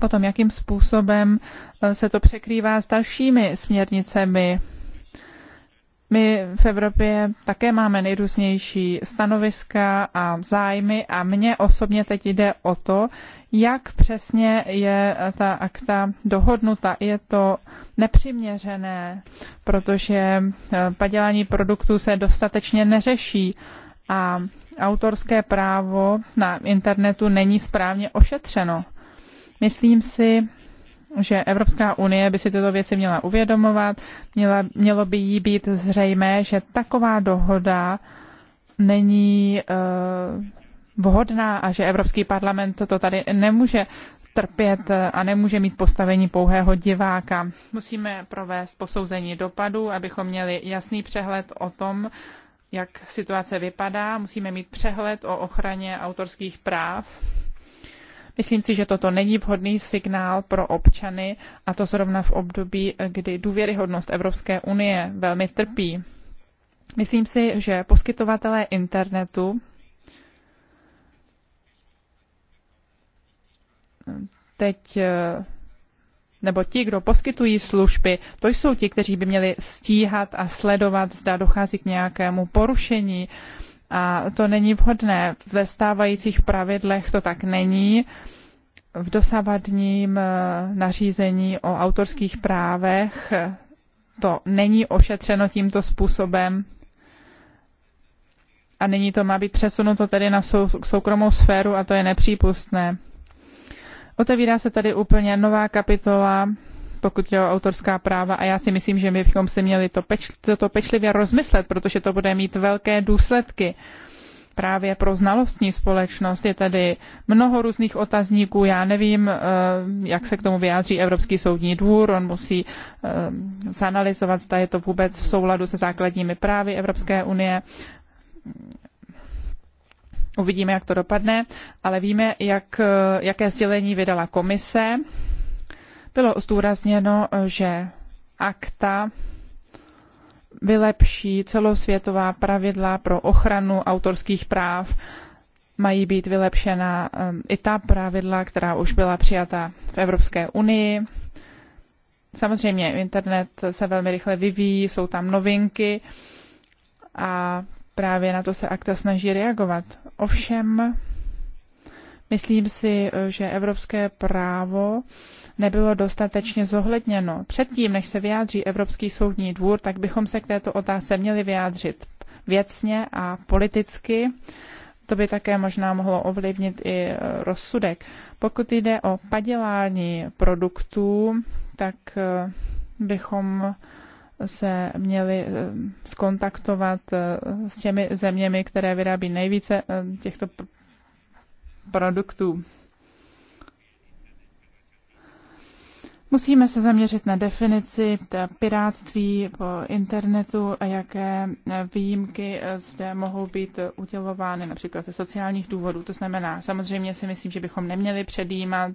Potom, jakým způsobem eh, se to překrývá s dalšími směrnicemi my v Evropě také máme nejrůznější stanoviska a zájmy a mně osobně teď jde o to, jak přesně je ta akta dohodnuta. Je to nepřiměřené, protože eh, padělání produktů se dostatečně neřeší a autorské právo na internetu není správně ošetřeno. Myslím si, že Evropská unie by si tyto věci měla uvědomovat, měla, mělo by jí být zřejmé, že taková dohoda není uh, vhodná a že Evropský parlament to tady nemůže trpět a nemůže mít postavení pouhého diváka. Musíme provést posouzení dopadu, abychom měli jasný přehled o tom, jak situace vypadá. Musíme mít přehled o ochraně autorských práv Myslím si, že toto není vhodný signál pro občany a to zrovna v období, kdy důvěryhodnost Evropské unie velmi trpí. Myslím si, že poskytovatelé internetu teď nebo ti, kdo poskytují služby, to jsou ti, kteří by měli stíhat a sledovat, zda dochází k nějakému porušení. Uh, a to není vhodné. Ve stávajících pravidlech to tak není. V dosavadním eh, nařízení o autorských právech eh, to není ošetřeno tímto způsobem a nyní to má být přesunuto tedy na sou, soukromou sféru a to je nepřípustné. Otevírá se tady úplně nová kapitola pokud jde o autorská práva. A já si myslím, že my bychom si měli to, peč, to pečlivě rozmyslet, protože to bude mít velké důsledky právě pro znalostní společnost. Je tady mnoho různých otazníků. Já nevím, eh, jak se k tomu vyjádří Evropský soudní dvůr. On musí eh, zanalizovat, zda je to vůbec v souladu se základními právy Evropské unie. Uvidíme, jak to dopadne, ale víme, jak, eh, jaké sdělení vydala komise bylo zdůrazněno, že akta vylepší celosvětová pravidla pro ochranu autorských práv. Mají být vylepšena ehm, i ta pravidla, která už byla přijata v Evropské unii. Samozřejmě internet se velmi rychle vyvíjí, jsou tam novinky a právě na to se akta snaží reagovat. Ovšem, myslím si, že evropské právo nebylo dostatečně zohledněno. Předtím, než se vyjádří Evropský soudní dvůr, tak bychom se k této otázce měli vyjádřit věcně a politicky. To by také možná mohlo ovlivnit i e, rozsudek. Pokud jde o padělání produktů, tak e, bychom se měli e, skontaktovat s těmi zeměmi, které vyrábí nejvíce těchto produktů. Musíme se zaměřit na definici pirátství po internetu a jaké výjimky zde mohou být udělovány například ze sociálních důvodů. To znamená, samozřejmě si myslím, že bychom neměli předjímat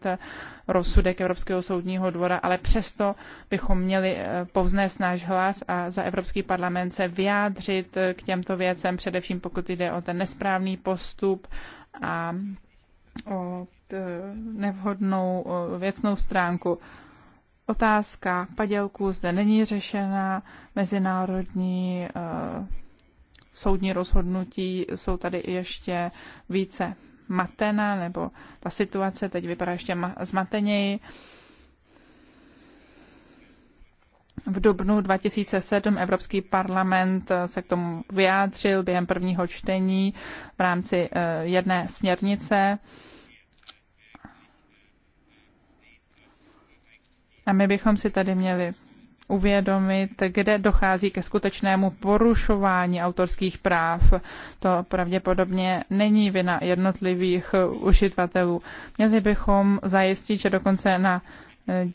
rozsudek Evropského soudního dvora, ale přesto bychom měli eh, povznést náš hlas a za Evropský parlament se vyjádřit eh, k těmto věcem, především pokud jde o ten nesprávný postup a o eh, nevhodnou věcnou stránku otázka padělků zde není řešena, mezinárodní uh, soudní rozhodnutí jsou tady ještě více matena, nebo ta situace teď vypadá ještě zmateněji. V dubnu 2007 Evropský parlament eh, se k tomu vyjádřil během prvního čtení v rámci eh, jedné směrnice. A my bychom si tady měli uvědomit, kde dochází ke skutečnému porušování autorských práv. To pravděpodobně není vina jednotlivých uživatelů. Měli bychom zajistit, že dokonce na eh,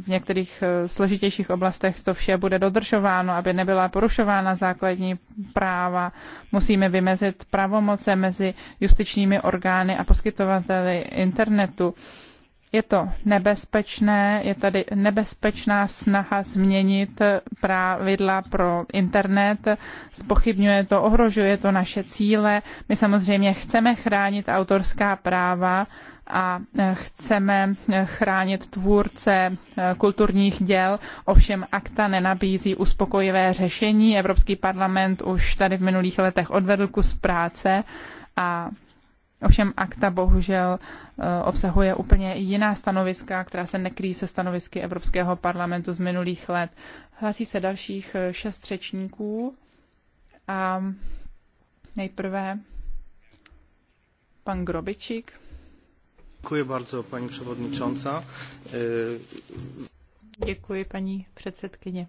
v některých eh, složitějších oblastech to vše bude dodržováno, aby nebyla porušována základní práva. Musíme vymezit pravomoce mezi justičními orgány a poskytovateli internetu. Je to nebezpečné, je tady nebezpečná snaha změnit eh, pravidla pro internet, spochybňuje to, ohrožuje to naše cíle. My samozřejmě chceme chránit autorská práva, a e, chceme e, chránit tvůrce e, kulturních děl, ovšem akta nenabízí uspokojivé řešení. Evropský parlament už tady v minulých letech odvedl kus práce a Ovšem akta bohužel obsahuje úplně jiná stanoviska, která se nekryjí se stanovisky Evropského parlamentu z minulých let. Hlasí se dalších šest řečníků a nejprve pan Grobičík. Děkuji bardzo, paní převodničonca. E, děkuji, paní předsedkyně.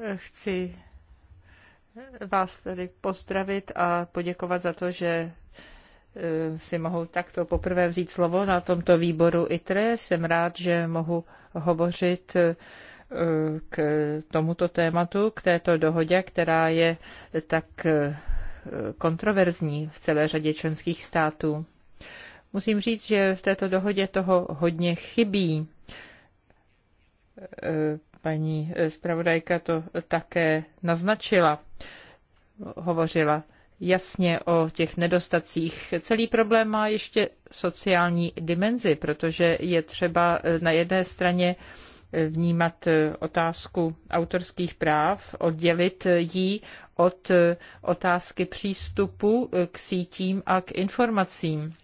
E, chci vás tedy pozdravit a poděkovat za to, že e, si mohu takto poprvé vzít slovo na tomto výboru ITRE. Jsem rád, že mohu hovořit k tomuto tématu, k této dohodě, která je tak eh, kontroverzní v celé řadě členských států. Musím říct, že v této dohodě toho hodně chybí. Eh, paní zpravodajka to také naznačila, hovořila jasně o těch nedostacích. Celý problém má ještě sociální dimenzi, protože je třeba eh, na jedné straně vnímat eh, otázku autorských práv, oddělit ji od eh, otázky přístupu eh, k sítím a k informacím.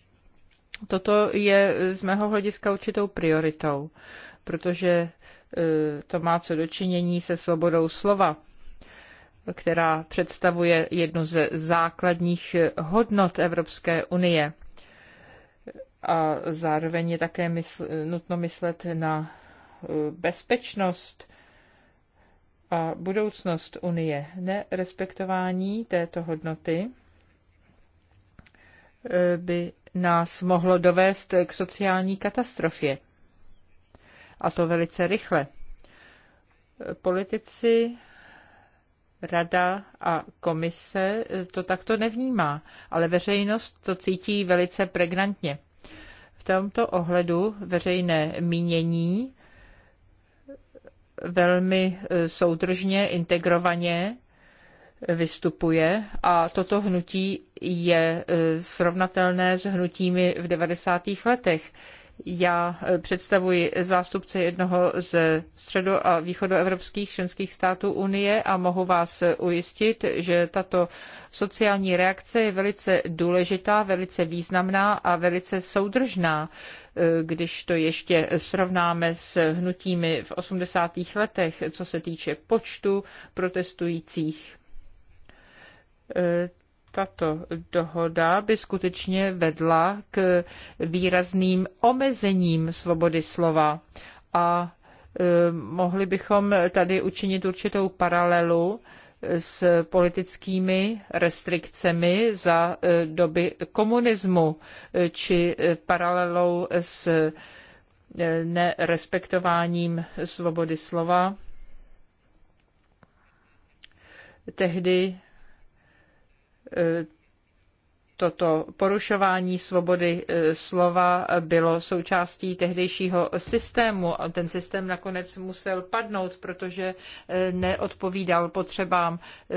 Toto je z mého hlediska určitou prioritou, protože to má co dočinění se svobodou slova která představuje jednu ze základních hodnot Evropské unie. A zároveň je také mysl, nutno myslet na bezpečnost a budoucnost Unie. Nerespektování této hodnoty eh, by nás mohlo dovést k sociální katastrofě. A to velice rychle. Politici, rada a komise to takto nevnímá, ale veřejnost to cítí velice pregnantně. V tomto ohledu veřejné mínění velmi e, soudržně, integrovaně vystupuje a toto hnutí je e, srovnatelné s hnutími v 90. letech. Já e, představuji zástupce jednoho ze středo- a východoevropských členských států Unie a mohu vás ujistit, že tato sociální reakce je velice důležitá, velice významná a velice soudržná. Eh, když to ještě srovnáme s hnutími v 80. letech, co se týče počtu protestujících. Eh, tato dohoda by skutečně vedla k výrazným omezením svobody slova a eh, mohli bychom tady učinit určitou paralelu s politickými restrikcemi za e, doby komunismu e, či e, paralelou s nerespektováním svobody slova. Tehdy toto porušování svobody e, slova bylo součástí tehdejšího systému. Ten systém nakonec musel padnout, protože e, neodpovídal potřebám e,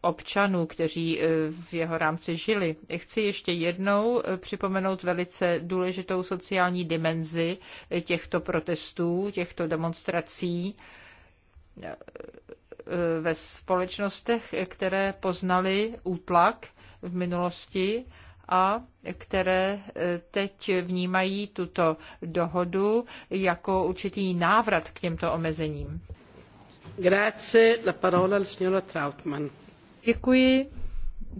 občanů, kteří v jeho rámci žili. Chci ještě jednou připomenout velice důležitou sociální dimenzi těchto protestů, těchto demonstrací ve společnostech, které poznaly útlak v minulosti a které eh, teď vnímají tuto dohodu jako určitý návrat k těmto omezením. Grazie, la parola signora Trautmann. Děkuji.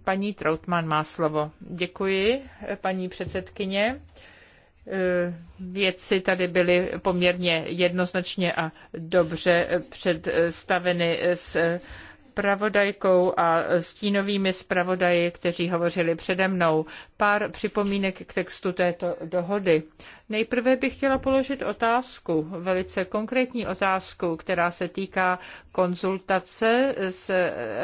Paní Trautmann má slovo. Děkuji, paní předsedkyně eh, věci tady byly poměrně jednoznačně a dobře eh, představeny z zpravodajkou a stínovými zpravodaji, kteří hovořili přede mnou. Pár připomínek k textu této dohody. Nejprve bych chtěla položit otázku, velice konkrétní otázku, která se týká konzultace s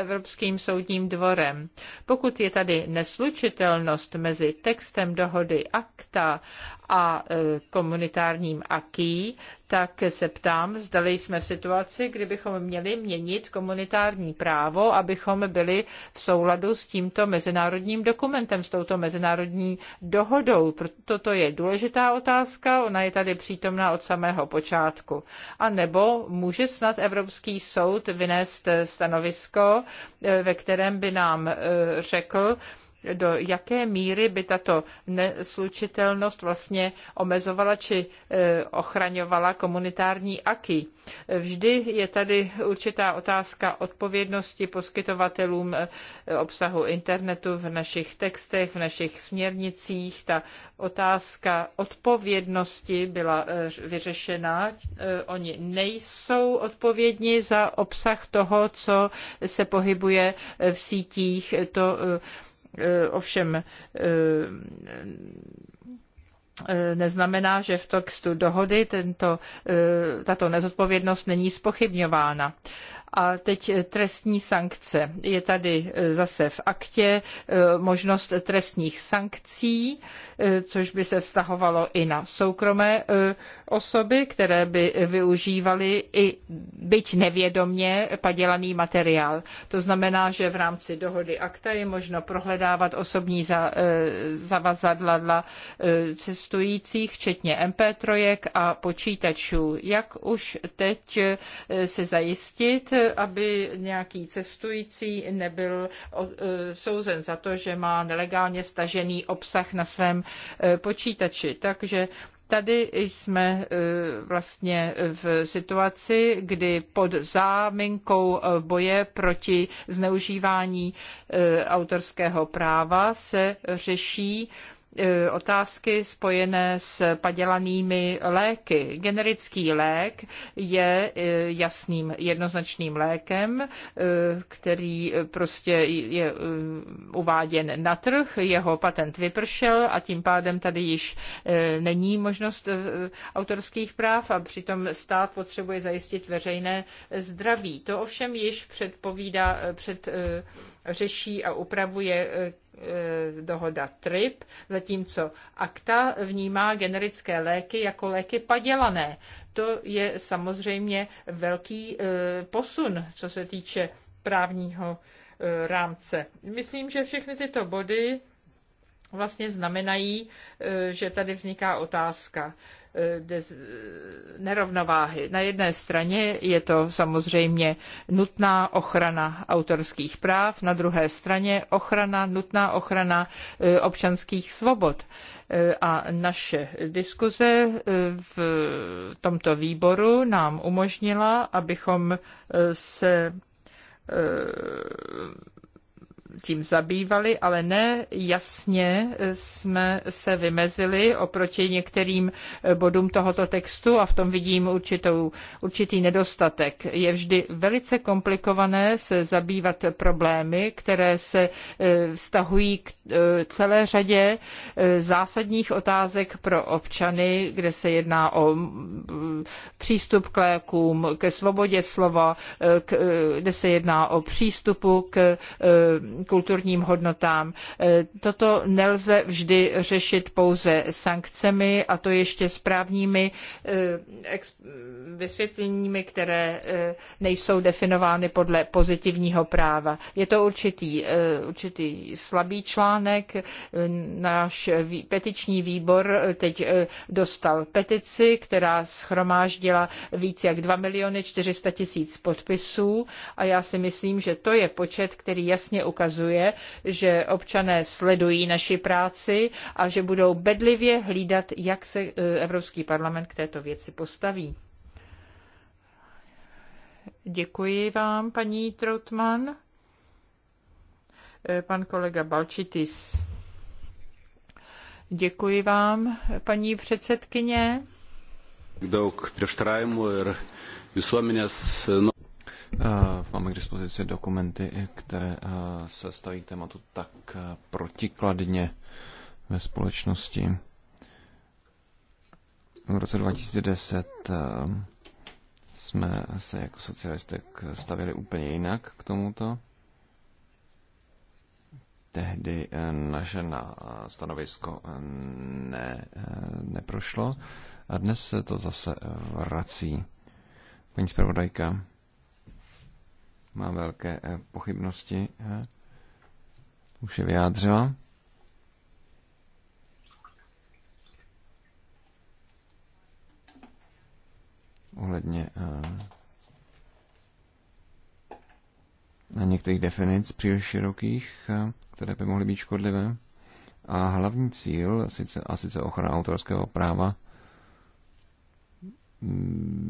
Evropským soudním dvorem. Pokud je tady neslučitelnost mezi textem dohody akta a e, komunitárním aký, tak se ptám, zdali jsme v situaci, kdy bychom měli měnit komunitární právo, abychom byli v souladu s tímto mezinárodním dokumentem, s touto mezinárodní dohodou. Proto to je důležitá otázka otázka, ona je tady přítomná od samého počátku. A nebo může snad Evropský soud vynést stanovisko, ve kterém by nám eh, řekl, do jaké míry by tato neslučitelnost vlastně omezovala či e, ochraňovala komunitární aky. Vždy je tady určitá otázka odpovědnosti poskytovatelům e, obsahu internetu v našich textech, v našich směrnicích. Ta otázka odpovědnosti byla e, vyřešena. Oni nejsou odpovědní za obsah toho, co se pohybuje v sítích. To Eh, ovšem eh, eh, neznamená, že v textu dohody tento, tato nezodpovědnost není spochybňována. A teď eh, trestní sankce. Je tady eh, zase v aktě eh, možnost trestních sankcí, což by se vztahovalo i na soukromé osoby, které by využívaly i byť nevědomně padělaný materiál. To znamená, že v rámci dohody akta je možno prohledávat osobní zavazadla cestujících, včetně MP3 a počítačů. Jak už teď se zajistit, aby nějaký cestující nebyl e, souzen za to, že má nelegálně stažený obsah na svém e, počítači. Takže tady jsme e, vlastně v situaci, kdy pod záminkou boje proti zneužívání autorského práva se řeší E, otázky spojené s padělanými léky. Generický lék je e, jasným jednoznačným lékem, e, který prostě je uváděn na trh, jeho patent vypršel a tím pádem tady již není možnost autorských práv a přitom stát potřebuje zajistit veřejné zdraví. To ovšem již předpovídá, před, řeší a upravuje Eh, dohoda TRIP, zatímco ACTA vnímá generické léky jako léky padělané. To je samozřejmě velký eh, posun, co se týče právního eh, rámce. Myslím, že všechny tyto body vlastně znamenají, e, že tady vzniká otázka e, e, nerovnováhy. Na jedné straně je to samozřejmě nutná ochrana autorských práv, na druhé straně ochrana, nutná ochrana občanských svobod a naše diskuze v tomto výboru nám umožnila, abychom se tím zabývali, ale ne jasně jsme se vymezili oproti některým bodům tohoto textu a v tom vidím určitou, určitý nedostatek. Je vždy velice komplikované se zabývat problémy, které se e, vztahují k e, celé řadě e, zásadních otázek pro občany, kde se jedná o přístup k lékům, ke svobodě slova, kde se jedná o přístupu k kulturním hodnotám. E, toto nelze vždy řešit pouze sankcemi a to ještě správnými e, vysvětleními, které e, nejsou definovány podle pozitivního práva. Je to určitý, určitý slabý článek. Náš petiční výbor teď dostal petici, která schromáždila více jak 2 miliony 400 tisíc podpisů a já si myslím, že to je počet, který jasně ukazuje, ukazuje, že občané sledují naši práci a že budou bedlivě hlídat, jak se e, Evropský parlament k této věci postaví. Děkuji vám, paní Troutman. E, pan kolega Balčitis. Děkuji vám, paní předsedkyně. Daug prieštaravimų ir visuomenės Eh, máme k dispozici dokumenty, které eh, se staví k tématu tak eh, protikladně ve společnosti. V roce 2010 jsme se jako socialisté stavili úplně jinak k tomuto. Tehdy naše na stanovisko ne, neprošlo a dnes se to zase vrací. Paní zpravodajka, má velké eh, pochybnosti. Eh, už je vyjádřila. Ohledně eh, na některých definic příliš širokých, které by mohly být škodlivé. A hlavní cíl, sice, a sice ochrana autorského práva,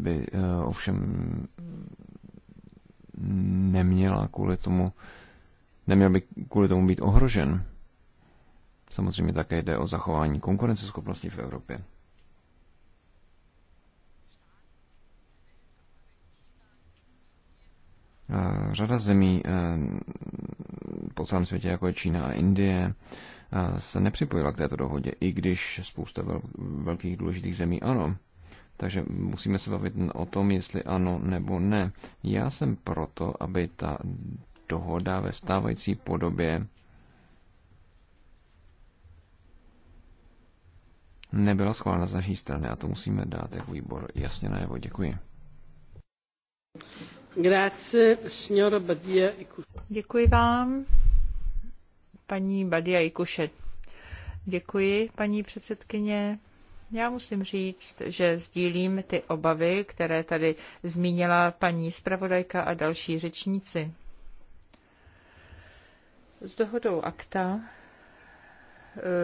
by ovšem neměla kvůli tomu, neměl by kvůli tomu být ohrožen. Samozřejmě také jde o zachování konkurenceschopnosti v Evropě. Řada zemí eh, po celém světě, jako je Čína a Indie, eh, se nepřipojila k této dohodě, i když spousta velkých důležitých zemí ano. Takže musíme se bavit o tom, jestli ano nebo ne. Já jsem proto, aby ta dohoda ve stávající podobě nebyla schválena z naší strany a to musíme dát jako výbor jasně najevo. Děkuji. Děkuji vám, paní Badia Ikuše. Děkuji, paní předsedkyně. Já musím říct, že sdílím ty obavy, které tady zmínila paní zpravodajka a další řečníci. S dohodou akta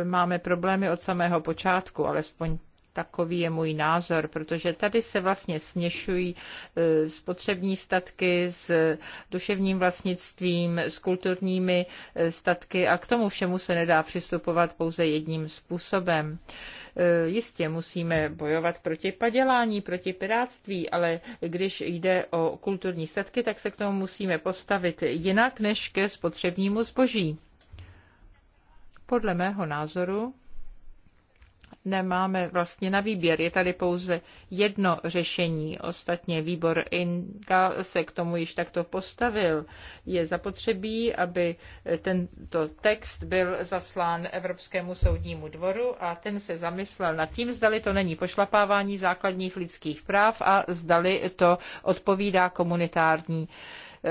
e, máme problémy od samého počátku, alespoň Takový je můj názor, protože tady se vlastně směšují e, spotřební statky s duševním vlastnictvím, s kulturními e, statky a k tomu všemu se nedá přistupovat pouze jedním způsobem e, jistě musíme bojovat proti padělání, proti piráctví, ale když jde o kulturní statky, tak se k tomu musíme postavit jinak než ke spotřebnímu zboží. Podle mého názoru nemáme vlastně na výběr. Je tady pouze jedno řešení. Ostatně výbor INKA se k tomu již takto postavil. Je zapotřebí, aby tento text byl zaslán Evropskému soudnímu dvoru a ten se zamyslel nad tím, zdali to není pošlapávání základních lidských práv a zdali to odpovídá komunitární eh,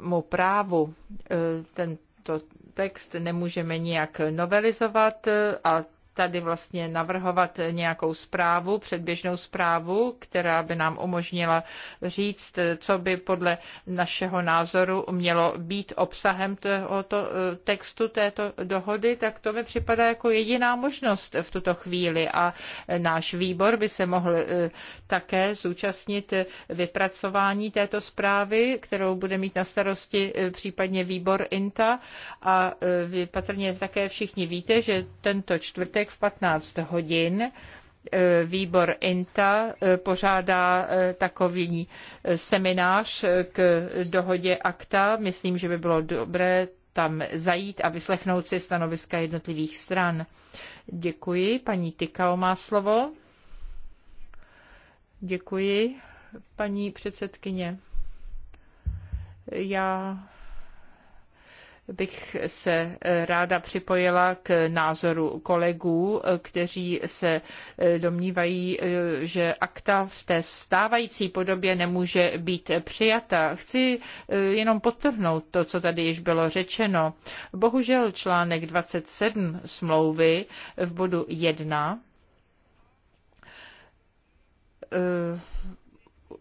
mu právu. Eh, tento text nemůžeme nijak novelizovat eh, a tady vlastně navrhovat nějakou zprávu, předběžnou zprávu, která by nám umožnila říct, co by podle našeho názoru mělo být obsahem tohoto eh, textu této dohody, tak to mi připadá jako jediná možnost v tuto chvíli a eh, náš výbor by se mohl eh, také zúčastnit vypracování této zprávy, kterou bude mít na starosti případně výbor INTA a vy patrně také všichni víte, že tento čtvrtek čtvrtek v 15 hodin eh, výbor INTA eh, pořádá eh, takový seminář k dohodě akta. Myslím, že by bylo dobré tam zajít a vyslechnout si stanoviska jednotlivých stran. Děkuji. Paní Tykao má slovo. Děkuji, paní předsedkyně. Já bych se eh, ráda připojila k názoru kolegů, eh, kteří se eh, domnívají, že akta v té stávající podobě nemůže být přijata. Chci jenom podtrhnout to, co tady již bylo řečeno. Bohužel článek 27 smlouvy v bodu 1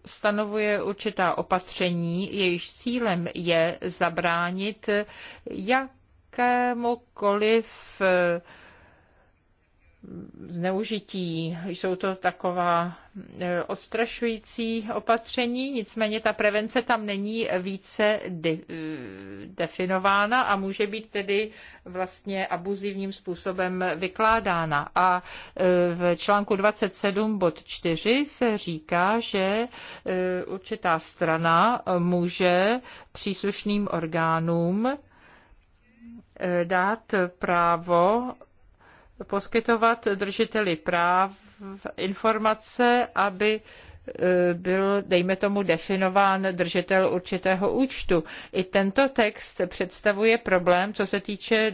stanovuje určitá opatření, jejichž cílem je zabránit jakémukoliv eh, zneužití. Jsou to taková e, odstrašující opatření, nicméně ta prevence tam není více de, definována a může být tedy vlastně abuzivním způsobem vykládána. A e, v článku 27 bod 4 se říká, že e, určitá strana může příslušným orgánům dát právo poskytovat držiteli práv informace, aby e, byl, dejme tomu, definován držitel určitého účtu. I tento text představuje problém, co se týče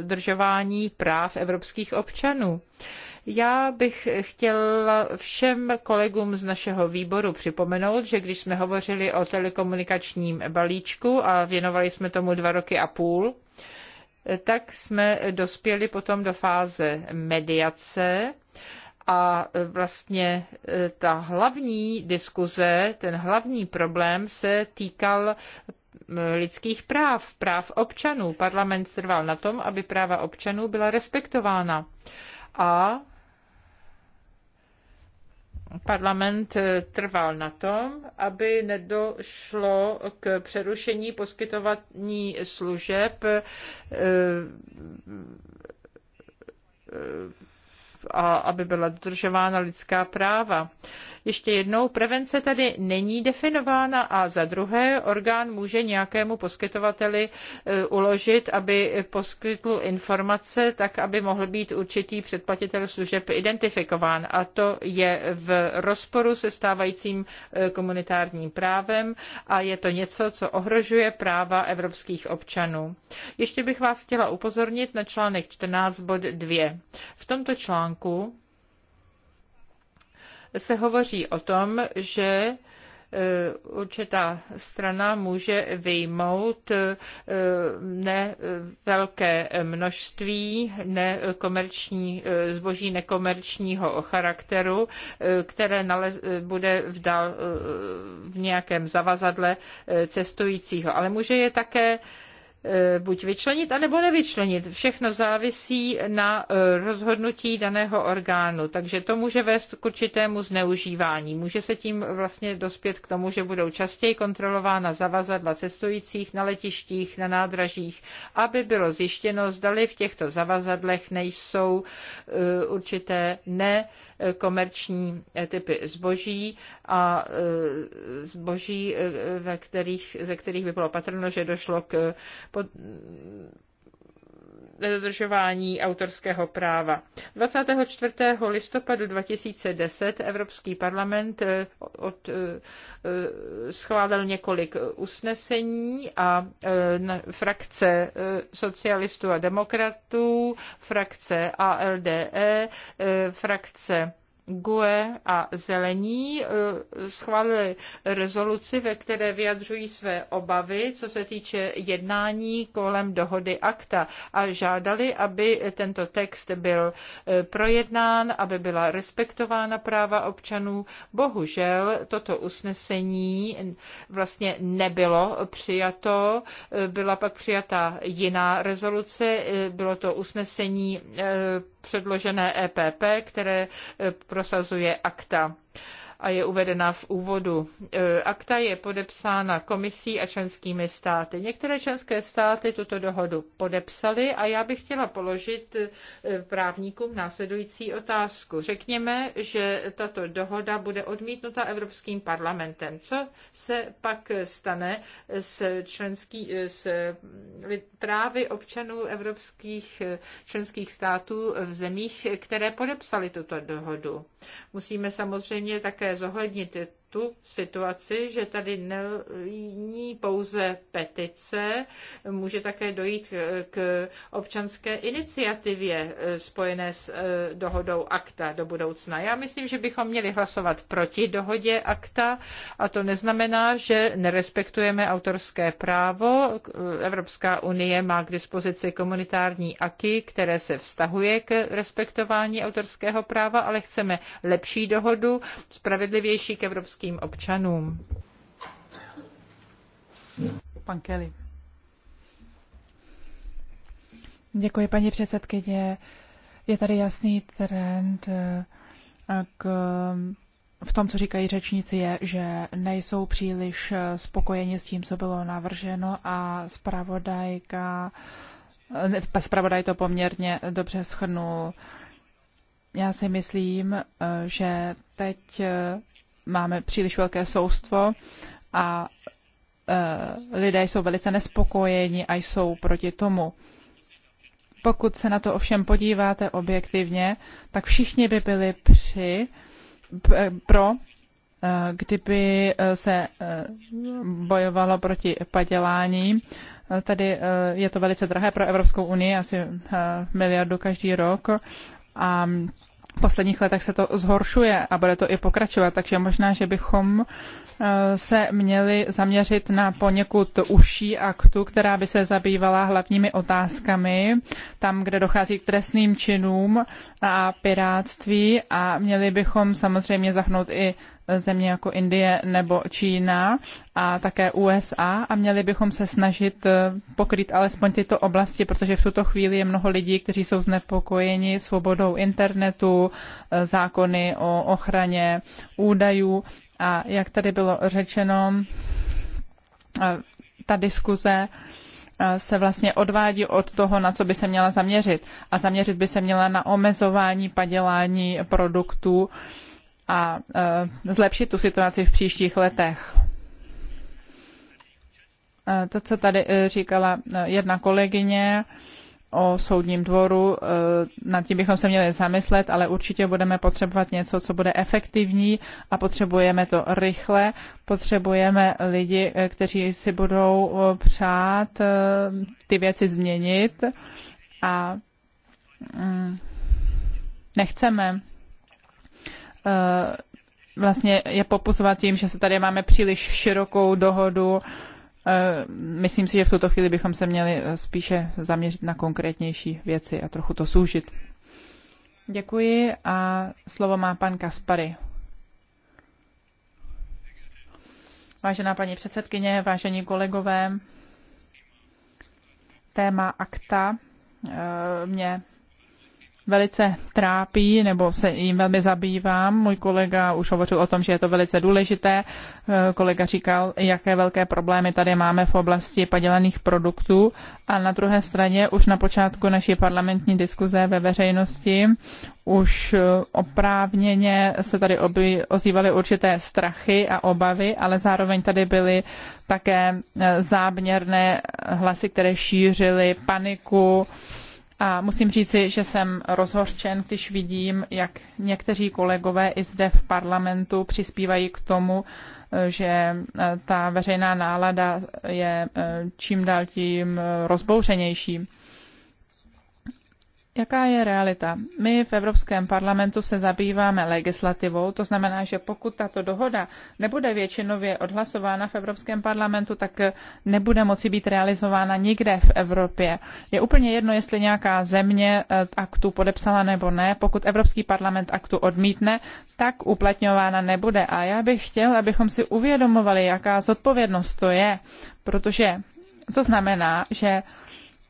dodržování e, práv evropských občanů. Já bych chtěla všem kolegům z našeho výboru připomenout, že když jsme hovořili o telekomunikačním balíčku a věnovali jsme tomu dva roky a půl, tak jsme dospěli potom do fáze mediace a vlastně e, ta hlavní diskuze, ten hlavní problém se týkal lidských práv, práv občanů. Parlament trval na tom, aby práva občanů byla respektována. A Parlament eh, trval na tom, aby nedošlo k přerušení poskytování služeb eh, eh, a aby byla dodržována lidská práva. Ještě jednou, prevence tady není definována a za druhé orgán může nějakému poskytovateli e, uložit, aby poskytl informace tak, aby mohl být určitý předplatitel služeb identifikován. A to je v rozporu se stávajícím e, komunitárním právem a je to něco, co ohrožuje práva evropských občanů. Ještě bych vás chtěla upozornit na článek 14 bod 2. V tomto článku se hovoří o tom, že e, určitá strana může vyjmout e, ne e, velké množství nekomerční, zboží nekomerčního charakteru, které nalez, bude v, dal, v nějakém zavazadle cestujícího, ale může je také Eh, buď vyčlenit, anebo nevyčlenit. Všechno závisí na eh, rozhodnutí daného orgánu, takže to může vést k určitému zneužívání. Může se tím vlastně dospět k tomu, že budou častěji kontrolována zavazadla cestujících na letištích, na nádražích, aby bylo zjištěno, zdali v těchto zavazadlech nejsou eh, určité nekomerční typy zboží a zboží, ve kterých, ze kterých by bylo patrno, že došlo k pod nedodržování autorského práva. 24. listopadu 2010 Evropský parlament eh, od, eh, eh, schválil několik usnesení a frakce socialistů a demokratů, frakce ALDE, frakce GUE a Zelení eh, schválili rezoluci, ve které vyjadřují své obavy, co se týče jednání kolem dohody akta a žádali, aby tento text byl eh, projednán, aby byla respektována práva občanů. Bohužel toto usnesení vlastně nebylo přijato, eh, byla pak přijata jiná rezoluce, bylo to usnesení předložené EPP, které prosazuje akta a je uvedena v úvodu. E, akta je podepsána komisí a členskými státy. Některé členské státy tuto dohodu podepsaly a já bych chtěla položit e, právníkům následující otázku. Řekněme, že tato dohoda bude odmítnuta Evropským parlamentem. Co se pak stane s, členský, e, s právy občanů evropských členských států v zemích, které podepsaly tuto dohodu? Musíme samozřejmě také také zohlednit tu situaci, že tady není pouze petice, může také dojít k občanské iniciativě eh, spojené s eh, dohodou akta do budoucna. Já myslím, že bychom měli hlasovat proti dohodě akta a to neznamená, že nerespektujeme autorské právo. Evropská unie má k dispozici komunitární aky, které se vztahuje k respektování autorského práva, ale chceme lepší dohodu, spravedlivější k evropským evropským občanům. Pan Kelly. Děkuji, paní předsedkyně. Je tady jasný trend eh, k v tom, co říkají řečníci, je, že nejsou příliš eh, spokojeni s tím, co bylo navrženo a zpravodajka, eh, zpravodaj to poměrně dobře schrnul. Já si myslím, že teď máme příliš velké soustvo a e, lidé jsou velice nespokojeni a jsou proti tomu. Pokud se na to ovšem podíváte objektivně, tak všichni by byli při, pro, e, kdyby e, se bojovalo proti padělání. Tady je to velice drahé pro Evropskou unii, asi miliardu každý rok. A v posledních letech se to zhoršuje a bude to i pokračovat, takže možná, že bychom eh, se měli zaměřit na poněkud užší aktu, která by se zabývala hlavními otázkami, tam, kde dochází k trestným činům a piráctví a měli bychom samozřejmě zahnout i země jako Indie nebo Čína a také USA a měli bychom se snažit eh, pokryt alespoň tyto oblasti, protože v tuto chvíli je mnoho lidí, kteří jsou znepokojeni svobodou internetu, eh, zákony o ochraně údajů a jak tady bylo řečeno, eh, ta diskuze se vlastně odvádí od toho, na co by se měla zaměřit. A zaměřit by se měla na omezování padělání produktů, a e, zlepšit tu situaci v příštích letech. E, to, co tady e, říkala jedna kolegyně o soudním dvoru, nad tím bychom se měli zamyslet, ale určitě budeme potřebovat něco, co bude efektivní a potřebujeme to rychle. Potřebujeme lidi, kteří si budou přát ty věci změnit a mm, nechceme Eh, vlastně je popusovat tím, že se tady máme příliš širokou dohodu. Eh, myslím si, že v tuto chvíli bychom se měli eh, spíše zaměřit na konkrétnější věci a trochu to soužit. Děkuji a slovo má pan Kaspary. Vážená paní předsedkyně, vážení kolegové, téma akta mě velice trápí, nebo se jim velmi zabývám. Můj kolega už hovořil o tom, že je to velice důležité. Eh, kolega říkal, jaké velké problémy tady máme v oblasti padělaných produktů. A na druhé straně už na počátku naší parlamentní diskuze ve veřejnosti už eh, oprávněně se tady oby, ozývaly určité strachy a obavy, ale zároveň tady byly také eh, záměrné hlasy, které šířily paniku, a musím říci, že jsem rozhořčen, když vidím, jak někteří kolegové i zde v parlamentu přispívají k tomu, že e, ta veřejná nálada je e, čím dál tím e, rozbouřenější. Jaká je realita? My v Evropském parlamentu se zabýváme legislativou, to znamená, že pokud tato dohoda nebude většinově odhlasována v Evropském parlamentu, tak nebude moci být realizována nikde v Evropě. Je úplně jedno, jestli nějaká země eh, aktu podepsala nebo ne. Pokud Evropský parlament aktu odmítne, tak uplatňována nebude. A já bych chtěl, abychom si uvědomovali, jaká zodpovědnost to je, protože to znamená, že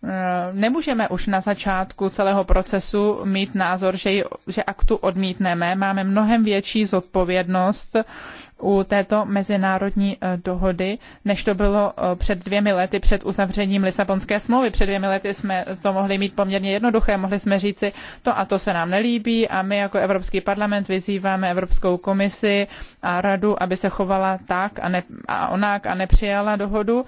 Eh, nemůžeme už na začátku celého procesu mít názor, že, že aktu odmítneme. Máme mnohem větší zodpovědnost u této mezinárodní eh, dohody, než to bylo eh, před dvěmi lety před uzavřením Lisabonské smlouvy. Před dvěmi lety jsme to mohli mít poměrně jednoduché, mohli jsme říci, to a to se nám nelíbí a my jako Evropský parlament vyzýváme Evropskou komisi a radu, aby se chovala tak a, ne, a onak a nepřijala dohodu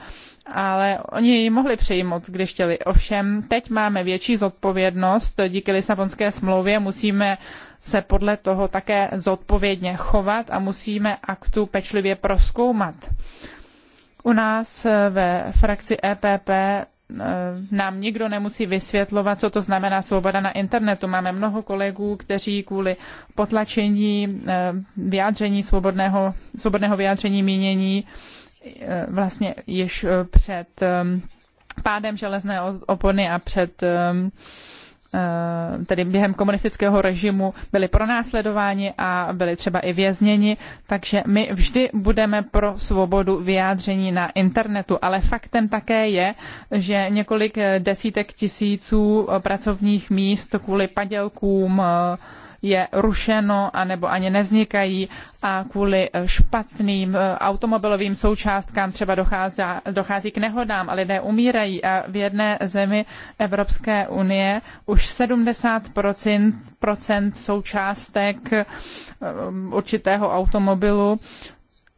ale oni ji mohli přijmout, když chtěli. Ovšem, teď máme větší zodpovědnost, díky Lisabonské smlouvě musíme se podle toho také zodpovědně chovat a musíme aktu pečlivě proskoumat. U nás eh, ve frakci EPP eh, nám nikdo nemusí vysvětlovat, co to znamená svoboda na internetu. Máme mnoho kolegů, kteří kvůli potlačení eh, vyjádření svobodného, svobodného vyjádření mínění Eh, vlastně již eh, před ehm, pádem železné opony a před ehm, eh, tedy během komunistického režimu byli pronásledováni a byli třeba i vězněni, takže my vždy budeme pro svobodu vyjádření na internetu, ale faktem také je, že několik desítek tisíců pracovních míst kvůli padělkům je rušeno anebo ani nevznikají a kvůli špatným eh, automobilovým součástkám třeba dochází, k nehodám a lidé umírají a v jedné zemi Evropské unie už 70% procent součástek eh, určitého automobilu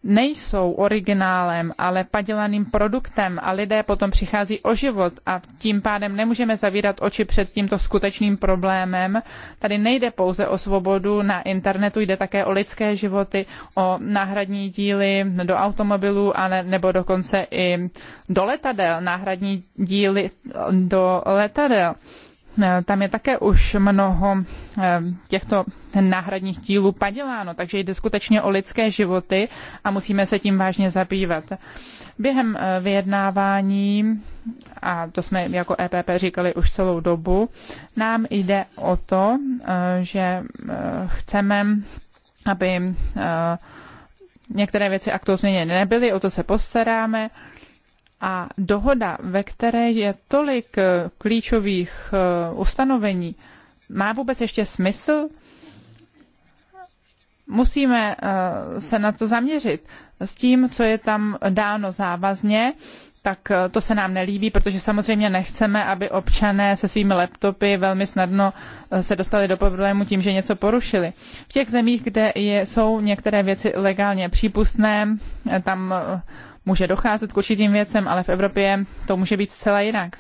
nejsou originálem, ale padělaným produktem a lidé potom přichází o život a tím pádem nemůžeme zavírat oči před tímto skutečným problémem. Tady nejde pouze o svobodu na internetu, jde také o lidské životy, o náhradní díly do automobilů a ne, nebo dokonce i do letadel, náhradní díly do letadel. Eh, tam je také už mnoho eh, těchto náhradních dílů paděláno, takže jde skutečně o lidské životy a musíme se tím vážně zabývat. Během eh, vyjednávání, a to jsme jako EPP říkali už celou dobu, nám jde o to, že chceme, aby některé věci aktuálně nebyly, o to se postaráme a dohoda, ve které je tolik eh, klíčových eh, ustanovení, má vůbec ještě smysl? Musíme eh, se na to zaměřit. S tím, co je tam dáno závazně, tak to se nám nelíbí, protože samozřejmě nechceme, aby občané se svými laptopy velmi snadno se dostali do problému tím, že něco porušili. V těch zemích, kde jsou některé věci legálně přípustné, tam může docházet k určitým věcem, ale v Evropě to může být zcela jinak.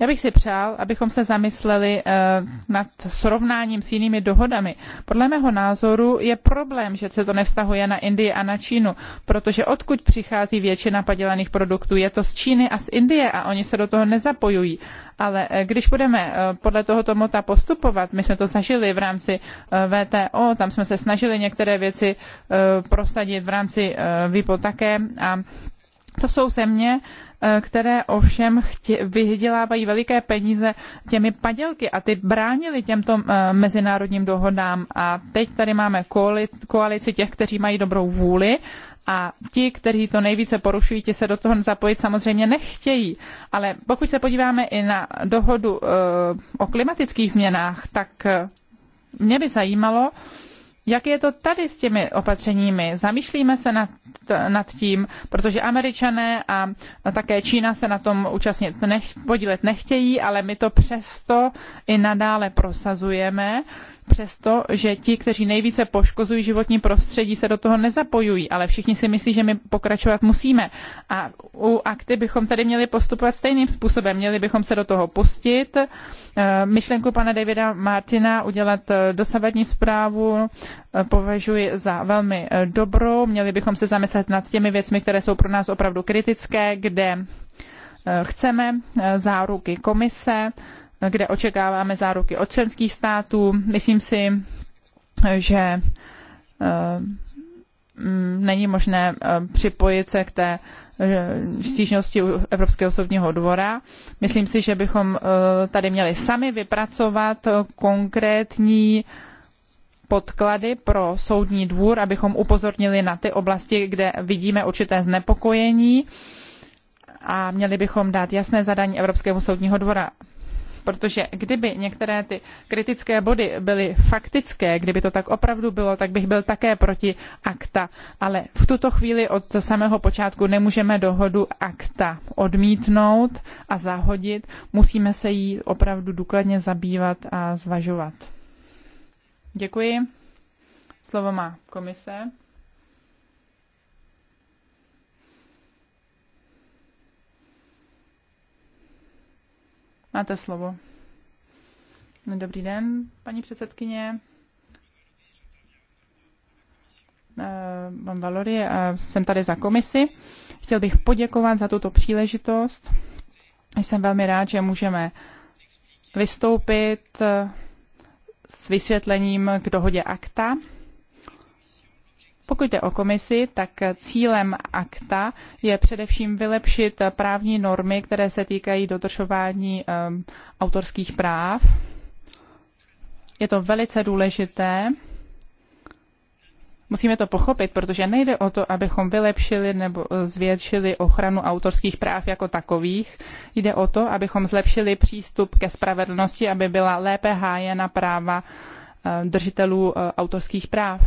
Já bych si přál, abychom se zamysleli eh, nad srovnáním s jinými dohodami. Podle mého názoru je problém, že se to nevztahuje na Indii a na Čínu, protože odkud přichází většina padělaných produktů, je to z Číny a z Indie a oni se do toho nezapojují. Ale eh, když budeme eh, podle tohoto mota postupovat, my jsme to zažili v rámci VTO, tam jsme se snažili některé věci prosadit v rámci VIPO také a to jsou země, eh, které ovšem chtě, vydělávají veliké peníze těmi padělky a ty bránili těmto eh, mezinárodním dohodám. A teď tady máme koalici, koalici těch, kteří mají dobrou vůli a ti, kteří to nejvíce porušují, ti se do toho zapojit samozřejmě nechtějí. Ale pokud se podíváme i na dohodu eh, o klimatických změnách, tak mě by zajímalo, jak je to tady s těmi opatřeními? Zamýšlíme se nad, nad tím, protože američané a také Čína se na tom účastnit nech, podílet nechtějí, ale my to přesto i nadále prosazujeme. Uh, přesto, že ti, kteří nejvíce poškozují životní prostředí, se do toho nezapojují, ale všichni si myslí, že my pokračovat musíme. A u akty bychom tady měli postupovat stejným způsobem. Měli bychom se do toho pustit. Eh, myšlenku pana Davida Martina udělat eh, dosavadní zprávu eh, považuji za velmi dobrou. Měli bychom se zamyslet nad těmi věcmi, které jsou pro nás opravdu kritické, kde chceme záruky komise, kde očekáváme záruky od členských států. Myslím si, že eh, mm, není možné eh, připojit se k té eh, stížnosti Evropského soudního dvora. Myslím si, že bychom tady měli sami vypracovat konkrétní podklady pro soudní dvůr, abychom upozornili na ty oblasti, kde vidíme určité znepokojení a měli bychom dát jasné zadání Evropskému soudního dvora protože kdyby některé ty kritické body byly faktické, kdyby to tak opravdu bylo, tak bych byl také proti akta. Ale v tuto chvíli od samého počátku nemůžeme dohodu akta odmítnout a zahodit. Musíme se jí opravdu důkladně zabývat a zvažovat. Děkuji. Slovo má komise. Máte slovo. No, dobrý den, paní předsedkyně. Pan eh, Valory, jsem tady za komisi. Chtěl bych poděkovat za tuto příležitost. Jsem velmi rád, že můžeme vystoupit eh, s vysvětlením k dohodě akta pokud jde o komisi, tak cílem akta je především vylepšit právní normy, které se týkají dodržování um, autorských práv. Je to velice důležité. Musíme to pochopit, protože nejde o to, abychom vylepšili nebo e, zvětšili ochranu autorských práv jako takových. Jde o to, abychom zlepšili přístup ke spravedlnosti, aby byla lépe hájena práva e, držitelů e, autorských práv.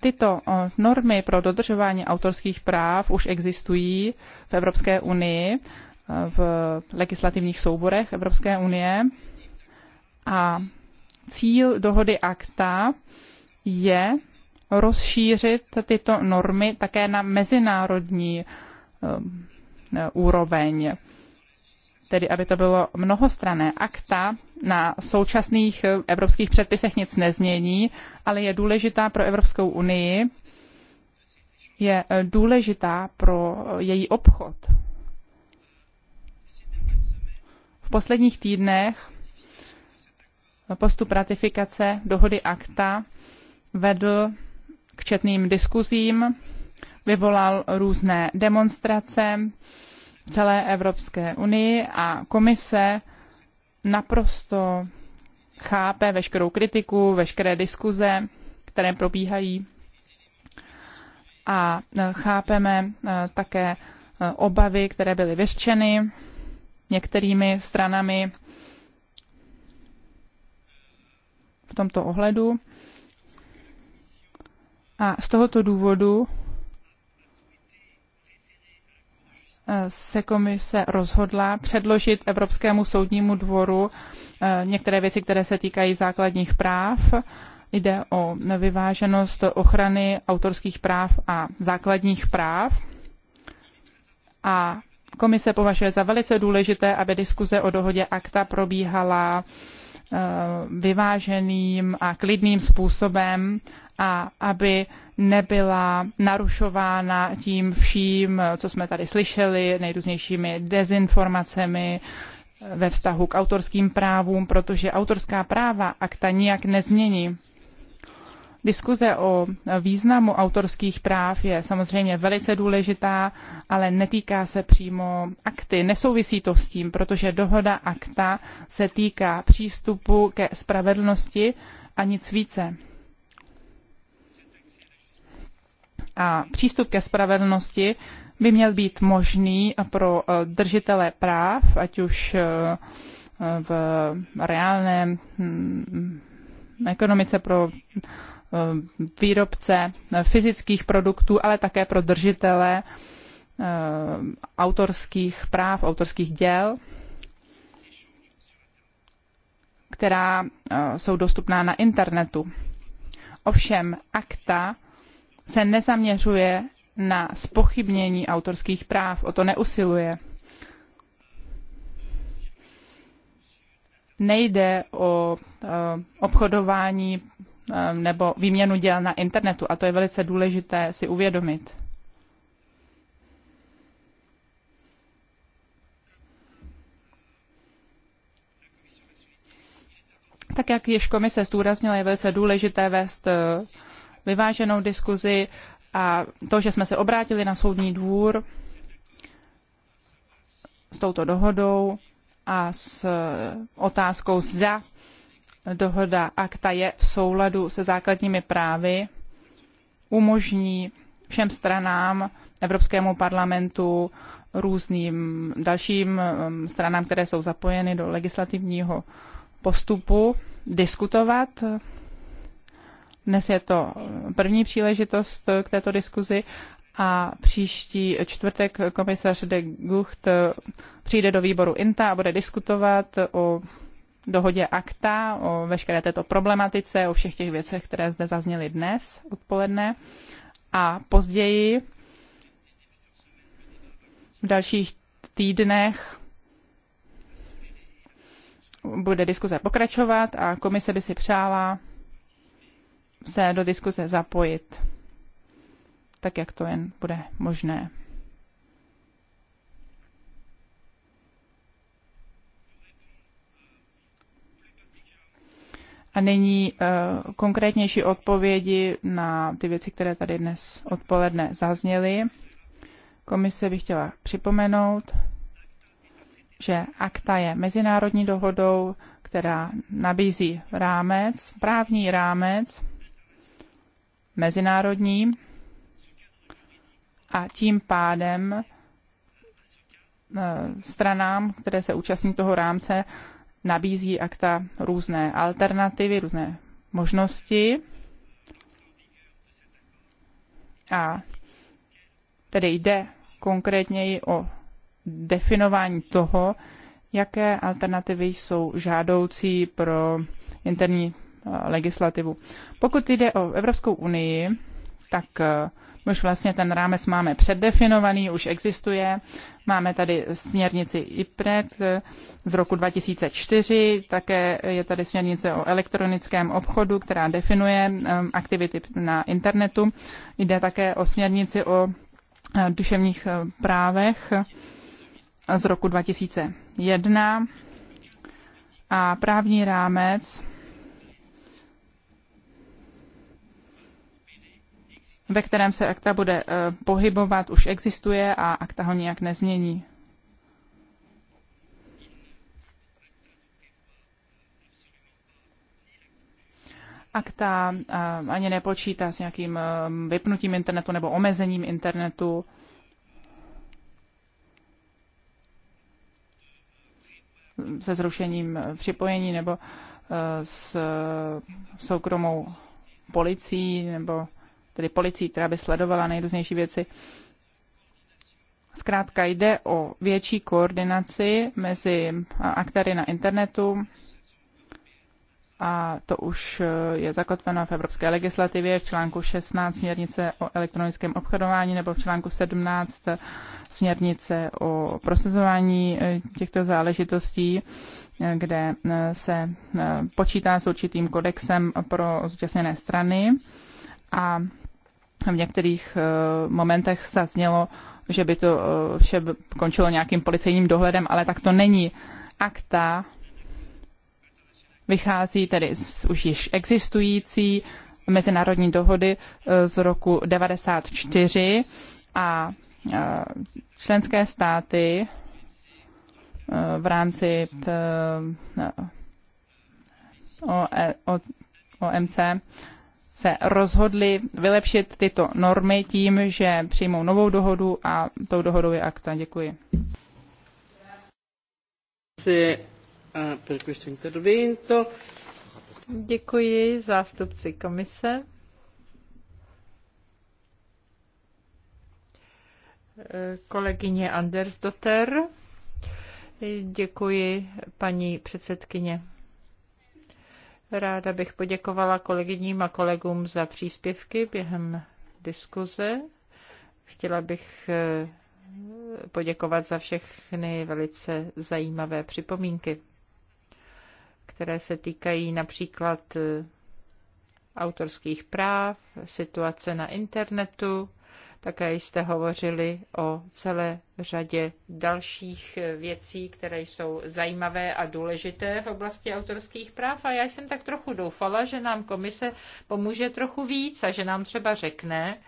Tyto eh, normy pro dodržování autorských práv už existují v Evropské unii, eh, v legislativních souborech Evropské unie a cíl dohody akta je rozšířit tyto normy také na mezinárodní eh, úroveň tedy aby to bylo mnohostrané. Akta na současných eh, evropských předpisech nic nezmění, ale je důležitá pro Evropskou unii, je eh, důležitá pro eh, její obchod. V posledních týdnech postup ratifikace dohody akta vedl k četným diskuzím, vyvolal různé demonstrace, celé Evropské unii a komise naprosto chápe veškerou kritiku, veškeré diskuze, které probíhají a e, chápeme e, také e, obavy, které byly vyřčeny některými stranami v tomto ohledu. A z tohoto důvodu se komise rozhodla předložit Evropskému soudnímu dvoru eh, některé věci, které se týkají základních práv. Jde o vyváženost ochrany autorských práv a základních práv. A komise považuje za velice důležité, aby diskuze o dohodě akta probíhala eh, vyváženým a klidným způsobem a aby nebyla narušována tím vším, co jsme tady slyšeli, nejrůznějšími dezinformacemi eh, ve vztahu k autorským právům, protože autorská práva akta nijak nezmění. Diskuze o významu autorských práv je samozřejmě velice důležitá, ale netýká se přímo akty. Nesouvisí to s tím, protože dohoda akta se týká přístupu ke spravedlnosti a nic více. a přístup ke spravedlnosti by měl být možný pro eh, držitele práv, ať už eh, v reálné hm, ekonomice pro eh, výrobce fyzických produktů, ale také pro držitele autorských práv, autorských děl, která jsou dostupná na internetu. Ovšem, akta se nezaměřuje na spochybnění autorských práv, o to neusiluje. Nejde o eh, obchodování eh, nebo výměnu děl na internetu a to je velice důležité si uvědomit. Tak jak již komise zdůraznila, je velice důležité vést eh, vyváženou diskuzi a to, že jsme se obrátili na soudní dvůr s touto dohodou a s otázkou, zda dohoda akta je v souladu se základními právy, umožní všem stranám, Evropskému parlamentu, různým dalším um, stranám, které jsou zapojeny do legislativního postupu, diskutovat dnes je to první příležitost k této diskuzi a příští čtvrtek komisař de Gucht přijde do výboru INTA a bude diskutovat o dohodě akta, o veškeré této problematice, o všech těch věcech, které zde zazněly dnes odpoledne. A později v dalších týdnech bude diskuze pokračovat a komise by si přála se do diskuze zapojit, tak jak to jen bude možné. A nyní uh, konkrétnější odpovědi na ty věci, které tady dnes odpoledne zazněly. Komise bych chtěla připomenout, že akta je mezinárodní dohodou, která nabízí rámec, právní rámec mezinárodní a tím pádem eh, stranám, které se účastní toho rámce, nabízí akta různé alternativy, různé možnosti. A tedy jde konkrétněji o definování toho, jaké alternativy jsou žádoucí pro interní Eh, legislativu. Pokud jde o Evropskou unii, tak eh, už vlastně ten rámec máme předdefinovaný, už existuje. Máme tady směrnici IPRED eh, z roku 2004, také je tady směrnice o elektronickém obchodu, která definuje aktivity na internetu. Jde také o směrnici o duševních právech z roku 2001 a právní rámec ve kterém se akta bude eh, pohybovat, už existuje a akta ho nijak nezmění. Akta eh, ani nepočítá s nějakým eh, vypnutím internetu nebo omezením internetu. se zrušením připojení nebo s soukromou policií nebo tedy policií, která by sledovala nejrůznější věci. Zkrátka jde o větší koordinaci mezi aktéry na internetu a to už je zakotveno v evropské legislativě v článku 16 směrnice o elektronickém obchodování nebo v článku 17 směrnice o prosazování eh, těchto záležitostí, eh, kde eh, se počítá s určitým kodexem pro zúčastněné strany a v některých eh, momentech zaznělo, že by to eh, vše končilo nějakým policejním dohledem, ale tak to není. Akta vychází tedy z už již existující mezinárodní dohody eh, z roku 94 a členské státy v rámci OMC e, se rozhodli vylepšit tyto normy tím, že přijmou novou dohodu a tou dohodou je akta. Děkuji. Eh, Děkuji zástupci komise. Eh, kolegyně Anders Dotter. Děkuji, paní předsedkyně. Ráda bych poděkovala kolegyním a kolegům za příspěvky během diskuze. Chtěla bych eh, poděkovat za všechny velice zajímavé připomínky, které se týkají například eh, autorských práv, situace na internetu, také jste hovořili o celé řadě dalších věcí, které jsou zajímavé a důležité v oblasti autorských práv. A já jsem tak trochu doufala, že nám komise pomůže trochu víc a že nám třeba řekne,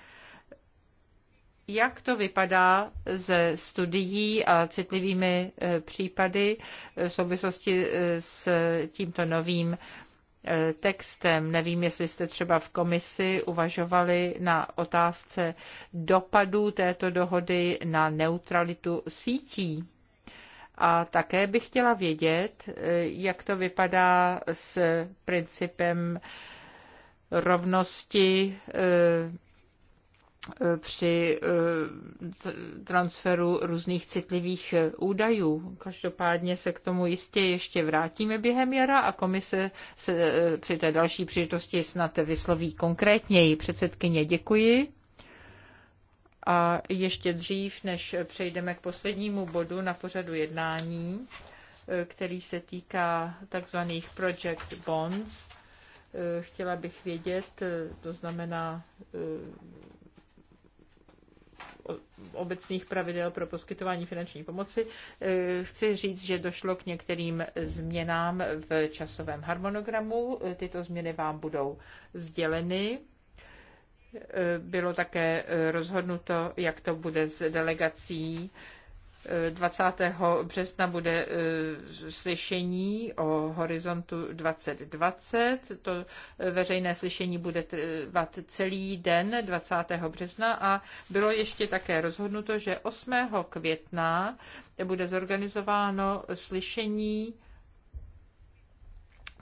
jak to vypadá ze studií a citlivými eh, případy eh, v souvislosti eh, s tímto novým Eh, textem. Nevím, jestli jste třeba v komisi uvažovali na otázce dopadů této dohody na neutralitu sítí. A také bych chtěla vědět, eh, jak to vypadá s principem rovnosti eh, Eh, při eh, transferu různých citlivých eh, údajů. Každopádně se k tomu jistě ještě vrátíme během jara a komise se při té další příležitosti snad vysloví konkrétněji. Předsedkyně, děkuji. A ještě dřív, než přejdeme k poslednímu bodu na pořadu jednání, který se týká takzvaných project bonds, chtěla bych vědět, to znamená obecných pravidel pro poskytování finanční pomoci, e, chci říct, že došlo k některým změnám v časovém harmonogramu. E, tyto změny vám budou sděleny. E, bylo také rozhodnuto, jak to bude s delegací 20. března bude e, slyšení o horizontu 2020. To veřejné slyšení bude trvat celý den 20. března a bylo ještě také rozhodnuto, že 8. května bude zorganizováno slyšení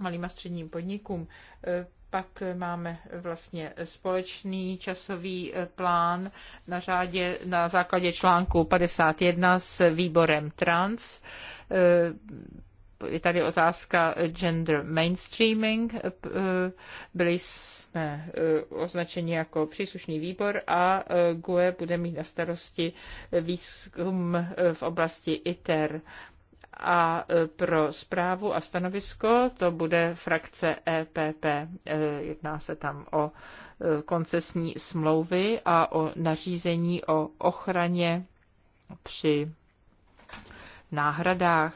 malým a středním podnikům e, pak máme vlastně společný časový eh, plán na, řádě, na základě článku 51 s výborem trans eh, je tady otázka gender mainstreaming. Eh, byli jsme označeni jako příslušný výbor a GUE bude mít na starosti výzkum v oblasti ITER a e, pro zprávu a stanovisko to bude frakce EPP. E, jedná se tam o e, koncesní smlouvy a o nařízení o ochraně při náhradách.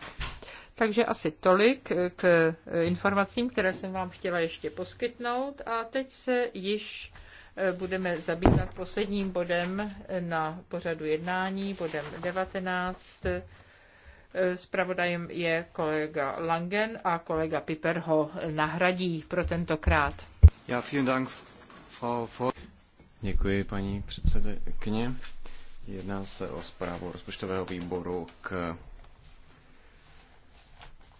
Takže asi tolik k informacím, které jsem vám chtěla ještě poskytnout a teď se již budeme zabývat posledním bodem na pořadu jednání, bodem 19 Spravodajem je kolega Langen a kolega Piper ho nahradí pro tentokrát. Já vielen Dank, Frau Děkuji, paní předsedkyně. Jedná se o zprávu rozpočtového výboru k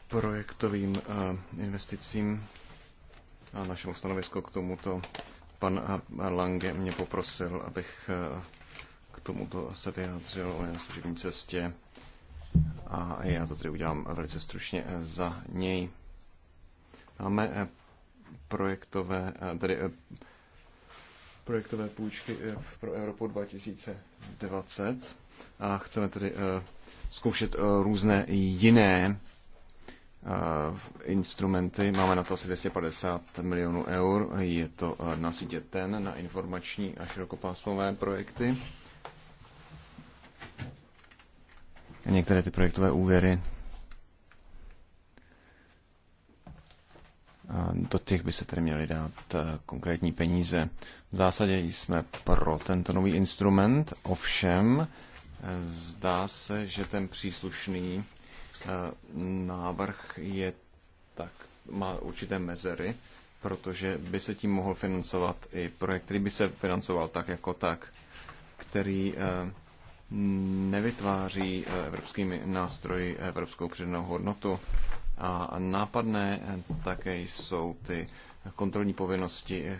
projektovým eh, investicím a našemu stanovisku k tomuto. Pan eh, Lange mě poprosil, abych eh, k tomuto se vyjádřil o služební cestě a já to tady udělám velice stručně za něj. Máme eh, projektové, eh, tedy eh, projektové půjčky pro Evropu 2020 a chceme tedy zkoušet různé jiné instrumenty. Máme na to asi 250 milionů eur. Je to na sítě TEN, na informační a širokopásmové projekty. některé ty projektové úvěry. A do těch by se tedy měly dát eh, konkrétní peníze. V zásadě jsme pro tento nový instrument, ovšem eh, zdá se, že ten příslušný eh, návrh je tak, má určité mezery, protože by se tím mohl financovat i projekt, který by se financoval tak jako tak, který nevytváří eh, evropskými nástroji eh, evropskou přidanou hodnotu. A nápadné eh, také jsou ty kontrolní povinnosti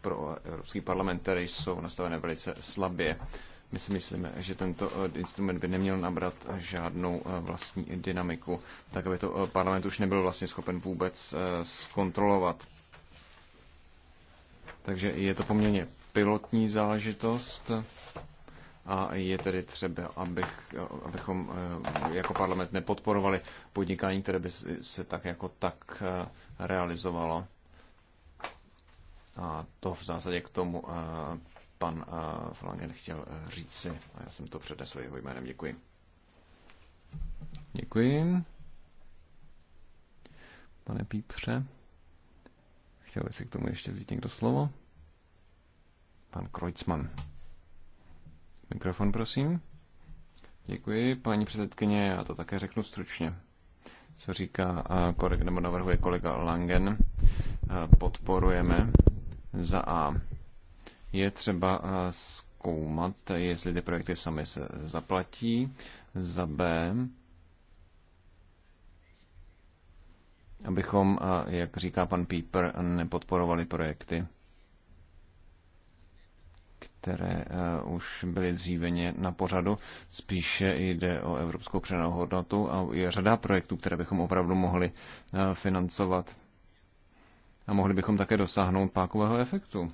pro Evropský parlament, které jsou nastavené velice slabě. My si myslíme, že tento instrument by neměl nabrat žádnou vlastní dynamiku, tak aby to parlament už nebyl vlastně schopen vůbec zkontrolovat. Takže je to poměrně pilotní záležitost a je tedy třeba, abych, abychom eh, jako parlament nepodporovali podnikání, které by se tak jako tak eh, realizovalo. A to v zásadě k tomu eh, pan Flangen chtěl říci. A já jsem to přednesl jeho jménem. Děkuji. Děkuji. Pane Pípře, chtěl by si k tomu ještě vzít někdo slovo? Pan Kreuzmann. Mikrofon, prosím. Děkuji, paní předsedkyně, já to také řeknu stručně. Co říká kolega, nebo navrhuje kolega Langen, podporujeme za A. Je třeba zkoumat, jestli ty projekty sami se zaplatí. Za B, abychom, jak říká pan Píper, nepodporovali projekty, které eh, už byly dříveně na pořadu. Spíše jde o evropskou přenou hodnotu a je řada projektů, které bychom opravdu mohli eh, financovat. A mohli bychom také dosáhnout pákového efektu.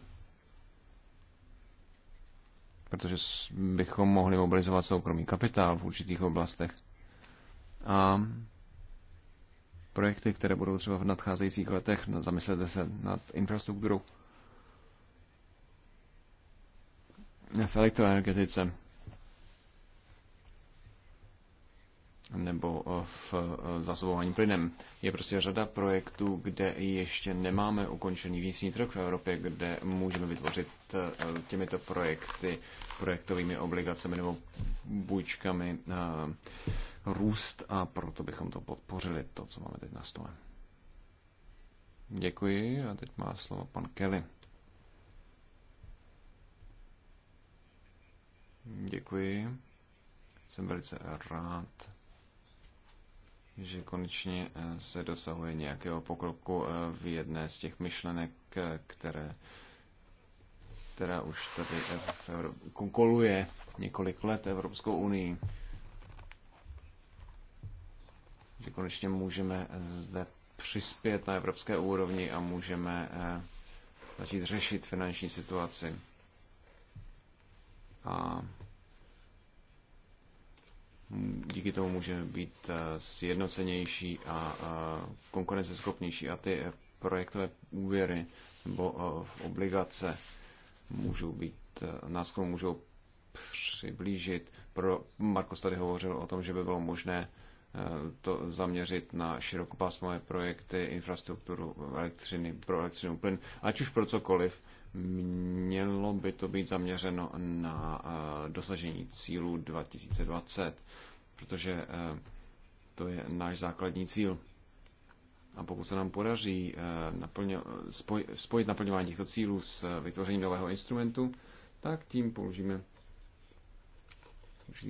Protože bychom mohli mobilizovat soukromý kapitál v určitých oblastech. A projekty, které budou třeba v nadcházejících letech, no, zamyslete se nad infrastrukturou v elektroenergetice nebo eh, v eh, zásobování plynem. Je prostě řada projektů, kde ještě nemáme ukončený vnitřní trh v Evropě, kde můžeme vytvořit eh, těmito projekty, projektovými obligacemi nebo bůjčkami růst a proto bychom to podpořili, to, co máme teď na stole. Děkuji a teď má slovo pan Kelly. Děkuji. Jsem velice rád, že konečně eh, se dosahuje nějakého pokroku eh, v jedné z těch myšlenek, eh, které která už tady v koluje několik let Evropskou unii. Že konečně můžeme zde přispět na evropské úrovni a můžeme začít řešit finanční situaci. A díky tomu může být eh, sjednocenější a konkurenceschopnější a ty eh, projektové úvěry nebo eh, obligace můžou být, nás komu můžou přiblížit. Pro, Marko tady hovořil o tom, že by bylo možné to zaměřit na širokopásmové projekty, infrastrukturu elektřiny, pro elektřinu, plyn, ať už pro cokoliv, Mělo by to být zaměřeno na eh, dosažení cílu 2020, protože eh, to je náš základní cíl. A pokud se nám podaří eh, naplňo, spoj, spojit naplňování těchto cílů s vytvořením nového instrumentu, tak tím položíme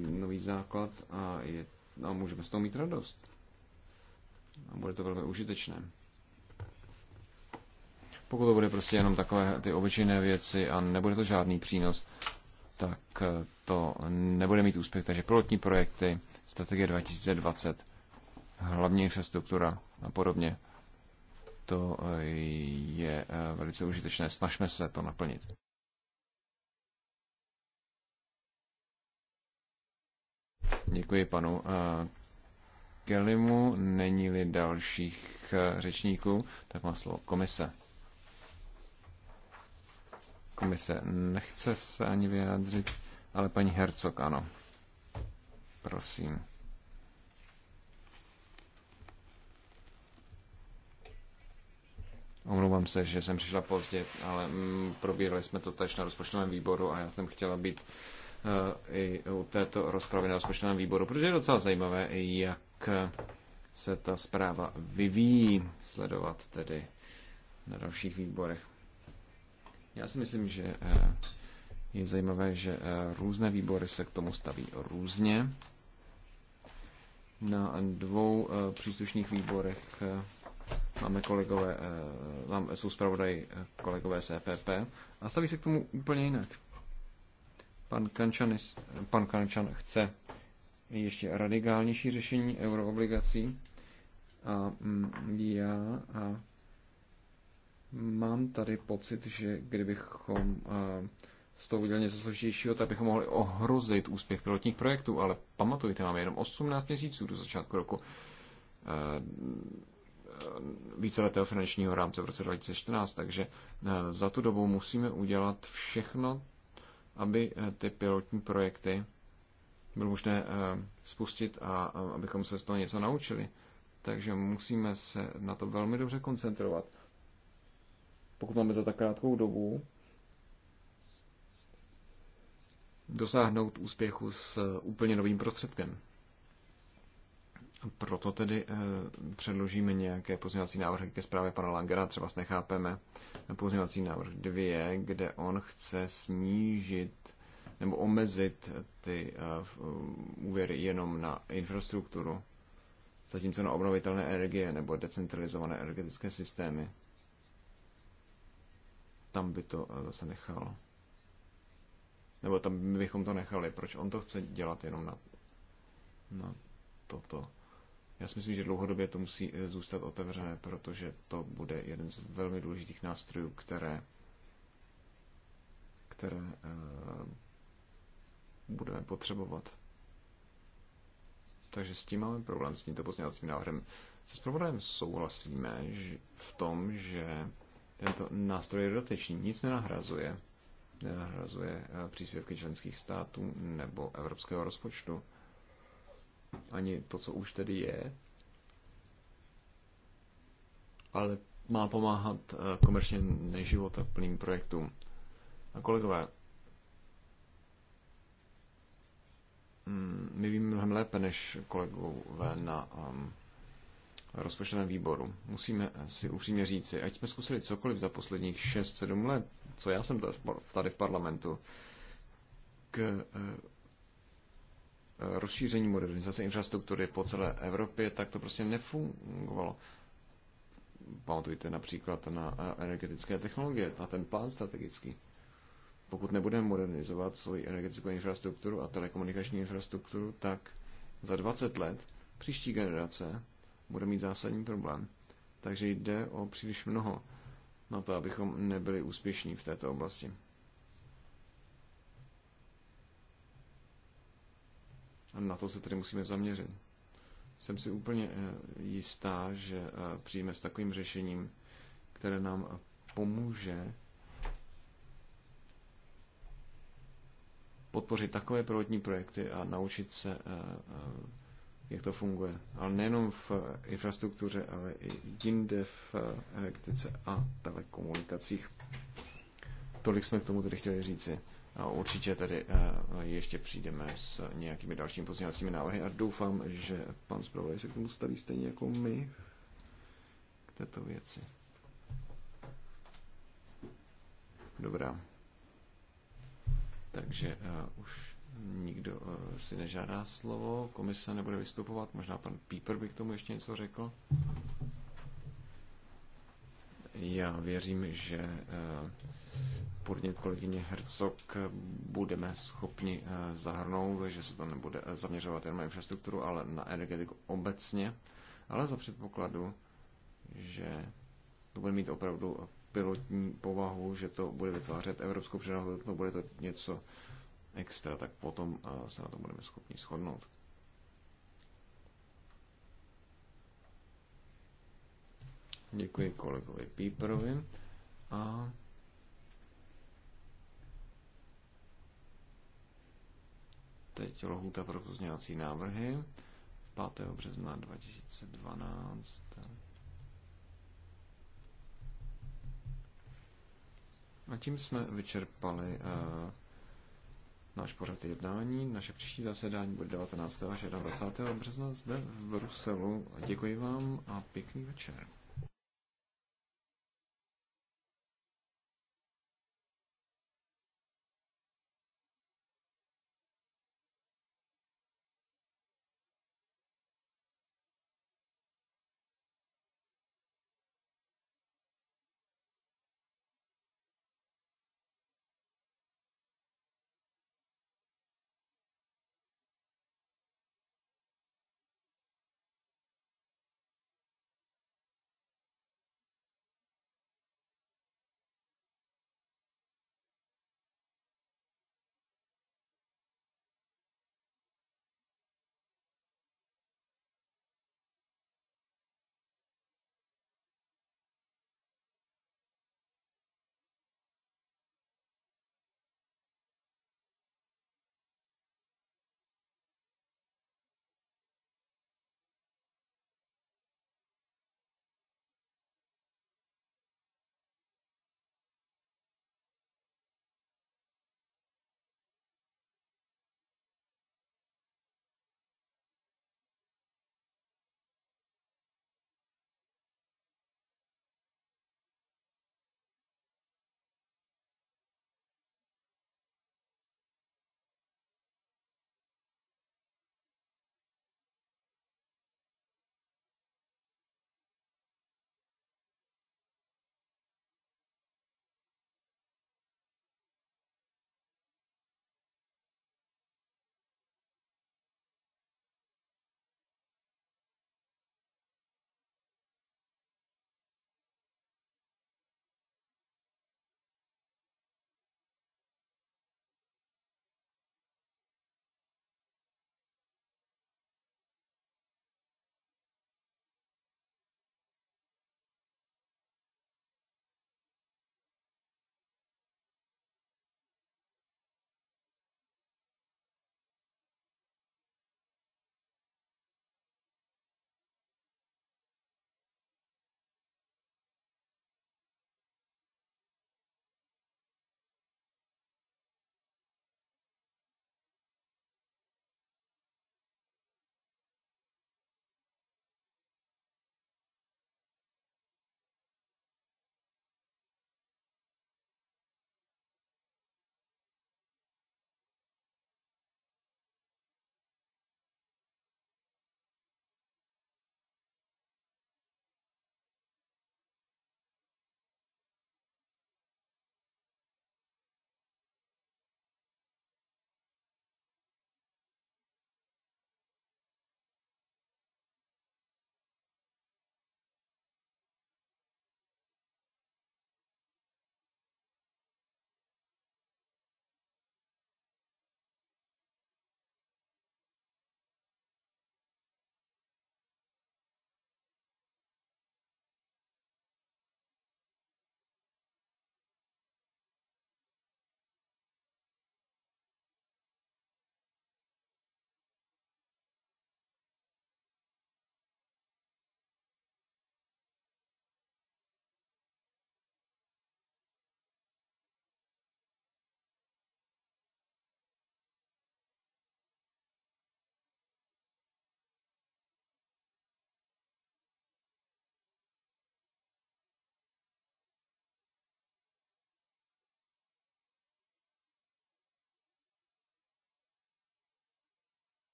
nový základ a, je, a můžeme z toho mít radost. A bude to velmi užitečné. Pokud to bude prostě jenom takové ty obyčejné věci a nebude to žádný přínos, tak eh, to nebude mít úspěch. Takže pilotní projekty, strategie 2020, hlavní infrastruktura a podobně, to eh, je eh, velice užitečné. Snažme se to naplnit. Děkuji panu Kelimu. Není-li dalších řečníků, tak má slovo komise komise nechce se ani vyjádřit, ale paní Hercog ano. Prosím. Omlouvám se, že jsem přišla pozdě, ale mm, probírali jsme to tež na rozpočtovém výboru a já jsem chtěla být uh, i u této rozpravy na rozpočtovém výboru, protože je docela zajímavé, jak eh, se ta zpráva vyvíjí, sledovat tedy na dalších výborech. Já si myslím, že eh, je zajímavé, že eh, různé výbory se k tomu staví různě. Na dvou eh, příslušných výborech máme kolegové, mám, jsou zpravodají kolegové z EPP a staví se k tomu úplně jinak. Pan Kančan, pan Kančan chce ještě radikálnější řešení euroobligací a mm, já a Mám tady pocit, že kdybychom eh, z toho udělali něco složitějšího, tak bychom mohli ohrozit úspěch pilotních projektů, ale pamatujte, máme jenom 18 měsíců do začátku roku eh, eh, víceletého finančního rámce v roce 2014, takže za tu dobu musíme udělat všechno, aby ty pilotní projekty bylo možné spustit a abychom se z toho něco naučili. Takže musíme se na to velmi dobře koncentrovat pokud máme za tak krátkou dobu dosáhnout úspěchu s eh, úplně novým prostředkem. Proto tedy eh, předložíme nějaké pozměňovací návrhy ke zprávě pana Langera, třeba s nechápeme pozměňovací návrh 2, kde on chce snížit nebo omezit ty eh, úvěry jenom na infrastrukturu, zatímco na obnovitelné energie nebo decentralizované energetické systémy tam by to eh, zase nechal. Nebo tam bychom to nechali. Proč on to chce dělat jenom na, na toto? Já si myslím, že dlouhodobě to musí eh, zůstat otevřené, protože to bude jeden z velmi důležitých nástrojů, které, které uh, budeme potřebovat. Takže s tím máme problém, s tímto pozměňovacím návrhem. Se zpravodajem souhlasíme že v tom, že tento nástroj je nic nenahrazuje. Nenahrazuje eh, příspěvky členských států nebo evropského rozpočtu. Ani to, co už tedy je, ale má pomáhat eh, komerčně neživota plným projektům. A kolegové, mm, my víme mnohem lépe než kolegové na um, rozpočtovém výboru. Musíme si upřímně říci, ať jsme zkusili cokoliv za posledních 6-7 let, co já jsem tady v parlamentu, k eh, rozšíření modernizace infrastruktury po celé Evropě, tak to prostě nefungovalo. Pamatujte například na eh, energetické technologie, na ten plán strategický. Pokud nebudeme modernizovat svoji energetickou infrastrukturu a telekomunikační infrastrukturu, tak za 20 let příští generace bude mít zásadní problém. Takže jde o příliš mnoho na to, abychom nebyli úspěšní v této oblasti. A na to se tedy musíme zaměřit. Jsem si úplně eh, jistá, že eh, přijme s takovým řešením, které nám eh, pomůže podpořit takové prvotní projekty a naučit se jak to funguje. Ale nejenom v eh, infrastruktuře, ale i jinde v eh, elektrice a telekomunikacích. Tolik jsme k tomu tedy chtěli říci. A určitě tady eh, ještě přijdeme s nějakými dalšími pozměňovacími návrhy a doufám, že pan zpravodaj se k tomu staví stejně jako my k této věci. Dobrá. Takže uh, už Nikdo eh, si nežádá slovo, komise nebude vystupovat, možná pan Píper by k tomu ještě něco řekl. Já věřím, že eh, podnět kolegyně Hercog budeme schopni eh, zahrnout, že se to nebude zaměřovat jenom na infrastrukturu, ale na energetiku obecně, ale za předpokladu, že to bude mít opravdu pilotní povahu, že to bude vytvářet evropskou přidanou hodnotu, bude to něco, extra, tak potom eh, se na to budeme schopni shodnout. Děkuji kolegovi Píperovi a teď lohuta pro pozměňovací návrhy 5. března 2012. A tím jsme vyčerpali uh, náš pořad jednání. Naše příští zasedání bude 19. až 21. března zde v Bruselu. Děkuji vám a pěkný večer.